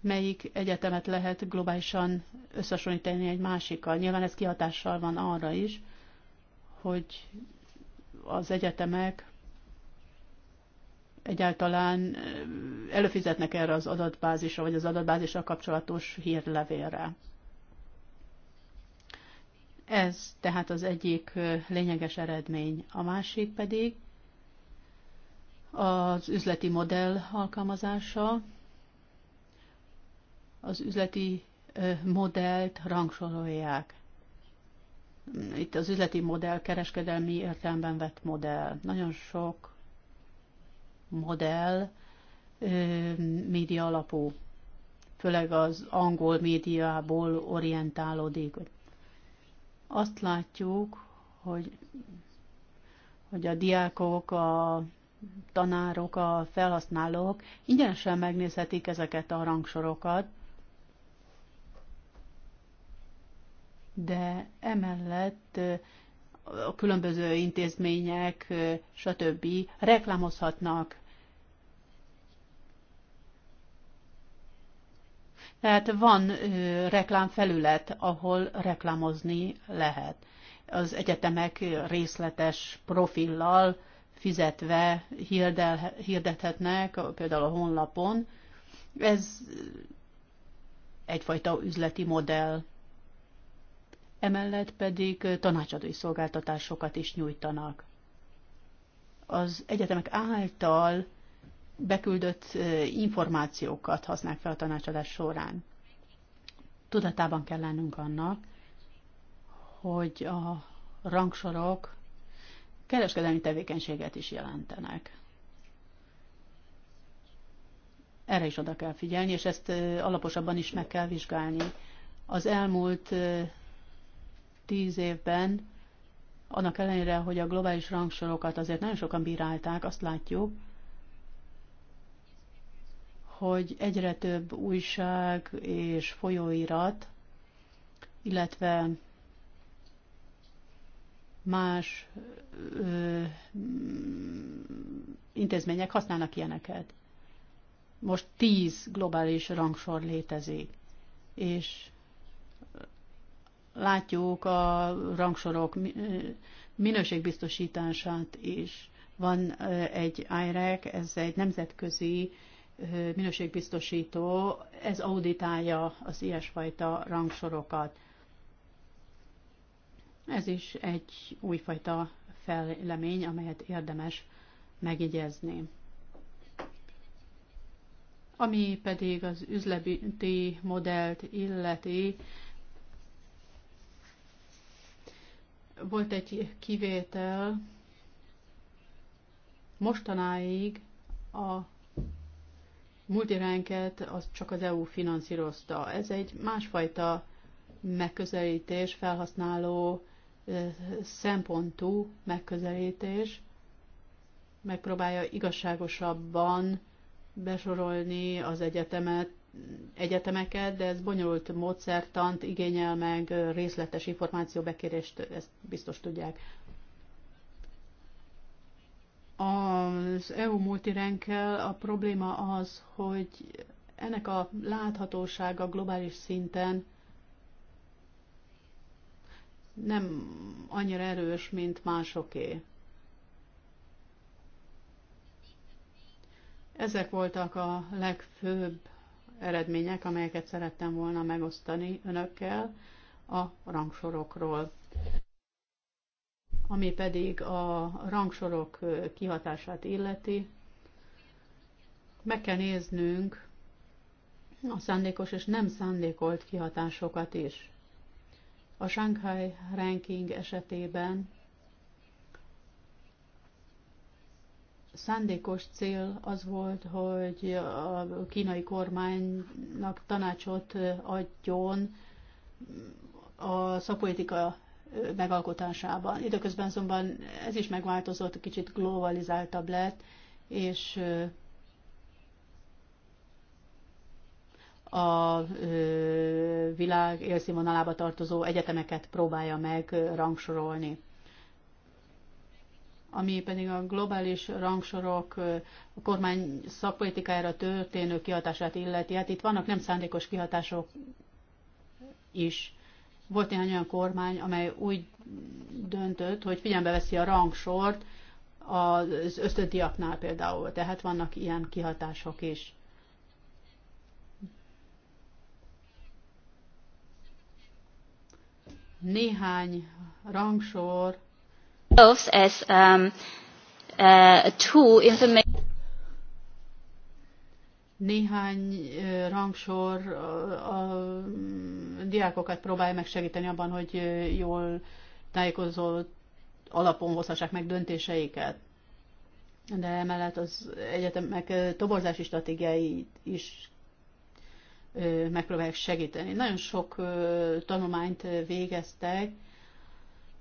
Speaker 1: melyik egyetemet lehet globálisan összehasonlítani egy másikkal. Nyilván ez kihatással van arra is, hogy az egyetemek egyáltalán előfizetnek erre az adatbázisra, vagy az adatbázisra kapcsolatos hírlevélre. Ez tehát az egyik lényeges eredmény. A másik pedig, az üzleti modell alkalmazása, az üzleti modellt rangsorolják. Itt az üzleti modell kereskedelmi értelemben vett modell. Nagyon sok modell média alapú, főleg az angol médiából orientálódik. Azt látjuk, hogy, hogy a diákok, a tanárok, a felhasználók ingyenesen megnézhetik ezeket a rangsorokat, de emellett a különböző intézmények, stb. reklámozhatnak. Tehát van reklámfelület, ahol reklámozni lehet. Az egyetemek részletes profillal fizetve hirdethetnek, például a honlapon. Ez egyfajta üzleti modell. Emellett pedig tanácsadói szolgáltatásokat is nyújtanak. Az egyetemek által beküldött információkat használják fel a tanácsadás során. Tudatában kell lennünk annak, hogy a rangsorok kereskedelmi tevékenységet is jelentenek. Erre is oda kell figyelni, és ezt alaposabban is meg kell vizsgálni. Az elmúlt tíz évben, annak ellenére, hogy a globális rangsorokat azért nagyon sokan bírálták, azt látjuk, hogy egyre több újság és folyóirat, illetve más ö, mm, intézmények használnak ilyeneket. Most tíz globális rangsor létezik, és látjuk a rangsorok minőségbiztosítását is. Van egy IREC, ez egy nemzetközi minőségbiztosító, ez auditálja az ilyesfajta rangsorokat. Ez is egy újfajta fejlemény, amelyet érdemes megjegyezni. Ami pedig az üzleti modellt illeti, volt egy kivétel, mostanáig a multiránket az csak az EU finanszírozta. Ez egy másfajta megközelítés, felhasználó szempontú megközelítés megpróbálja igazságosabban besorolni az egyetemet, egyetemeket, de ez bonyolult módszertant igényel meg részletes információ bekérést, ezt biztos tudják. Az EU multirenkkel a probléma az, hogy ennek a láthatósága globális szinten nem annyira erős, mint másoké. Ezek voltak a legfőbb eredmények, amelyeket szerettem volna megosztani önökkel a rangsorokról. Ami pedig a rangsorok kihatását illeti, meg kell néznünk a szándékos és nem szándékolt kihatásokat is. A Shanghai ranking esetében szándékos cél az volt, hogy a kínai kormánynak tanácsot adjon a szakpolitika megalkotásában. Időközben azonban ez is megváltozott, kicsit globalizáltabb lett, és a világ élszínvonalába tartozó egyetemeket próbálja meg rangsorolni. Ami pedig a globális rangsorok a kormány szakpolitikájára történő kihatását illeti, hát itt vannak nem szándékos kihatások is. Volt néhány olyan kormány, amely úgy döntött, hogy figyelembe veszi a rangsort az ösztöndiaknál például, tehát vannak ilyen kihatások is néhány rangsor
Speaker 2: as um, uh, two information
Speaker 1: néhány rangsor a, a diákokat próbálja megsegíteni abban, hogy jól tájékozott alapon hozhassák meg döntéseiket. De emellett az egyetemek toborzási stratégiáit is megpróbálják segíteni. Nagyon sok tanulmányt végeztek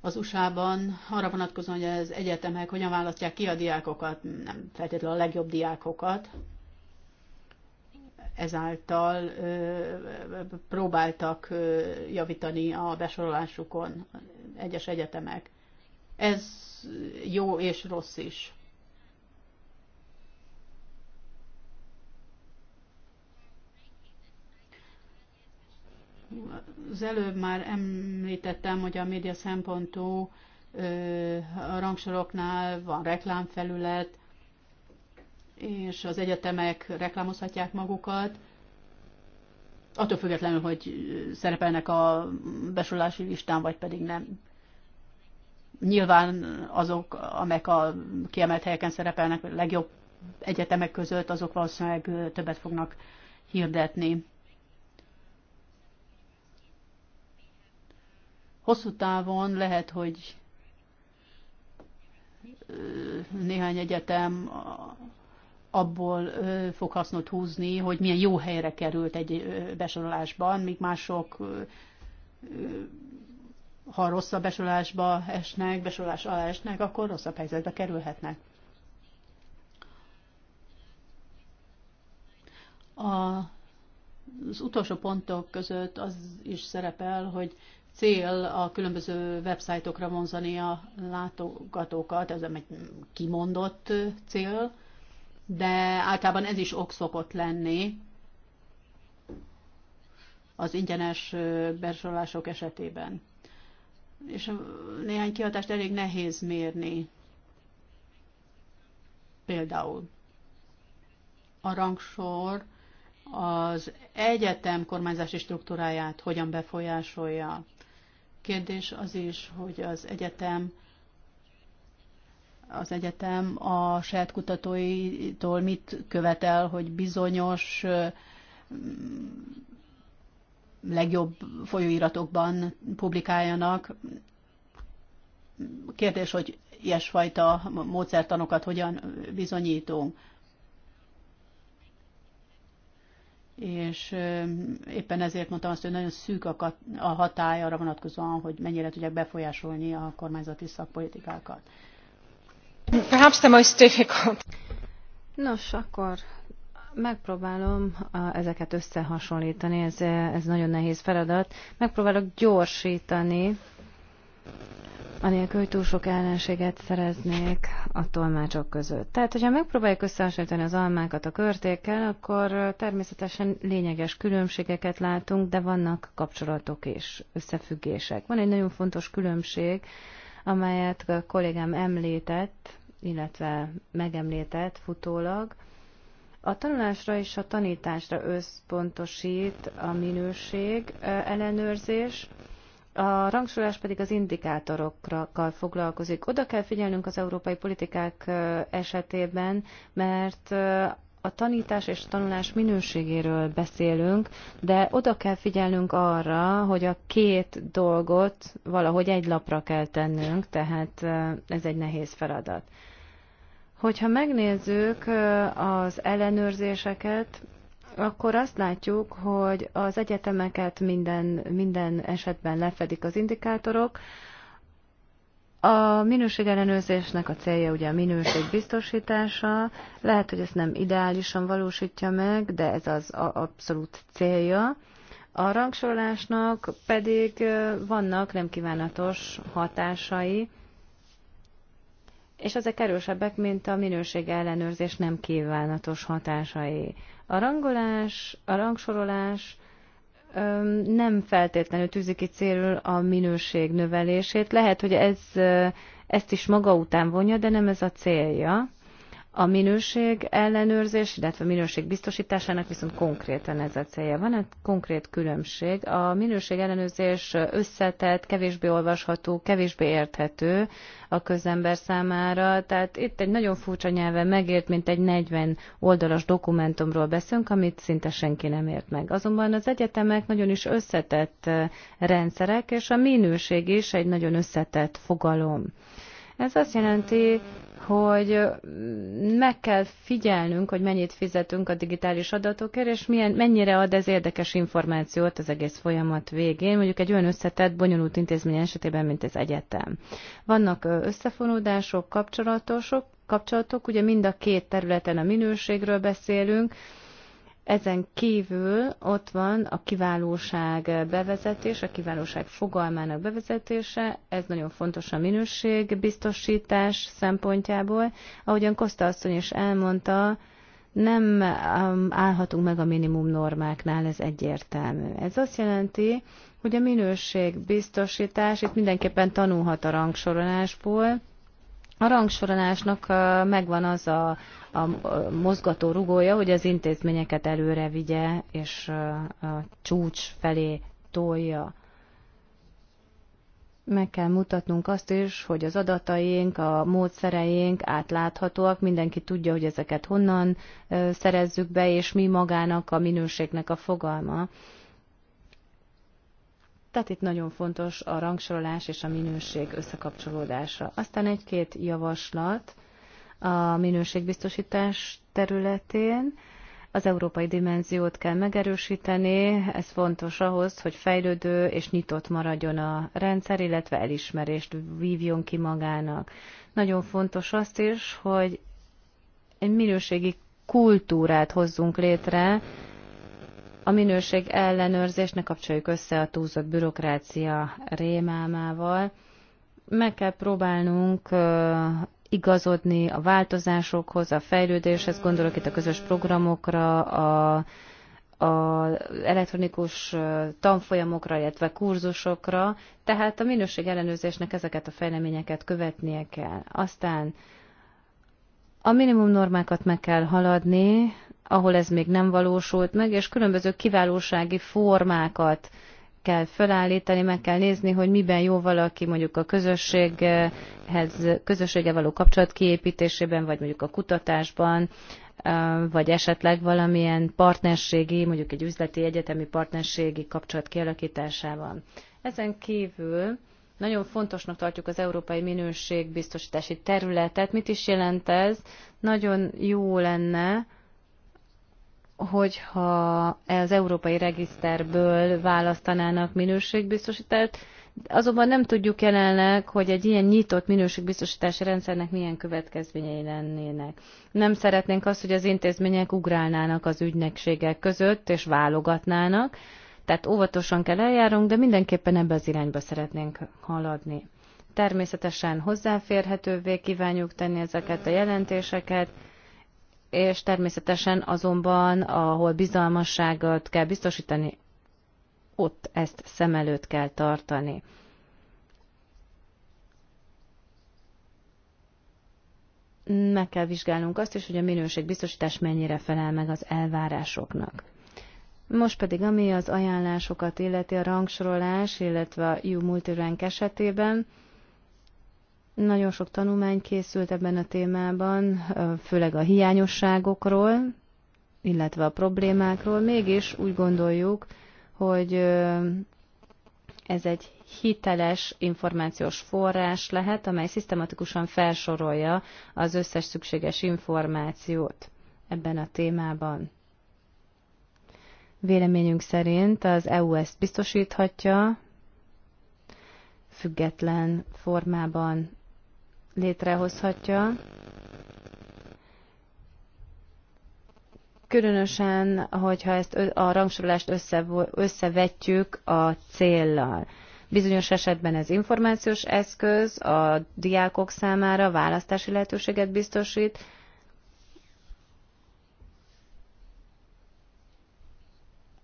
Speaker 1: az USA-ban arra vonatkozóan, hogy az egyetemek hogyan választják ki a diákokat, nem feltétlenül a legjobb diákokat, ezáltal próbáltak javítani a besorolásukon egyes egyetemek. Ez jó és rossz is. Az előbb már említettem, hogy a média szempontú a rangsoroknál van reklámfelület, és az egyetemek reklámozhatják magukat, attól függetlenül, hogy szerepelnek a besorolási listán, vagy pedig nem. Nyilván azok, amelyek a kiemelt helyeken szerepelnek, a legjobb egyetemek között, azok valószínűleg többet fognak hirdetni. Hosszú távon lehet, hogy néhány egyetem abból fog hasznot húzni, hogy milyen jó helyre került egy besorolásban, míg mások, ha rosszabb besorolásba esnek, besorolás alá esnek, akkor rosszabb helyzetbe kerülhetnek. A, az utolsó pontok között az is szerepel, hogy cél a különböző websájtokra vonzani a látogatókat, ez egy kimondott cél, de általában ez is ok szokott lenni az ingyenes besorolások esetében. És néhány kihatást elég nehéz mérni. Például a rangsor az egyetem kormányzási struktúráját hogyan befolyásolja, Kérdés az is, hogy az egyetem az egyetem a saját kutatóitól mit követel, hogy bizonyos mm, legjobb folyóiratokban publikáljanak. Kérdés, hogy ilyesfajta módszertanokat hogyan bizonyítunk. és éppen ezért mondtam azt, hogy nagyon szűk a hatály arra vonatkozóan, hogy mennyire tudják befolyásolni a kormányzati szakpolitikákat.
Speaker 3: Perhaps the most difficult. Nos, akkor megpróbálom ezeket összehasonlítani, ez, ez nagyon nehéz feladat. Megpróbálok gyorsítani anélkül, hogy túl sok ellenséget szereznék a tolmácsok között. Tehát, hogyha megpróbáljuk összehasonlítani az almákat a körtékkel, akkor természetesen lényeges különbségeket látunk, de vannak kapcsolatok és összefüggések. Van egy nagyon fontos különbség, amelyet a kollégám említett, illetve megemlített futólag. A tanulásra és a tanításra összpontosít a minőség ellenőrzés, a rangsorás pedig az indikátorokkal foglalkozik. Oda kell figyelnünk az európai politikák esetében, mert a tanítás és a tanulás minőségéről beszélünk, de oda kell figyelnünk arra, hogy a két dolgot valahogy egy lapra kell tennünk, tehát ez egy nehéz feladat. Hogyha megnézzük az ellenőrzéseket, akkor azt látjuk, hogy az egyetemeket minden, minden esetben lefedik az indikátorok. A minőségellenőrzésnek a célja ugye a minőség biztosítása. Lehet, hogy ezt nem ideálisan valósítja meg, de ez az a abszolút célja. A rangsorolásnak pedig vannak nem kívánatos hatásai, és ezek erősebbek, mint a minőség ellenőrzés nem kívánatos hatásai. A rangolás, a rangsorolás nem feltétlenül tűzi ki célul a minőség növelését. Lehet, hogy ez, ezt is maga után vonja, de nem ez a célja. A minőség ellenőrzés, illetve a minőség biztosításának viszont konkrétan ez a célja. Van egy konkrét különbség. A minőség ellenőrzés összetett, kevésbé olvasható, kevésbé érthető a közember számára. Tehát itt egy nagyon furcsa nyelven megért, mint egy 40 oldalas dokumentumról beszélünk, amit szinte senki nem ért meg. Azonban az egyetemek nagyon is összetett rendszerek, és a minőség is egy nagyon összetett fogalom. Ez azt jelenti, hogy meg kell figyelnünk, hogy mennyit fizetünk a digitális adatokért, és milyen, mennyire ad ez érdekes információt az egész folyamat végén, mondjuk egy olyan összetett, bonyolult intézmény esetében, mint az egyetem. Vannak összefonódások, kapcsolatosok, kapcsolatok, ugye mind a két területen a minőségről beszélünk, ezen kívül ott van a kiválóság bevezetés, a kiválóság fogalmának bevezetése, ez nagyon fontos a minőségbiztosítás szempontjából. Ahogyan Koszta asszony is elmondta, nem um, állhatunk meg a minimum normáknál, ez egyértelmű. Ez azt jelenti, hogy a minőségbiztosítás itt mindenképpen tanulhat a rangsorolásból, a rangsorolásnak megvan az a, a mozgató rugója, hogy az intézményeket előre vigye, és a csúcs felé tolja. Meg kell mutatnunk azt is, hogy az adataink, a módszereink átláthatóak, mindenki tudja, hogy ezeket honnan szerezzük be, és mi magának a minőségnek a fogalma. Tehát itt nagyon fontos a rangsorolás és a minőség összekapcsolódása. Aztán egy-két javaslat a minőségbiztosítás területén. Az európai dimenziót kell megerősíteni, ez fontos ahhoz, hogy fejlődő és nyitott maradjon a rendszer, illetve elismerést vívjon ki magának. Nagyon fontos azt is, hogy egy minőségi kultúrát hozzunk létre a minőség ellenőrzés ne kapcsoljuk össze a túlzott bürokrácia rémálmával. Meg kell próbálnunk igazodni a változásokhoz, a fejlődéshez, gondolok itt a közös programokra, a, a elektronikus tanfolyamokra, illetve kurzusokra, tehát a minőség ellenőrzésnek ezeket a fejleményeket követnie kell. Aztán a minimum normákat meg kell haladni, ahol ez még nem valósult meg, és különböző kiválósági formákat kell felállítani, meg kell nézni, hogy miben jó valaki mondjuk a közösséghez, közössége való kapcsolat kiépítésében, vagy mondjuk a kutatásban, vagy esetleg valamilyen partnerségi, mondjuk egy üzleti egyetemi partnerségi kapcsolat kialakításában. Ezen kívül nagyon fontosnak tartjuk az európai minőségbiztosítási területet. Mit is jelent ez? Nagyon jó lenne, hogyha az európai regiszterből választanának minőségbiztosítást, azonban nem tudjuk jelenleg, hogy egy ilyen nyitott minőségbiztosítási rendszernek milyen következményei lennének. Nem szeretnénk azt, hogy az intézmények ugrálnának az ügynökségek között, és válogatnának, tehát óvatosan kell eljárunk, de mindenképpen ebbe az irányba szeretnénk haladni. Természetesen hozzáférhetővé kívánjuk tenni ezeket a jelentéseket, és természetesen azonban, ahol bizalmasságot kell biztosítani, ott ezt szem előtt kell tartani. Meg kell vizsgálnunk azt is, hogy a minőségbiztosítás mennyire felel meg az elvárásoknak. Most pedig, ami az ajánlásokat illeti a rangsorolás, illetve a EU multirank esetében, nagyon sok tanulmány készült ebben a témában, főleg a hiányosságokról, illetve a problémákról. Mégis úgy gondoljuk, hogy ez egy hiteles információs forrás lehet, amely szisztematikusan felsorolja az összes szükséges információt ebben a témában. Véleményünk szerint az EU ezt biztosíthatja, független formában létrehozhatja. Különösen, hogyha ezt a rangsorolást össze, összevetjük a céllal. Bizonyos esetben ez információs eszköz, a diákok számára választási lehetőséget biztosít,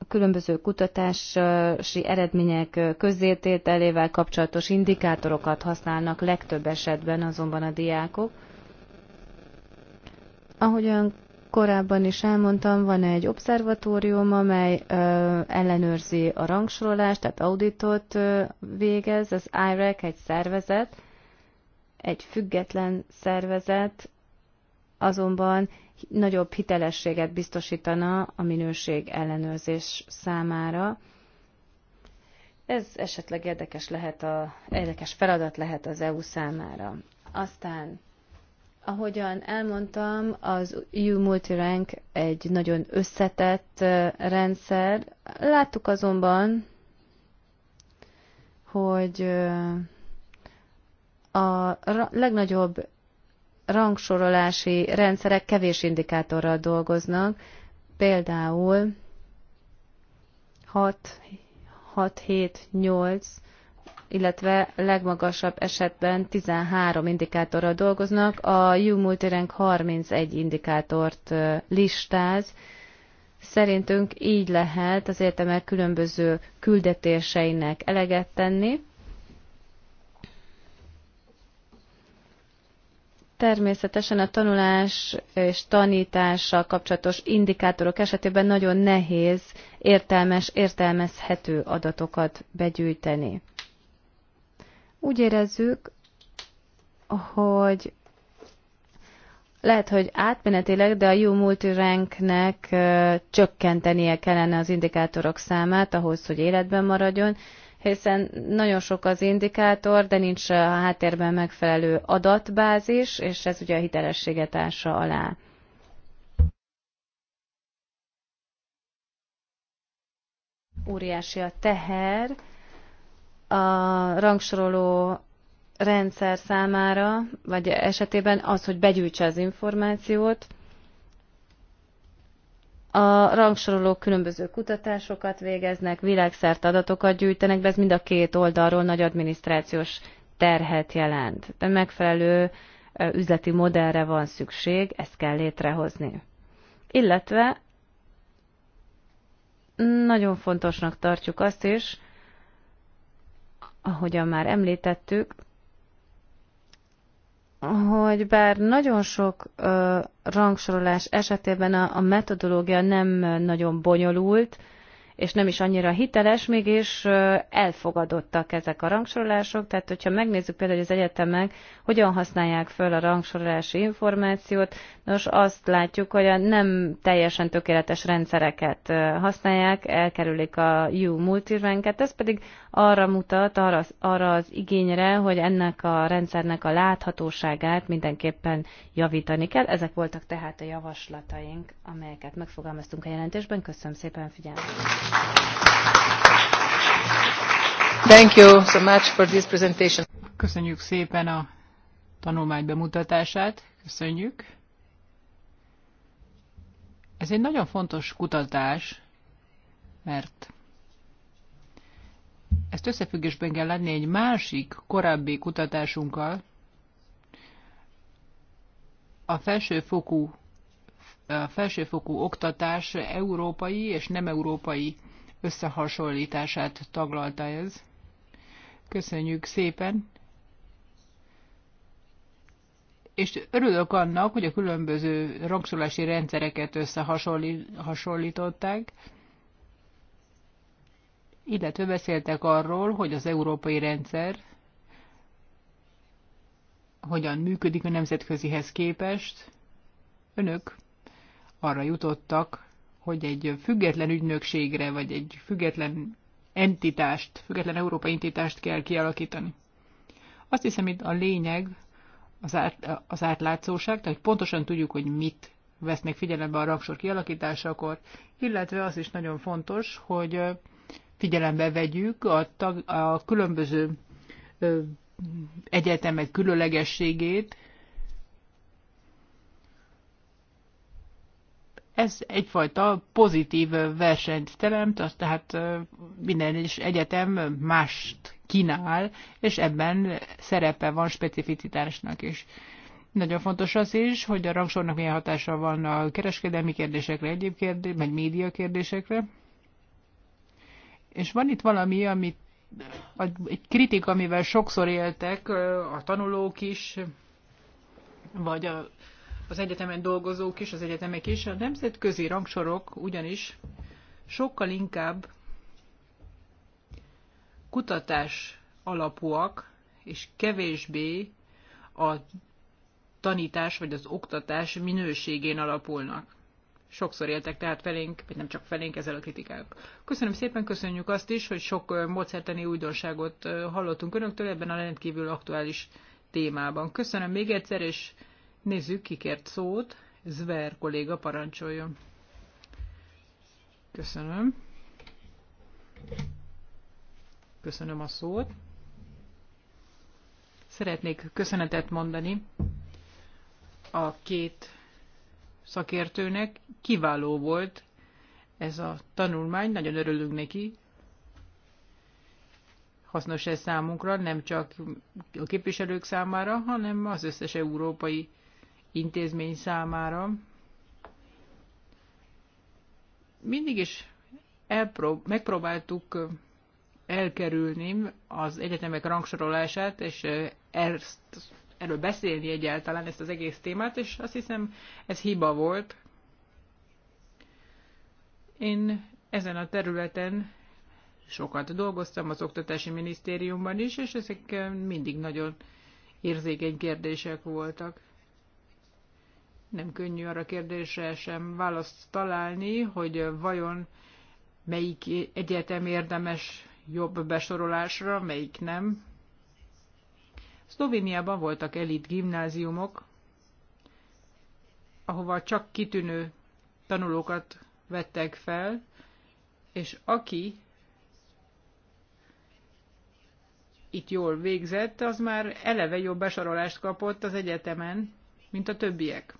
Speaker 3: különböző kutatási eredmények közzétételével kapcsolatos indikátorokat használnak legtöbb esetben azonban a diákok. Ahogyan korábban is elmondtam, van egy obszervatórium, amely ö, ellenőrzi a rangsorolást, tehát auditot ö, végez. Az IREC egy szervezet, egy független szervezet, azonban nagyobb hitelességet biztosítana a minőség ellenőrzés számára. Ez esetleg érdekes, lehet a, érdekes feladat lehet az EU számára. Aztán, ahogyan elmondtam, az EU Multirank egy nagyon összetett rendszer. Láttuk azonban, hogy a legnagyobb rangsorolási rendszerek kevés indikátorral dolgoznak, például 6, 6 7, 8, illetve legmagasabb esetben 13 indikátorral dolgoznak. A U Multirank 31 indikátort listáz. Szerintünk így lehet az egyetemek különböző küldetéseinek eleget tenni. Természetesen a tanulás és tanítással kapcsolatos indikátorok esetében nagyon nehéz értelmes, értelmezhető adatokat begyűjteni. Úgy érezzük, hogy lehet, hogy átmenetileg, de a jó multiranknek csökkentenie kellene az indikátorok számát ahhoz, hogy életben maradjon, hiszen nagyon sok az indikátor, de nincs a háttérben megfelelő adatbázis, és ez ugye a hitelességet ássa alá. Óriási a teher a rangsoroló rendszer számára, vagy esetében az, hogy begyűjtse az információt, a rangsorolók különböző kutatásokat végeznek, világszerte adatokat gyűjtenek, de ez mind a két oldalról nagy adminisztrációs terhet jelent. De megfelelő üzleti modellre van szükség, ezt kell létrehozni. Illetve nagyon fontosnak tartjuk azt is, ahogyan már említettük, hogy bár nagyon sok ö, rangsorolás esetében a, a metodológia nem nagyon bonyolult, és nem is annyira hiteles, mégis elfogadottak ezek a rangsorolások, tehát hogyha megnézzük például, hogy az egyetemek hogyan használják föl a rangsorolási információt, nos azt látjuk, hogy a nem teljesen tökéletes rendszereket használják, elkerülik a U multirenket, ez pedig arra mutat, arra, arra az igényre, hogy ennek a rendszernek a láthatóságát mindenképpen javítani kell. Ezek voltak tehát a javaslataink, amelyeket megfogalmaztunk a jelentésben. Köszönöm szépen figyelmet!
Speaker 2: Thank you so much for this presentation. Köszönjük szépen a tanulmány bemutatását. Köszönjük. Ez egy nagyon fontos kutatás, mert ezt összefüggésben kell lenni egy másik korábbi kutatásunkkal, a felsőfokú a felsőfokú oktatás európai és nem európai összehasonlítását taglalta ez. Köszönjük szépen! És örülök annak, hogy a különböző rangsorolási rendszereket összehasonlították, illetve beszéltek arról, hogy az európai rendszer hogyan működik a nemzetközihez képest. Önök arra jutottak, hogy egy független ügynökségre, vagy egy független entitást, független európai entitást kell kialakítani. Azt hiszem, itt a lényeg az, át, az átlátszóság, tehát hogy pontosan tudjuk, hogy mit vesznek figyelembe a rangsor kialakításakor, illetve az is nagyon fontos, hogy figyelembe vegyük a, tag, a különböző egyetemek különlegességét, Ez egyfajta pozitív versenyt teremt, az tehát minden is egyetem mást kínál, és ebben szerepe van specificitásnak is. Nagyon fontos az is, hogy a rangsornak milyen hatása van a kereskedelmi kérdésekre, egyéb kérdésekre, vagy média kérdésekre. És van itt valami, amit egy kritika, amivel sokszor éltek a tanulók is, vagy a az egyetemen dolgozók és az egyetemek is. A nemzetközi rangsorok ugyanis sokkal inkább kutatás alapúak, és kevésbé a tanítás vagy az oktatás minőségén alapulnak. Sokszor éltek tehát felénk, vagy nem csak felénk ezzel a kritikák. Köszönöm szépen, köszönjük azt is, hogy sok módszertani újdonságot hallottunk önöktől ebben a rendkívül aktuális témában. Köszönöm még egyszer, és Nézzük, kikért szót. Zver kolléga parancsoljon. Köszönöm. Köszönöm a szót. Szeretnék köszönetet mondani a két szakértőnek. Kiváló volt ez a tanulmány, nagyon örülünk neki. Hasznos ez számunkra, nem csak a képviselők számára, hanem az összes európai intézmény számára. Mindig is elprób- megpróbáltuk elkerülni az egyetemek rangsorolását, és ezt, erről beszélni egyáltalán ezt az egész témát, és azt hiszem ez hiba volt. Én ezen a területen sokat dolgoztam az Oktatási Minisztériumban is, és ezek mindig nagyon érzékeny kérdések voltak nem könnyű arra kérdésre sem választ találni, hogy vajon melyik egyetem érdemes jobb besorolásra, melyik nem. Szlovéniában voltak elit gimnáziumok, ahova csak kitűnő tanulókat vettek fel, és aki itt jól végzett, az már eleve jobb besorolást kapott az egyetemen, mint a többiek.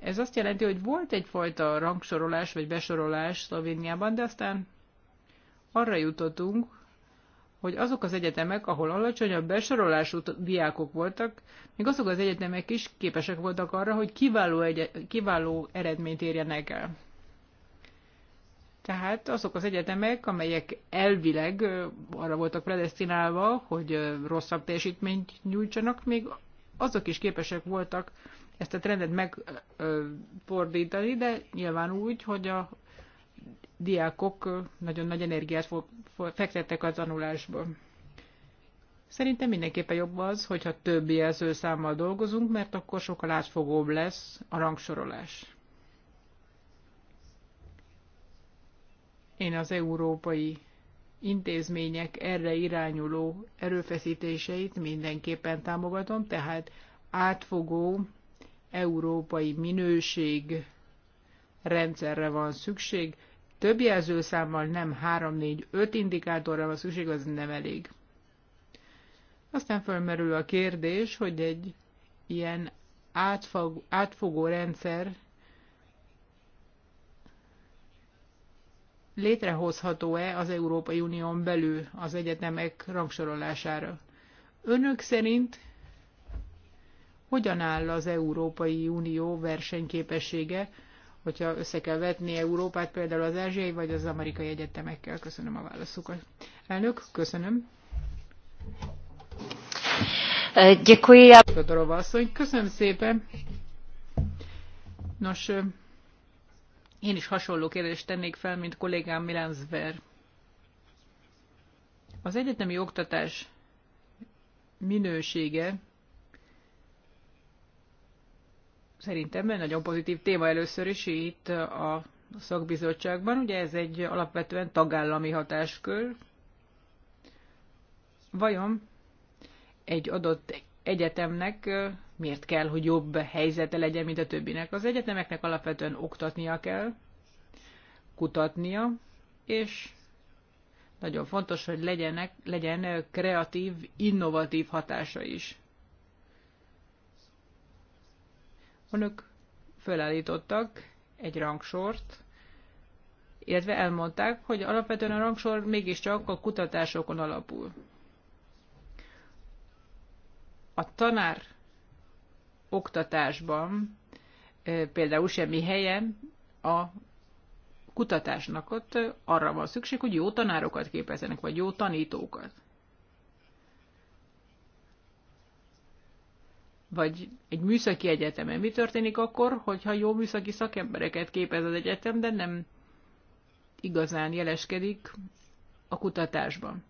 Speaker 2: Ez azt jelenti, hogy volt egyfajta rangsorolás vagy besorolás Szlovéniában, de aztán arra jutottunk, hogy azok az egyetemek, ahol alacsonyabb besorolású diákok voltak, még azok az egyetemek is képesek voltak arra, hogy kiváló, egy- kiváló eredményt érjenek el. Tehát azok az egyetemek, amelyek elvileg arra voltak predestinálva, hogy rosszabb teljesítményt nyújtsanak, még azok is képesek voltak ezt a trendet megfordítani, de nyilván úgy, hogy a diákok nagyon nagy energiát fektettek a tanulásba. Szerintem mindenképpen jobb az, hogyha több jelzőszámmal dolgozunk, mert akkor sokkal átfogóbb lesz a rangsorolás. Én az európai intézmények erre irányuló erőfeszítéseit mindenképpen támogatom, tehát átfogó európai minőség rendszerre van szükség. Több jelzőszámmal nem 3-4-5 indikátorra van szükség, az nem elég. Aztán felmerül a kérdés, hogy egy ilyen átfog, átfogó rendszer létrehozható-e az Európai Unión belül az egyetemek rangsorolására. Önök szerint hogyan áll az Európai Unió versenyképessége, hogyha össze kell vetni Európát például az ázsiai vagy az amerikai egyetemekkel. Köszönöm a válaszukat. Elnök, köszönöm. Děkuji. köszönöm szépen. Nos, én is hasonló kérdést tennék fel, mint kollégám Milán Zver. Az egyetemi oktatás minősége szerintem egy nagyon pozitív téma először is itt a szakbizottságban. Ugye ez egy alapvetően tagállami hatáskör. Vajon egy adott egyetemnek miért kell, hogy jobb helyzete legyen, mint a többinek? Az egyetemeknek alapvetően oktatnia kell, kutatnia, és nagyon fontos, hogy legyenek, legyen kreatív, innovatív hatása is. önök felállítottak egy rangsort, illetve elmondták, hogy alapvetően a rangsor mégiscsak a kutatásokon alapul. A tanár oktatásban például semmi helyen a kutatásnak ott arra van szükség, hogy jó tanárokat képezzenek, vagy jó tanítókat. vagy egy műszaki egyetemen mi történik akkor, hogyha jó műszaki szakembereket képez az egyetem, de nem igazán jeleskedik a kutatásban.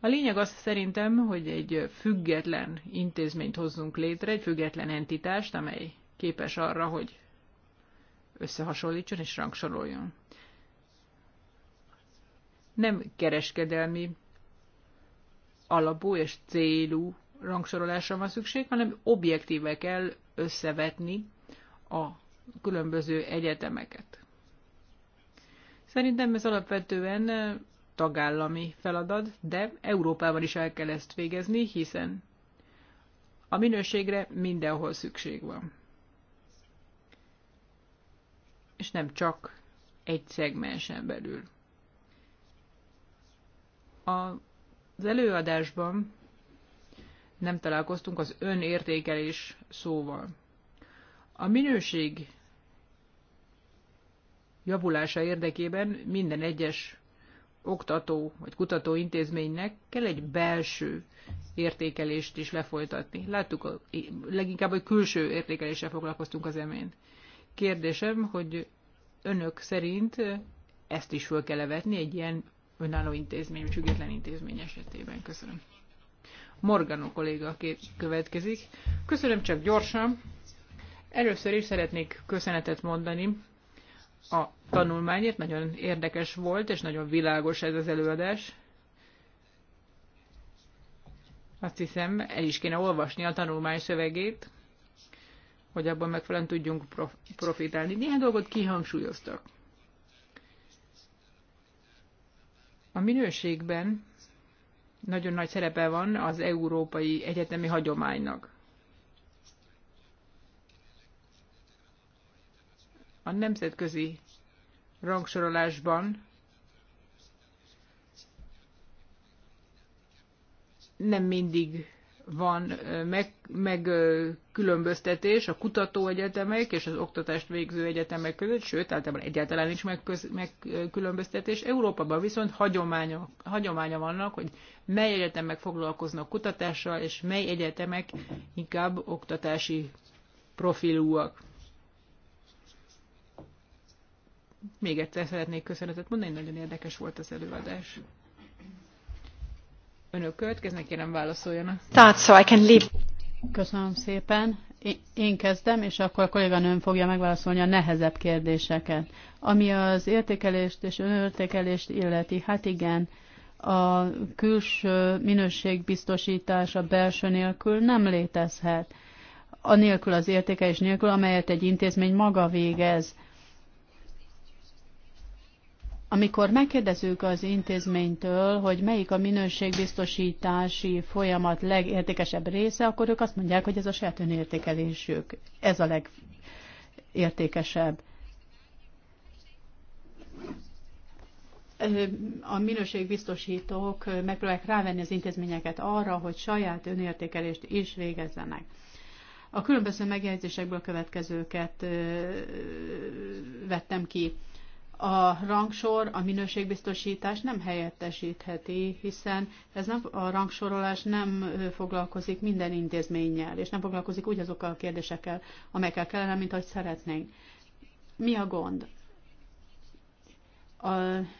Speaker 2: A lényeg az szerintem, hogy egy független intézményt hozzunk létre, egy független entitást, amely képes arra, hogy összehasonlítson és rangsoroljon. Nem kereskedelmi alapú és célú rangsorolásra van szükség, hanem objektíve kell összevetni a különböző egyetemeket. Szerintem ez alapvetően tagállami feladat, de Európában is el kell ezt végezni, hiszen a minőségre mindenhol szükség van. És nem csak egy szegmensen belül. Az előadásban nem találkoztunk az önértékelés szóval. A minőség javulása érdekében minden egyes oktató vagy kutató intézménynek kell egy belső értékelést is lefolytatni. Láttuk, leginkább, hogy külső értékeléssel foglalkoztunk az emén. Kérdésem, hogy önök szerint ezt is föl kell vetni egy ilyen önálló intézmény, független intézmény esetében. Köszönöm. Morgano kolléga következik. Köszönöm csak gyorsan. Először is szeretnék köszönetet mondani a tanulmányért. Nagyon érdekes volt, és nagyon világos ez az előadás. Azt hiszem, el is kéne olvasni a tanulmány szövegét, hogy abban megfelelően tudjunk prof profitálni. Néhány dolgot kihangsúlyoztak. A minőségben nagyon nagy szerepe van az európai egyetemi hagyománynak. A nemzetközi rangsorolásban nem mindig van megkülönböztetés meg, a kutatóegyetemek és az oktatást végző egyetemek között, sőt, általában egyáltalán nincs megkülönböztetés. Meg Európában viszont hagyománya, hagyománya vannak, hogy mely egyetemek foglalkoznak kutatással, és mely egyetemek inkább oktatási profilúak. Még egyszer szeretnék köszönetet mondani, nagyon érdekes volt az előadás önök következnek, kérem válaszoljanak. Tehát, so I can
Speaker 1: leave. Köszönöm szépen. Én kezdem, és akkor a kolléganőm fogja megválaszolni a nehezebb kérdéseket. Ami az értékelést és önértékelést illeti, hát igen, a külső minőségbiztosítás a belső nélkül nem létezhet. A nélkül az értékelés nélkül, amelyet egy intézmény maga végez. Amikor megkérdezzük az intézménytől, hogy melyik a minőségbiztosítási folyamat legértékesebb része, akkor ők azt mondják, hogy ez a saját önértékelésük. Ez a legértékesebb. A minőségbiztosítók megpróbálják rávenni az intézményeket arra, hogy saját önértékelést is végezzenek. A különböző megjegyzésekből következőket vettem ki a rangsor, a minőségbiztosítás nem helyettesítheti, hiszen ez nem, a rangsorolás nem foglalkozik minden intézménnyel, és nem foglalkozik úgy azokkal a kérdésekkel, amelyekkel kellene, mint ahogy szeretnénk. Mi a gond? A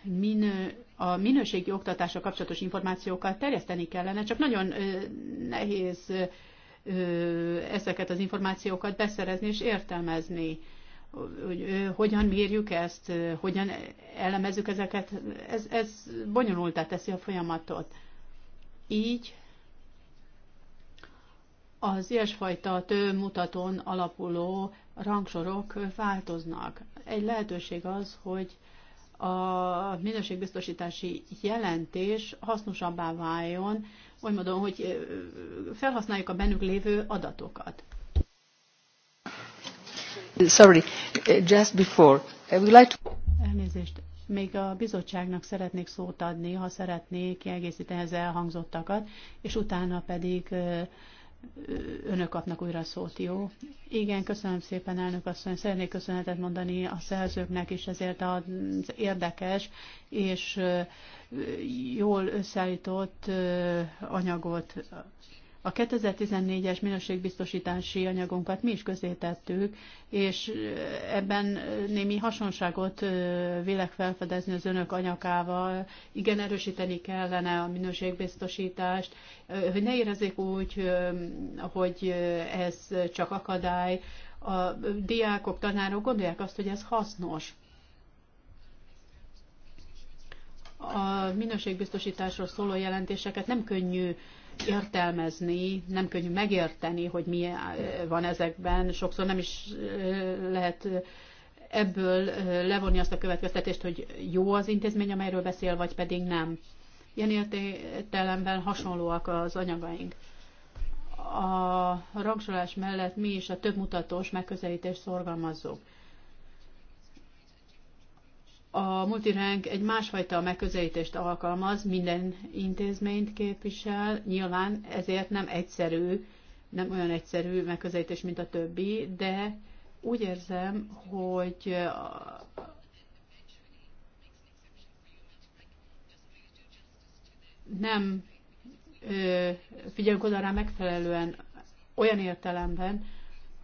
Speaker 1: minő, a minőségi oktatásra kapcsolatos információkat terjeszteni kellene, csak nagyon nehéz ezeket az információkat beszerezni és értelmezni hogy hogyan mérjük ezt, hogyan elemezzük ezeket, ez, ez bonyolultá teszi a folyamatot. Így az ilyesfajta több mutatón alapuló rangsorok változnak. Egy lehetőség az, hogy a minőségbiztosítási jelentés hasznosabbá váljon, oly módon, hogy felhasználjuk a bennük lévő adatokat.
Speaker 2: Sorry, uh, just before. I would like to... Elnézést.
Speaker 1: Még a bizottságnak szeretnék szót adni, ha szeretnék kiegészíteni ehhez elhangzottakat, és utána pedig önök kapnak újra szót, jó? Igen, köszönöm szépen, elnök asszony. Szeretnék köszönetet mondani a szerzőknek is ezért az érdekes és jól összeállított anyagot a 2014-es minőségbiztosítási anyagunkat mi is közétettük, és eh, ebben eh, némi hasonságot eh, vélek felfedezni az önök anyakával. Igen, erősíteni kellene a minőségbiztosítást, hogy ne érezzék úgy, hogy ez csak akadály. A diákok, tanárok gondolják azt, hogy ez hasznos. A minőségbiztosításról szóló jelentéseket nem könnyű értelmezni, nem könnyű megérteni, hogy mi eh, van ezekben, sokszor nem is eh, lehet eh, ebből levonni azt a következtetést, hogy jó az intézmény, amelyről beszél, vagy pedig nem. Ilyen értelemben hasonlóak az anyagaink. A rangsorolás mellett mi is a több mutatós megközelítést szorgalmazzuk. A multiránk egy másfajta megközelítést alkalmaz, minden intézményt képvisel, nyilván ezért nem egyszerű, nem olyan egyszerű megközelítés, mint a többi, de úgy érzem, hogy nem figyelünk oda rá megfelelően olyan értelemben,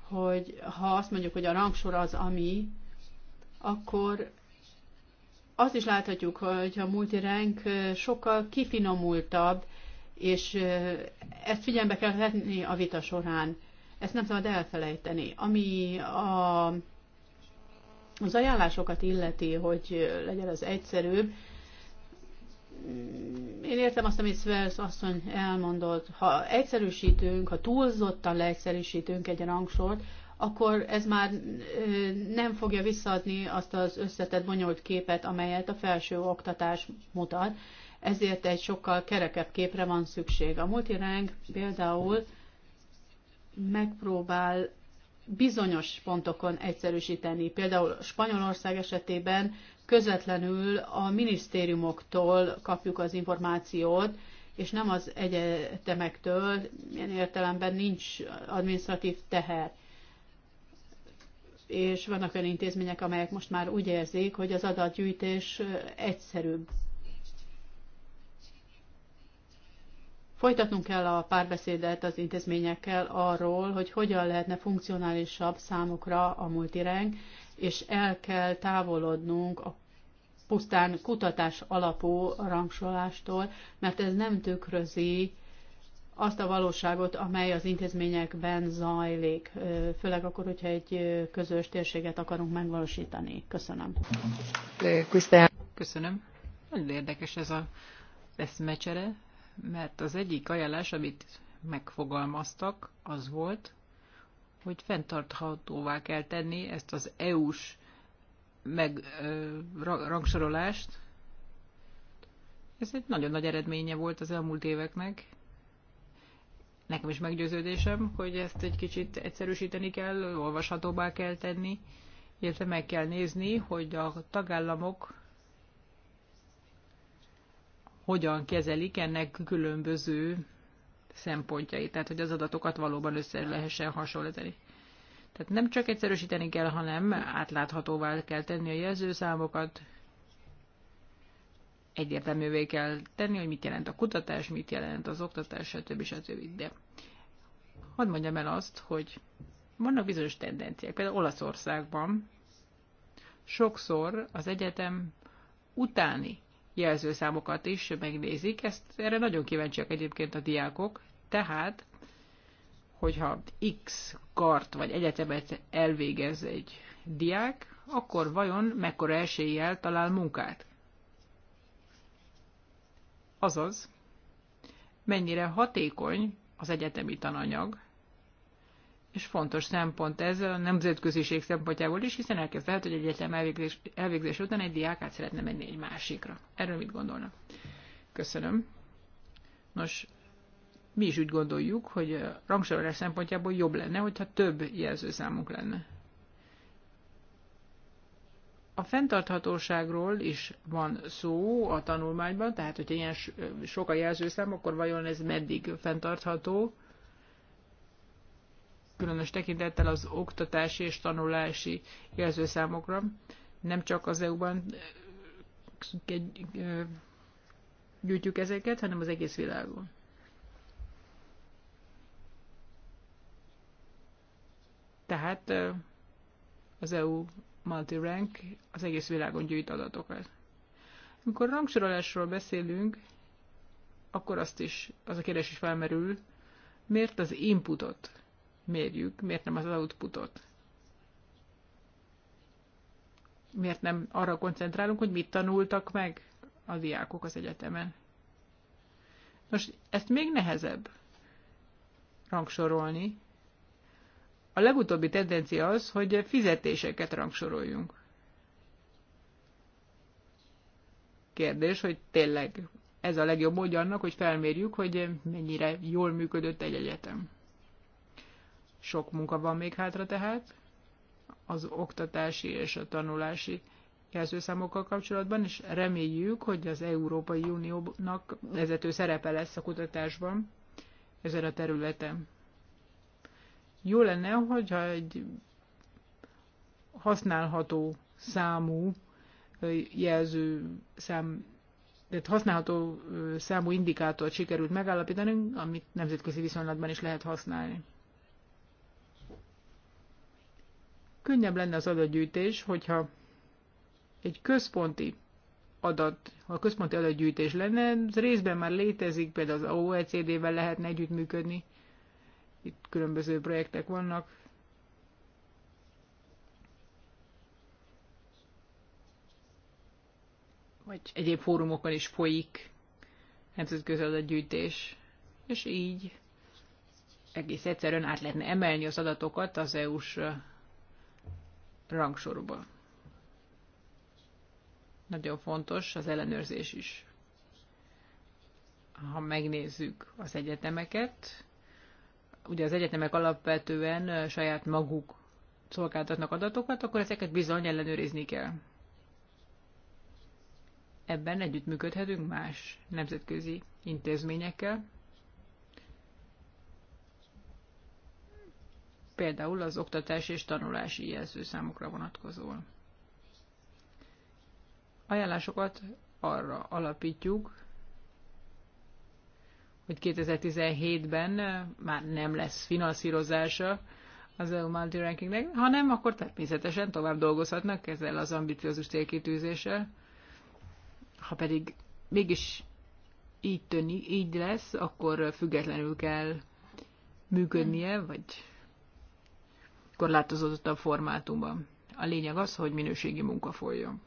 Speaker 1: hogy ha azt mondjuk, hogy a rangsor az ami, akkor azt is láthatjuk, hogy a multiránk sokkal kifinomultabb, és ezt figyelembe kell venni a vita során. Ezt nem szabad elfelejteni. Ami a, az ajánlásokat illeti, hogy legyen az egyszerűbb, mm, én értem azt, amit Svers asszony elmondott, ha egyszerűsítünk, ha túlzottan leegyszerűsítünk egy rangsort, akkor ez már nem fogja visszaadni azt az összetett, bonyolult képet, amelyet a felső oktatás mutat. Ezért egy sokkal kerekebb képre van szükség. A multiránk például megpróbál bizonyos pontokon egyszerűsíteni. Például Spanyolország esetében közvetlenül a minisztériumoktól kapjuk az információt, és nem az egyetemektől, ilyen értelemben nincs administratív teher és vannak olyan intézmények, amelyek most már úgy érzik, hogy az adatgyűjtés egyszerűbb. Folytatnunk kell a párbeszédet az intézményekkel arról, hogy hogyan lehetne funkcionálisabb számukra a multireng, és el kell távolodnunk a pusztán kutatás alapú rangsolástól, mert ez nem tükrözi azt a valóságot, amely az intézményekben zajlik, főleg akkor, hogyha egy közös térséget akarunk megvalósítani. Köszönöm.
Speaker 2: Köszönöm. Nagyon érdekes ez a eszmecsere, mert az egyik ajánlás, amit megfogalmaztak, az volt, hogy fenntarthatóvá kell tenni ezt az EU-s meg, ö, rangsorolást. Ez egy nagyon nagy eredménye volt az elmúlt éveknek, Nekem is meggyőződésem, hogy ezt egy kicsit egyszerűsíteni kell, olvashatóbbá kell tenni, illetve meg kell nézni, hogy a tagállamok hogyan kezelik ennek különböző szempontjait, tehát hogy az adatokat valóban össze lehessen hasonlítani. Tehát nem csak egyszerűsíteni kell, hanem átláthatóvá kell tenni a jelzőszámokat, egyértelművé kell tenni, hogy mit jelent a kutatás, mit jelent az oktatás, stb. stb. De hadd mondjam el azt, hogy vannak bizonyos tendenciák. Például Olaszországban sokszor az egyetem utáni jelzőszámokat is megnézik. Ezt erre nagyon kíváncsiak egyébként a diákok. Tehát, hogyha X kart vagy egyetemet elvégez egy diák, akkor vajon mekkora eséllyel talál munkát? Azaz, mennyire hatékony az egyetemi tananyag, és fontos szempont ez a nemzetköziség szempontjából is, hiszen elképzelhet, hogy egyetem elvégzés, elvégzés után egy diák át szeretne menni egy másikra. Erről mit gondolnak? Köszönöm. Nos, mi is úgy gondoljuk, hogy rangsorolás szempontjából jobb lenne, hogyha több jelzőszámunk lenne. A fenntarthatóságról is van szó a tanulmányban, tehát hogyha ilyen sok a jelzőszám, akkor vajon ez meddig fenntartható? Különös tekintettel az oktatási és tanulási jelzőszámokra. Nem csak az EU-ban eh, eh, gyűjtjük ezeket, hanem az egész világon. Tehát eh, az EU Rank az egész világon gyűjt adatokat. Amikor rangsorolásról beszélünk, akkor azt is, az a kérdés is felmerül, miért az inputot mérjük, miért nem az outputot? Miért nem arra koncentrálunk, hogy mit tanultak meg a diákok az egyetemen? Nos, ezt még nehezebb rangsorolni, a legutóbbi tendencia az, hogy fizetéseket rangsoroljunk. Kérdés, hogy tényleg ez a legjobb módja annak, hogy felmérjük, hogy mennyire jól működött egy egyetem. Sok munka van még hátra tehát, az oktatási és a tanulási jelzőszámokkal kapcsolatban, és reméljük, hogy az Európai Uniónak vezető szerepe lesz a kutatásban ezen a területen. Jó lenne, hogyha egy használható számú jelző szám, tehát használható számú indikátort sikerült megállapítani, amit nemzetközi viszonylatban is lehet használni. Könnyebb lenne az adatgyűjtés, hogyha egy központi adat, ha központi adatgyűjtés lenne, ez részben már létezik, például az OECD-vel lehetne együttműködni, itt különböző projektek vannak. Vagy egyéb fórumokon is folyik nemzetközi adatgyűjtés. És így egész egyszerűen át lehetne emelni az adatokat az EU-s rangsorba. Nagyon fontos az ellenőrzés is. Ha megnézzük az egyetemeket, ugye az egyetemek alapvetően saját maguk szolgáltatnak adatokat, akkor ezeket bizony ellenőrizni kell. Ebben együttműködhetünk más nemzetközi intézményekkel, például az oktatás és tanulási jelzőszámokra vonatkozóan. Ajánlásokat arra alapítjuk, hogy 2017-ben már nem lesz finanszírozása az EU multirankingnek, Rankingnek, ha nem, akkor természetesen tovább dolgozhatnak ezzel az ambiciózus célkitűzéssel. Ha pedig mégis így, tűnik, így lesz, akkor függetlenül kell működnie, vagy korlátozottabb formátumban. A lényeg az, hogy minőségi munka folyjon.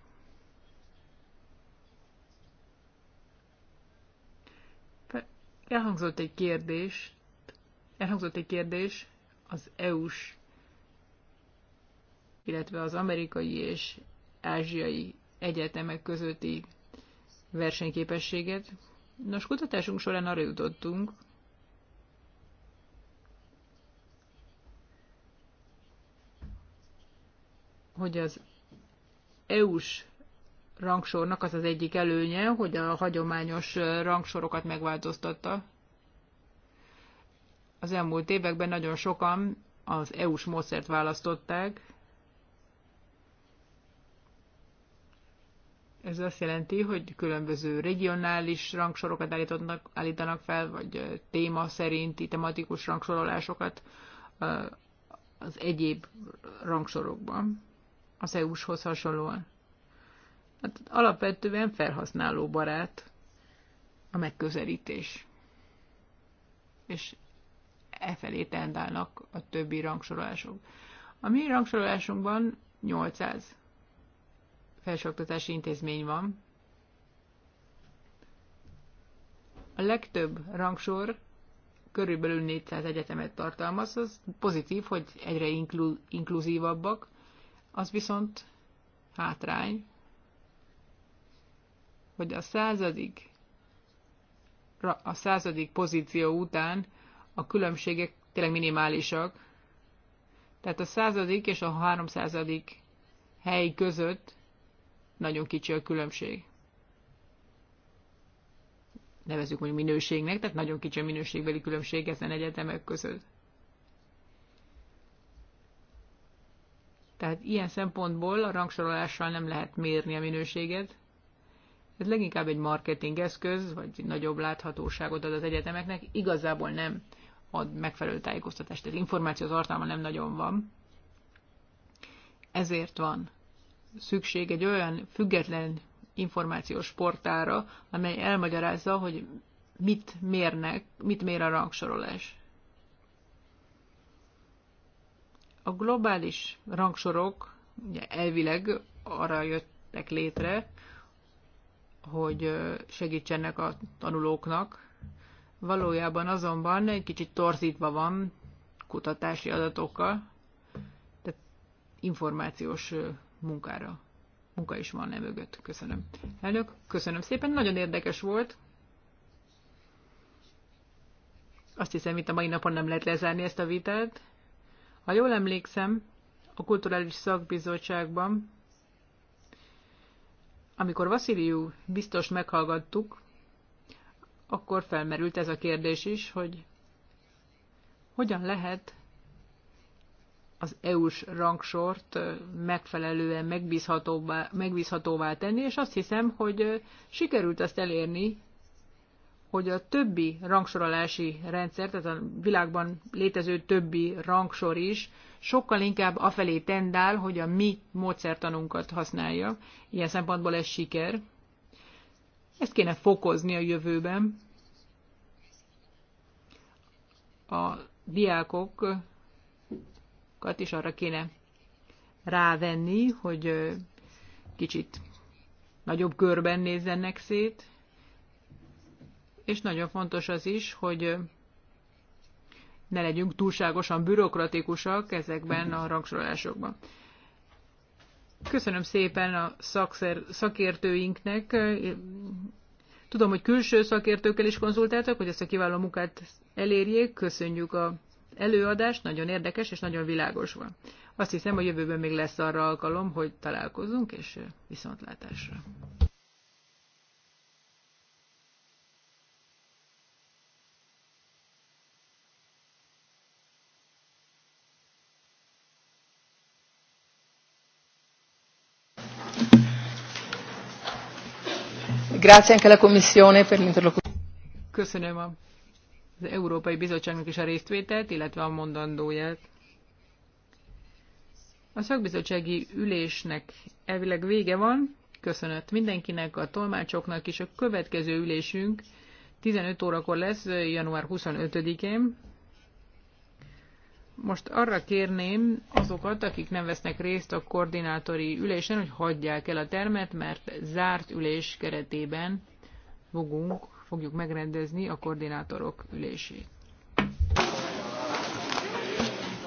Speaker 2: Elhangzott egy kérdés, elhangzott egy kérdés az EU-s, illetve az amerikai és ázsiai egyetemek közötti versenyképességet. Nos, kutatásunk során arra jutottunk, hogy az EU-s rangsornak az az egyik előnye, hogy a hagyományos rangsorokat megváltoztatta. Az elmúlt években nagyon sokan az EU-s módszert választották. Ez azt jelenti, hogy különböző regionális rangsorokat állítanak, állítanak fel, vagy téma szerinti tematikus rangsorolásokat az egyéb rangsorokban, az EU-shoz hasonlóan. Hát alapvetően felhasználó barát a megközelítés. És e felé tendálnak a többi rangsorolások. A mi rangsorolásunkban 800 felsőoktatási intézmény van. A legtöbb rangsor körülbelül 400 egyetemet tartalmaz, az pozitív, hogy egyre inklu- inkluzívabbak, az viszont hátrány, hogy a századik, a századik pozíció után a különbségek tényleg minimálisak. Tehát a századik és a háromszázadik hely között nagyon kicsi a különbség. Nevezük mondjuk minőségnek, tehát nagyon kicsi a minőségbeli különbség ezen egyetemek között. Tehát ilyen szempontból a rangsorolással nem lehet mérni a minőséget. Ez leginkább egy marketing eszköz, vagy nagyobb láthatóságot ad az egyetemeknek, igazából nem ad megfelelő tájékoztatást, tehát információ tartalma nem nagyon van. Ezért van szükség egy olyan független információs portára, amely elmagyarázza, hogy mit mérnek, mit mér a rangsorolás. A globális rangsorok ugye elvileg arra jöttek létre, hogy segítsenek a tanulóknak. Valójában azonban egy kicsit torzítva van kutatási adatokkal, tehát információs munkára. Munka is van nem mögött. Köszönöm. Elnök, köszönöm szépen, nagyon érdekes volt. Azt hiszem, itt a mai napon nem lehet lezárni ezt a vitát. Ha jól emlékszem, a Kulturális Szakbizottságban amikor Vasziliu biztos meghallgattuk, akkor felmerült ez a kérdés is, hogy hogyan lehet az EU-s rangsort megfelelően megbízhatóvá, megbízhatóvá tenni, és azt hiszem, hogy sikerült ezt elérni hogy a többi rangsorolási rendszer, tehát a világban létező többi rangsor is sokkal inkább afelé tendál, hogy a mi módszertanunkat használja. Ilyen szempontból ez siker. Ezt kéne fokozni a jövőben. A diákokat is arra kéne rávenni, hogy kicsit nagyobb körben nézzenek szét, és nagyon fontos az is, hogy ne legyünk túlságosan bürokratikusak ezekben a rangsorolásokban. Köszönöm szépen a szakszer, szakértőinknek. Tudom, hogy külső szakértőkkel is konzultáltak, hogy ezt a kiváló munkát elérjék. Köszönjük a előadást, nagyon érdekes és nagyon világos van. Azt hiszem, a jövőben még lesz arra alkalom, hogy találkozunk, és viszontlátásra. Köszönöm az Európai Bizottságnak is a résztvételt, illetve a mondandóját. A szakbizottsági ülésnek elvileg vége van. Köszönöm, mindenkinek, a tolmácsoknak is. A következő ülésünk 15 órakor lesz, január 25-én. Most arra kérném azokat, akik nem vesznek részt a koordinátori ülésen, hogy hagyják el a termet, mert zárt ülés keretében fogunk, fogjuk megrendezni a koordinátorok ülését.